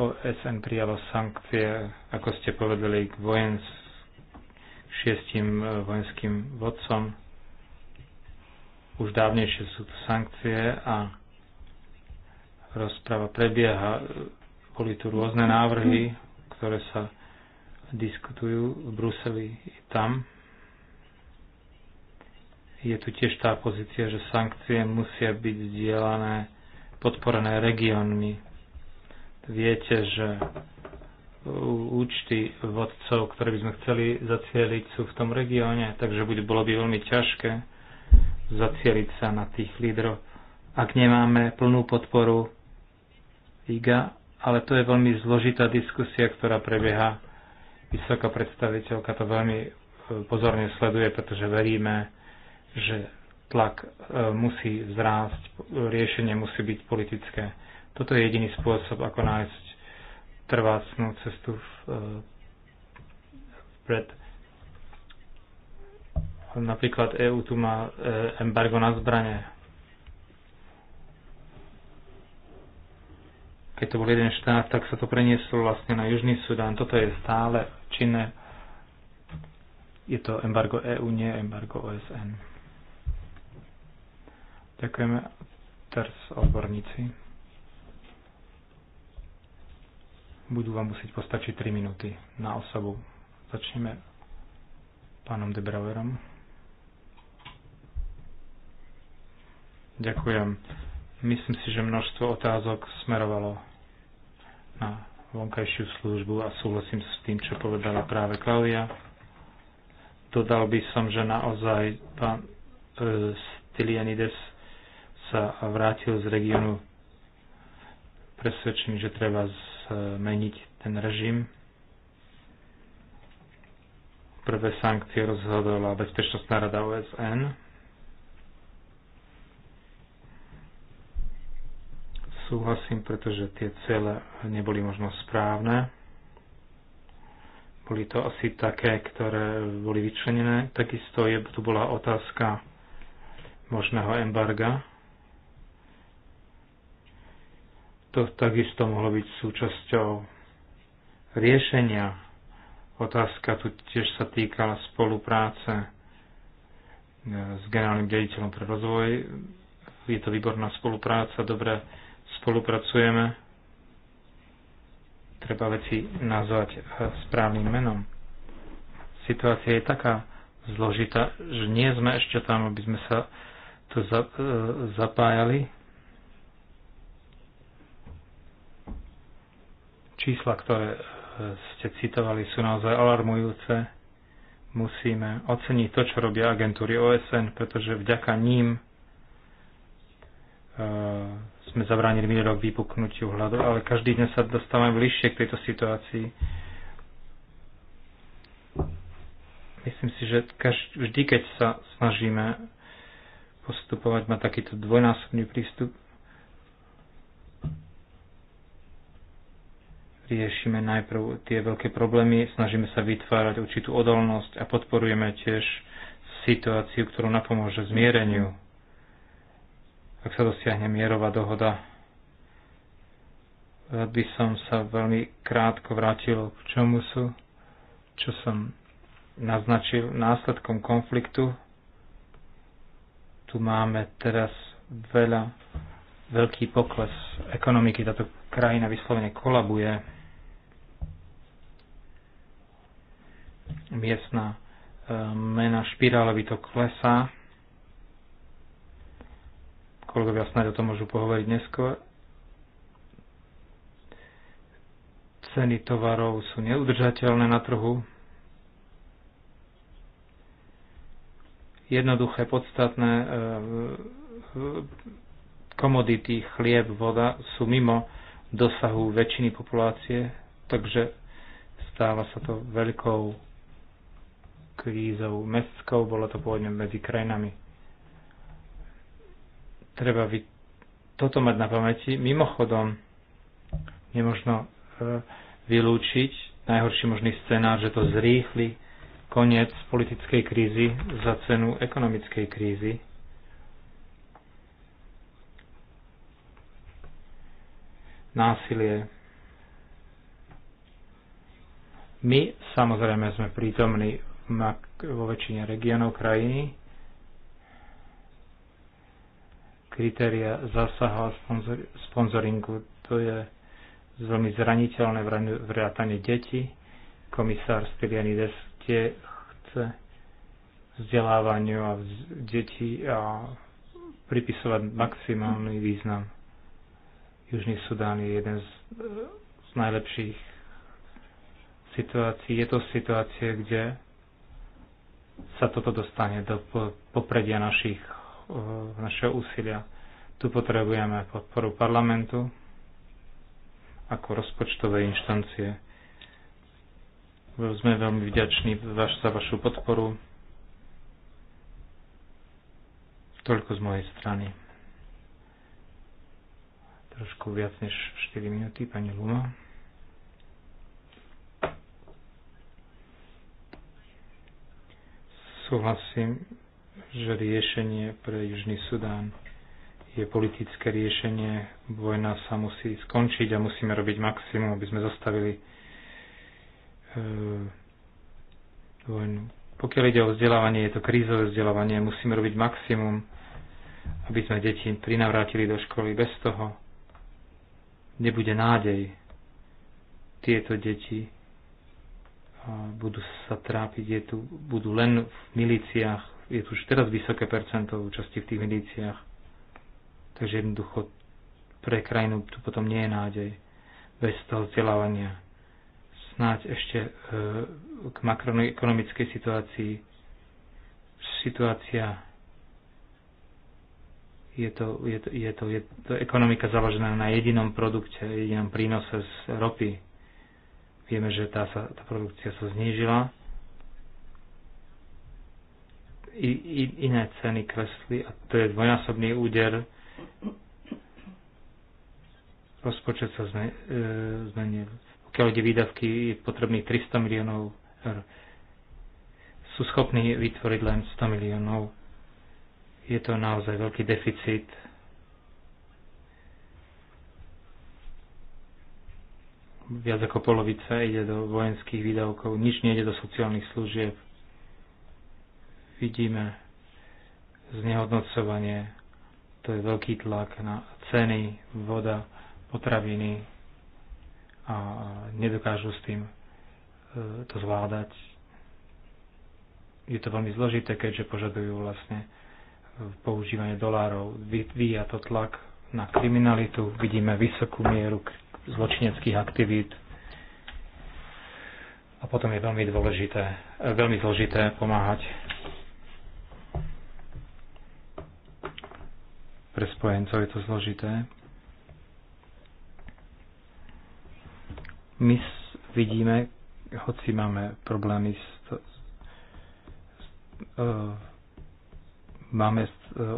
OSN prijalo sankcie, ako ste povedali, k vojens, šiestim e, vojenským vodcom. Už dávnejšie sú to sankcie a rozprava prebieha. Boli tu rôzne návrhy, ktoré sa diskutujú v Bruseli i tam. Je tu tiež tá pozícia, že sankcie musia byť zdieľané, podporené regiónmi, Viete, že účty vodcov, ktoré by sme chceli zacieliť, sú v tom regióne, takže bude, bolo by veľmi ťažké zacieliť sa na tých lídrov, ak nemáme plnú podporu IGA, ale to je veľmi zložitá diskusia, ktorá prebieha. Vysoká predstaviteľka to veľmi e, pozorne sleduje, pretože veríme, že tlak e, musí vzrásť, riešenie musí byť politické toto je jediný spôsob, ako nájsť trvácnú cestu eh, vpred. Napríklad EU tu má eh, embargo na zbranie. Keď to bol jeden štát, tak sa to prenieslo vlastne na Južný Sudán. Toto je stále činné. Je to embargo EU, nie embargo OSN. Ďakujeme. Teraz odborníci. budú vám musieť postačiť 3 minúty na osobu. Začneme pánom Debraverom. Ďakujem. Myslím si, že množstvo otázok smerovalo na vonkajšiu službu a súhlasím s tým, čo povedala práve Klaudia. Dodal by som, že naozaj pán e, Stylianides sa vrátil z regiónu presvedčený, že treba zmeniť ten režim. Prvé sankcie rozhodla Bezpečnostná rada OSN. Súhlasím, pretože tie cele neboli možno správne. Boli to asi také, ktoré boli vyčlenené. Takisto je, tu bola otázka možného embarga to takisto mohlo byť súčasťou riešenia. Otázka tu tiež sa týkala spolupráce e, s generálnym dediteľom pre rozvoj. Je to výborná spolupráca, dobre spolupracujeme. Treba veci nazvať e, správnym menom. Situácia je taká zložitá, že nie sme ešte tam, aby sme sa to e, zapájali Čísla, ktoré e, ste citovali, sú naozaj alarmujúce. Musíme oceniť to, čo robia agentúry OSN, pretože vďaka ním e, sme zabránili minulý rok vypuknutiu hladu, ale každý deň sa dostávame bližšie k tejto situácii. Myslím si, že každý, vždy, keď sa snažíme postupovať, má takýto dvojnásobný prístup, riešime najprv tie veľké problémy, snažíme sa vytvárať určitú odolnosť a podporujeme tiež situáciu, ktorú napomôže zmiereniu. Ak sa dosiahne mierová dohoda, rád by som sa veľmi krátko vrátil k čomu sú, čo som naznačil následkom konfliktu. Tu máme teraz veľa, veľký pokles ekonomiky. Táto krajina vyslovene kolabuje. miestna e, mena špirálový to klesá. Kolegovia snáď o tom môžu pohovoriť neskôr. Ceny tovarov sú neudržateľné na trhu. Jednoduché, podstatné e, komodity, chlieb, voda sú mimo dosahu väčšiny populácie, takže stáva sa to veľkou krízou mestskou, bolo to pôvodne medzi krajinami. Treba vy... toto mať na pamäti. Mimochodom, nemožno e, vylúčiť najhorší možný scénar, že to zrýchli koniec politickej krízy za cenu ekonomickej krízy. Násilie. My samozrejme sme prítomní na, vo väčšine regiónov krajiny. Kritéria zásahu a sponzor, sponzoringu to je veľmi zraniteľné vrátanie detí. Komisár Stylianides tie chce vzdelávaniu a vz, detí a pripisovať maximálny význam. Južný Sudán je jeden z, z najlepších situácií. Je to situácia, kde sa toto dostane do popredia našich, e, našeho úsilia. Tu potrebujeme podporu parlamentu ako rozpočtovej inštancie. Sme veľmi vďační za vašu podporu. Toľko z mojej strany. Trošku viac než 4 minúty, pani Luma. Súhlasím, že riešenie pre Južný Sudán je politické riešenie. Vojna sa musí skončiť a musíme robiť maximum, aby sme zastavili e, vojnu. Pokiaľ ide o vzdelávanie, je to krízové vzdelávanie, musíme robiť maximum, aby sme deti prinavrátili do školy. Bez toho nebude nádej. Tieto deti budú sa trápiť, je tu, budú len v miliciách, je tu už teraz vysoké percento účasti v tých milíciách. Takže jednoducho pre krajinu tu potom nie je nádej bez toho vzdelávania. Snáď ešte e, k makroekonomickej situácii. Situácia je to, je, to, je, to, je to ekonomika založená na jedinom produkte, jedinom prínose z ropy, Vieme, že tá, sa, tá produkcia sa znížila. I, i, iné ceny kresli a to je dvojnásobný úder. Rozpočet sa zmen, e, zmenil. Pokiaľ ide výdavky, je potrebných 300 miliónov eur. Sú schopní vytvoriť len 100 miliónov. Je to naozaj veľký deficit viac ako polovica ide do vojenských výdavkov, nič nejde do sociálnych služieb. Vidíme znehodnocovanie, to je veľký tlak na ceny, voda, potraviny a nedokážu s tým e, to zvládať. Je to veľmi zložité, keďže požadujú vlastne používanie dolárov. Vyvíja to tlak na kriminalitu, vidíme vysokú mieru zločineckých aktivít. A potom je veľmi dôležité, veľmi zložité pomáhať pre spojencov je to zložité. My vidíme, hoci máme problémy s, uh, máme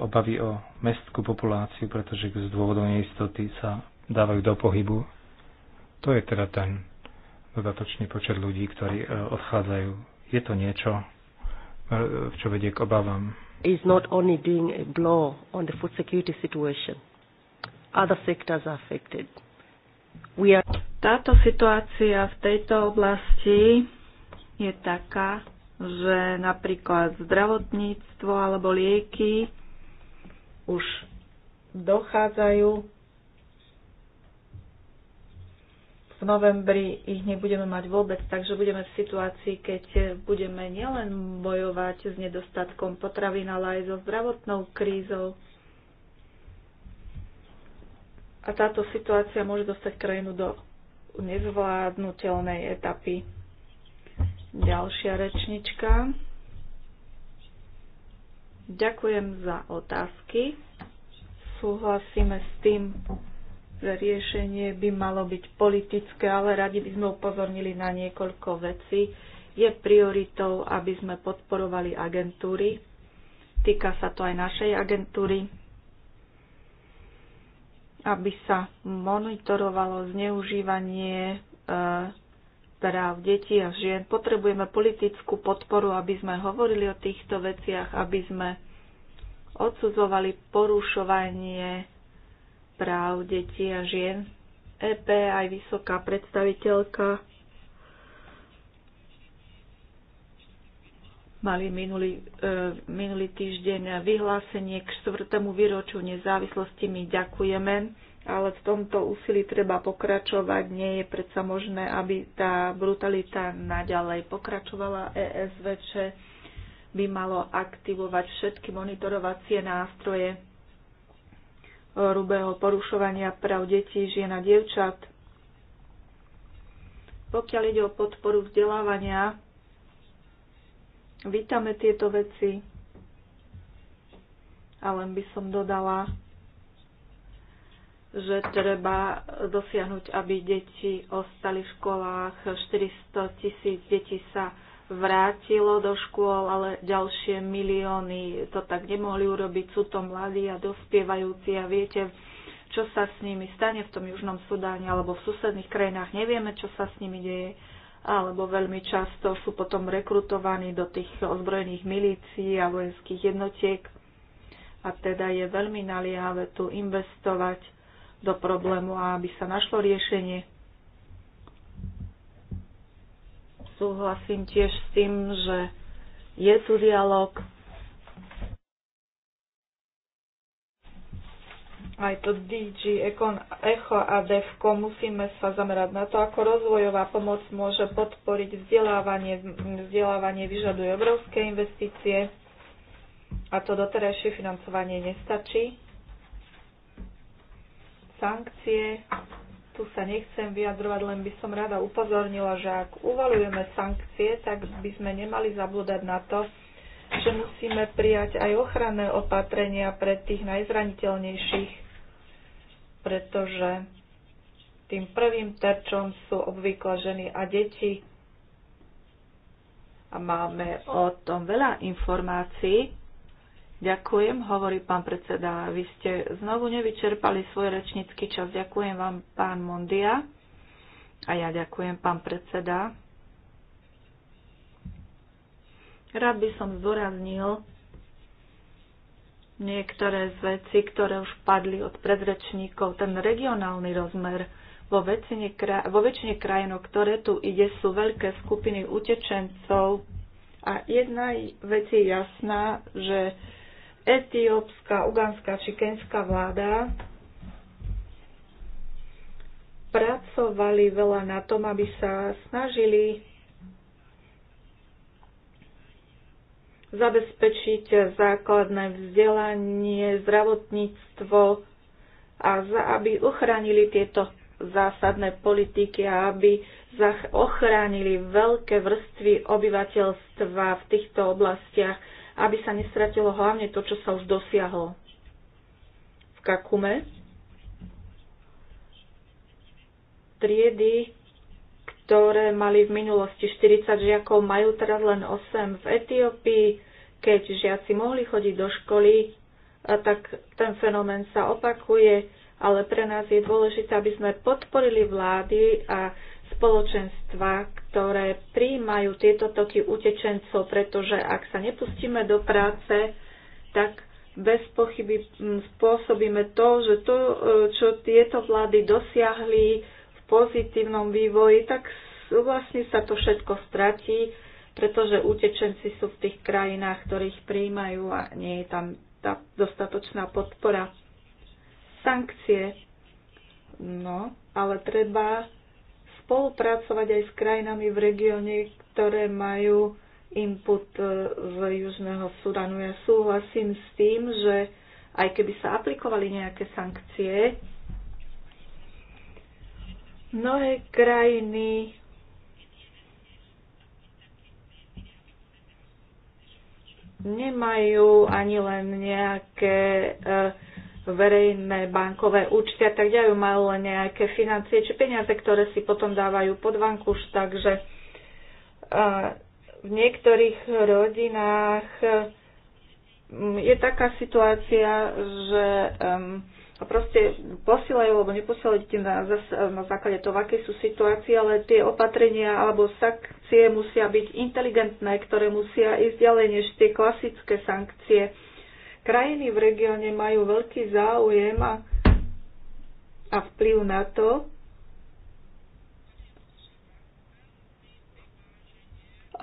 obavy o mestskú populáciu, pretože z dôvodov neistoty sa dávajú do pohybu to je teda ten dodatočný počet ľudí, ktorí e, odchádzajú. Je to niečo, e, čo vedie k obavám. Is not only doing a blow on the food security situation. Other sectors are affected. We are... Táto situácia v tejto oblasti je taká, že napríklad zdravotníctvo alebo lieky už dochádzajú novembri ich nebudeme mať vôbec, takže budeme v situácii, keď budeme nielen bojovať s nedostatkom potravín, ale aj so zdravotnou krízou. A táto situácia môže dostať krajinu do nezvládnutelnej etapy. Ďalšia rečnička. Ďakujem za otázky. Súhlasíme s tým, riešenie by malo byť politické, ale radi by sme upozornili na niekoľko vecí. Je prioritou, aby sme podporovali agentúry. Týka sa to aj našej agentúry, aby sa monitorovalo zneužívanie e, práv detí a žien. Potrebujeme politickú podporu, aby sme hovorili o týchto veciach, aby sme odsudzovali porušovanie práv detí a žien. EP aj vysoká predstaviteľka mali minulý, e, minulý týždeň vyhlásenie k štvrtému výročiu nezávislosti. My ďakujeme, ale v tomto úsilí treba pokračovať. Nie je predsa možné, aby tá brutalita naďalej pokračovala. ESVČ by malo aktivovať všetky monitorovacie nástroje hrubého porušovania práv detí, žien a dievčat. Pokiaľ ide o podporu vzdelávania, vítame tieto veci. A len by som dodala, že treba dosiahnuť, aby deti ostali v školách. 400 tisíc detí sa vrátilo do škôl, ale ďalšie milióny to tak nemohli urobiť. Sú to mladí a dospievajúci a viete, čo sa s nimi stane v tom Južnom Sudáne alebo v susedných krajinách. Nevieme, čo sa s nimi deje alebo veľmi často sú potom rekrutovaní do tých ozbrojených milícií a vojenských jednotiek. A teda je veľmi naliehavé tu investovať do problému, aby sa našlo riešenie. Súhlasím tiež s tým, že je tu dialog. Aj to DG, Econ, ECHO a DEFCO musíme sa zamerať na to, ako rozvojová pomoc môže podporiť vzdelávanie. Vzdelávanie vyžaduje obrovské investície a to doterajšie financovanie nestačí. Sankcie tu sa nechcem vyjadrovať, len by som rada upozornila, že ak uvalujeme sankcie, tak by sme nemali zabúdať na to, že musíme prijať aj ochranné opatrenia pre tých najzraniteľnejších, pretože tým prvým terčom sú obvykle ženy a deti. A máme o tom veľa informácií Ďakujem, hovorí pán predseda. Vy ste znovu nevyčerpali svoj rečnícky čas. Ďakujem vám, pán Mondia. A ja ďakujem, pán predseda. Rád by som zdôraznil niektoré z veci, ktoré už padli od predrečníkov. Ten regionálny rozmer vo väčšine, kraj- vo väčšine krajín, o ktoré tu ide, sú veľké skupiny utečencov. A jedna vec je jasná, že etiópska, uganská či kenská vláda pracovali veľa na tom, aby sa snažili zabezpečiť základné vzdelanie, zdravotníctvo a za, aby ochránili tieto zásadné politiky a aby ochránili veľké vrstvy obyvateľstva v týchto oblastiach aby sa nestratilo hlavne to, čo sa už dosiahlo v Kakume. Triedy, ktoré mali v minulosti 40 žiakov, majú teraz len 8 v Etiópii. Keď žiaci mohli chodiť do školy, tak ten fenomén sa opakuje, ale pre nás je dôležité, aby sme podporili vlády a spoločenstva, ktoré príjmajú tieto toky utečencov, pretože ak sa nepustíme do práce, tak bez pochyby mm, spôsobíme to, že to, e, čo tieto vlády dosiahli v pozitívnom vývoji, tak vlastne sa to všetko stratí, pretože utečenci sú v tých krajinách, ktorých príjmajú a nie je tam tá dostatočná podpora. Sankcie. No, ale treba spolupracovať aj s krajinami v regióne, ktoré majú input e, z Južného Sudanu. Ja súhlasím s tým, že aj keby sa aplikovali nejaké sankcie, mnohé krajiny nemajú ani len nejaké uh, verejné bankové účty a tak ďalej, majú len nejaké financie či peniaze, ktoré si potom dávajú pod vankuš, takže v niektorých rodinách mm, je taká situácia, že proste posielajú alebo neposielajú deti na, na základe toho, aké sú situácie, ale tie opatrenia alebo sankcie musia byť inteligentné, ktoré musia ísť ďalej než tie klasické sankcie Krajiny v regióne majú veľký záujem a, a vplyv na to,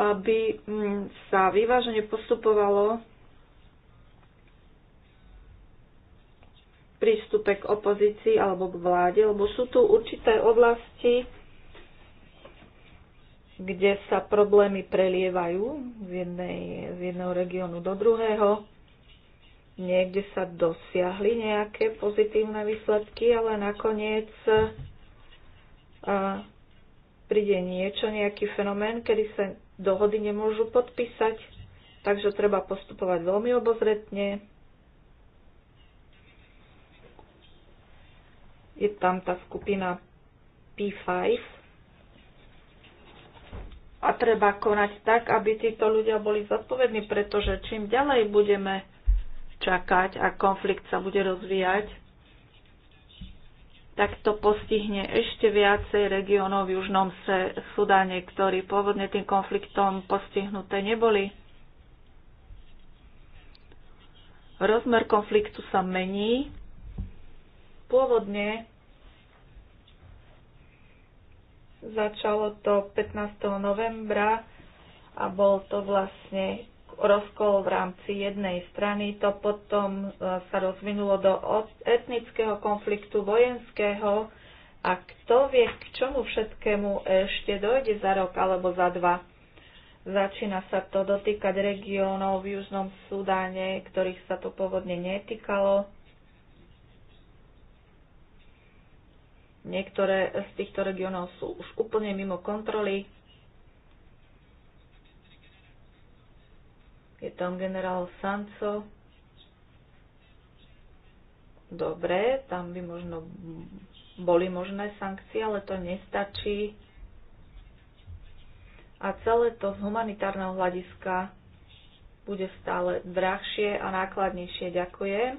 aby mm, sa vyvážene postupovalo prístupe k opozícii alebo k vláde, lebo sú tu určité oblasti, kde sa problémy prelievajú z, jednej, z jedného regiónu do druhého. Niekde sa dosiahli nejaké pozitívne výsledky, ale nakoniec e, a príde niečo, nejaký fenomén, kedy sa dohody nemôžu podpísať, takže treba postupovať veľmi obozretne. Je tam tá skupina P5 a treba konať tak, aby títo ľudia boli zodpovední, pretože čím ďalej budeme čakať a konflikt sa bude rozvíjať, tak to postihne ešte viacej regiónov v Južnom Sudáne, ktorí pôvodne tým konfliktom postihnuté neboli. Rozmer konfliktu sa mení. Pôvodne začalo to 15. novembra a bol to vlastne rozkol v rámci jednej strany. To potom e, sa rozvinulo do etnického konfliktu, vojenského a kto vie, k čomu všetkému ešte dojde za rok alebo za dva. Začína sa to dotýkať regiónov v Južnom Sudáne, ktorých sa to pôvodne netýkalo. Niektoré z týchto regiónov sú už úplne mimo kontroly Je tam generál Sanco. Dobre, tam by možno boli možné sankcie, ale to nestačí. A celé to z humanitárneho hľadiska bude stále drahšie a nákladnejšie. Ďakujem.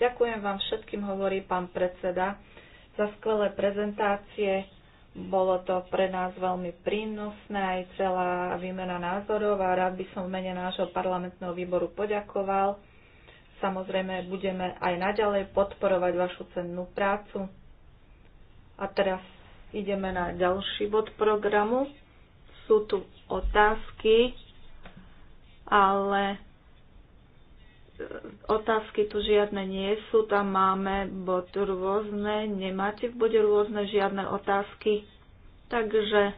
Ďakujem vám všetkým, hovorí pán predseda, za skvelé prezentácie. Bolo to pre nás veľmi prínosné, aj celá výmena názorov a rád by som v mene nášho parlamentného výboru poďakoval. Samozrejme, budeme aj naďalej podporovať vašu cennú prácu. A teraz ideme na ďalší bod programu. Sú tu otázky, ale otázky tu žiadne nie sú, tam máme bod rôzne, nemáte v bode rôzne žiadne otázky. Takže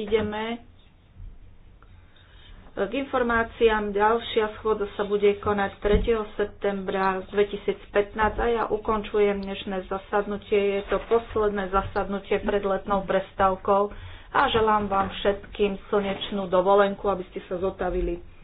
ideme k informáciám. Ďalšia schôdza sa bude konať 3. septembra 2015 a ja ukončujem dnešné zasadnutie. Je to posledné zasadnutie pred letnou prestávkou a želám vám všetkým slnečnú dovolenku, aby ste sa zotavili.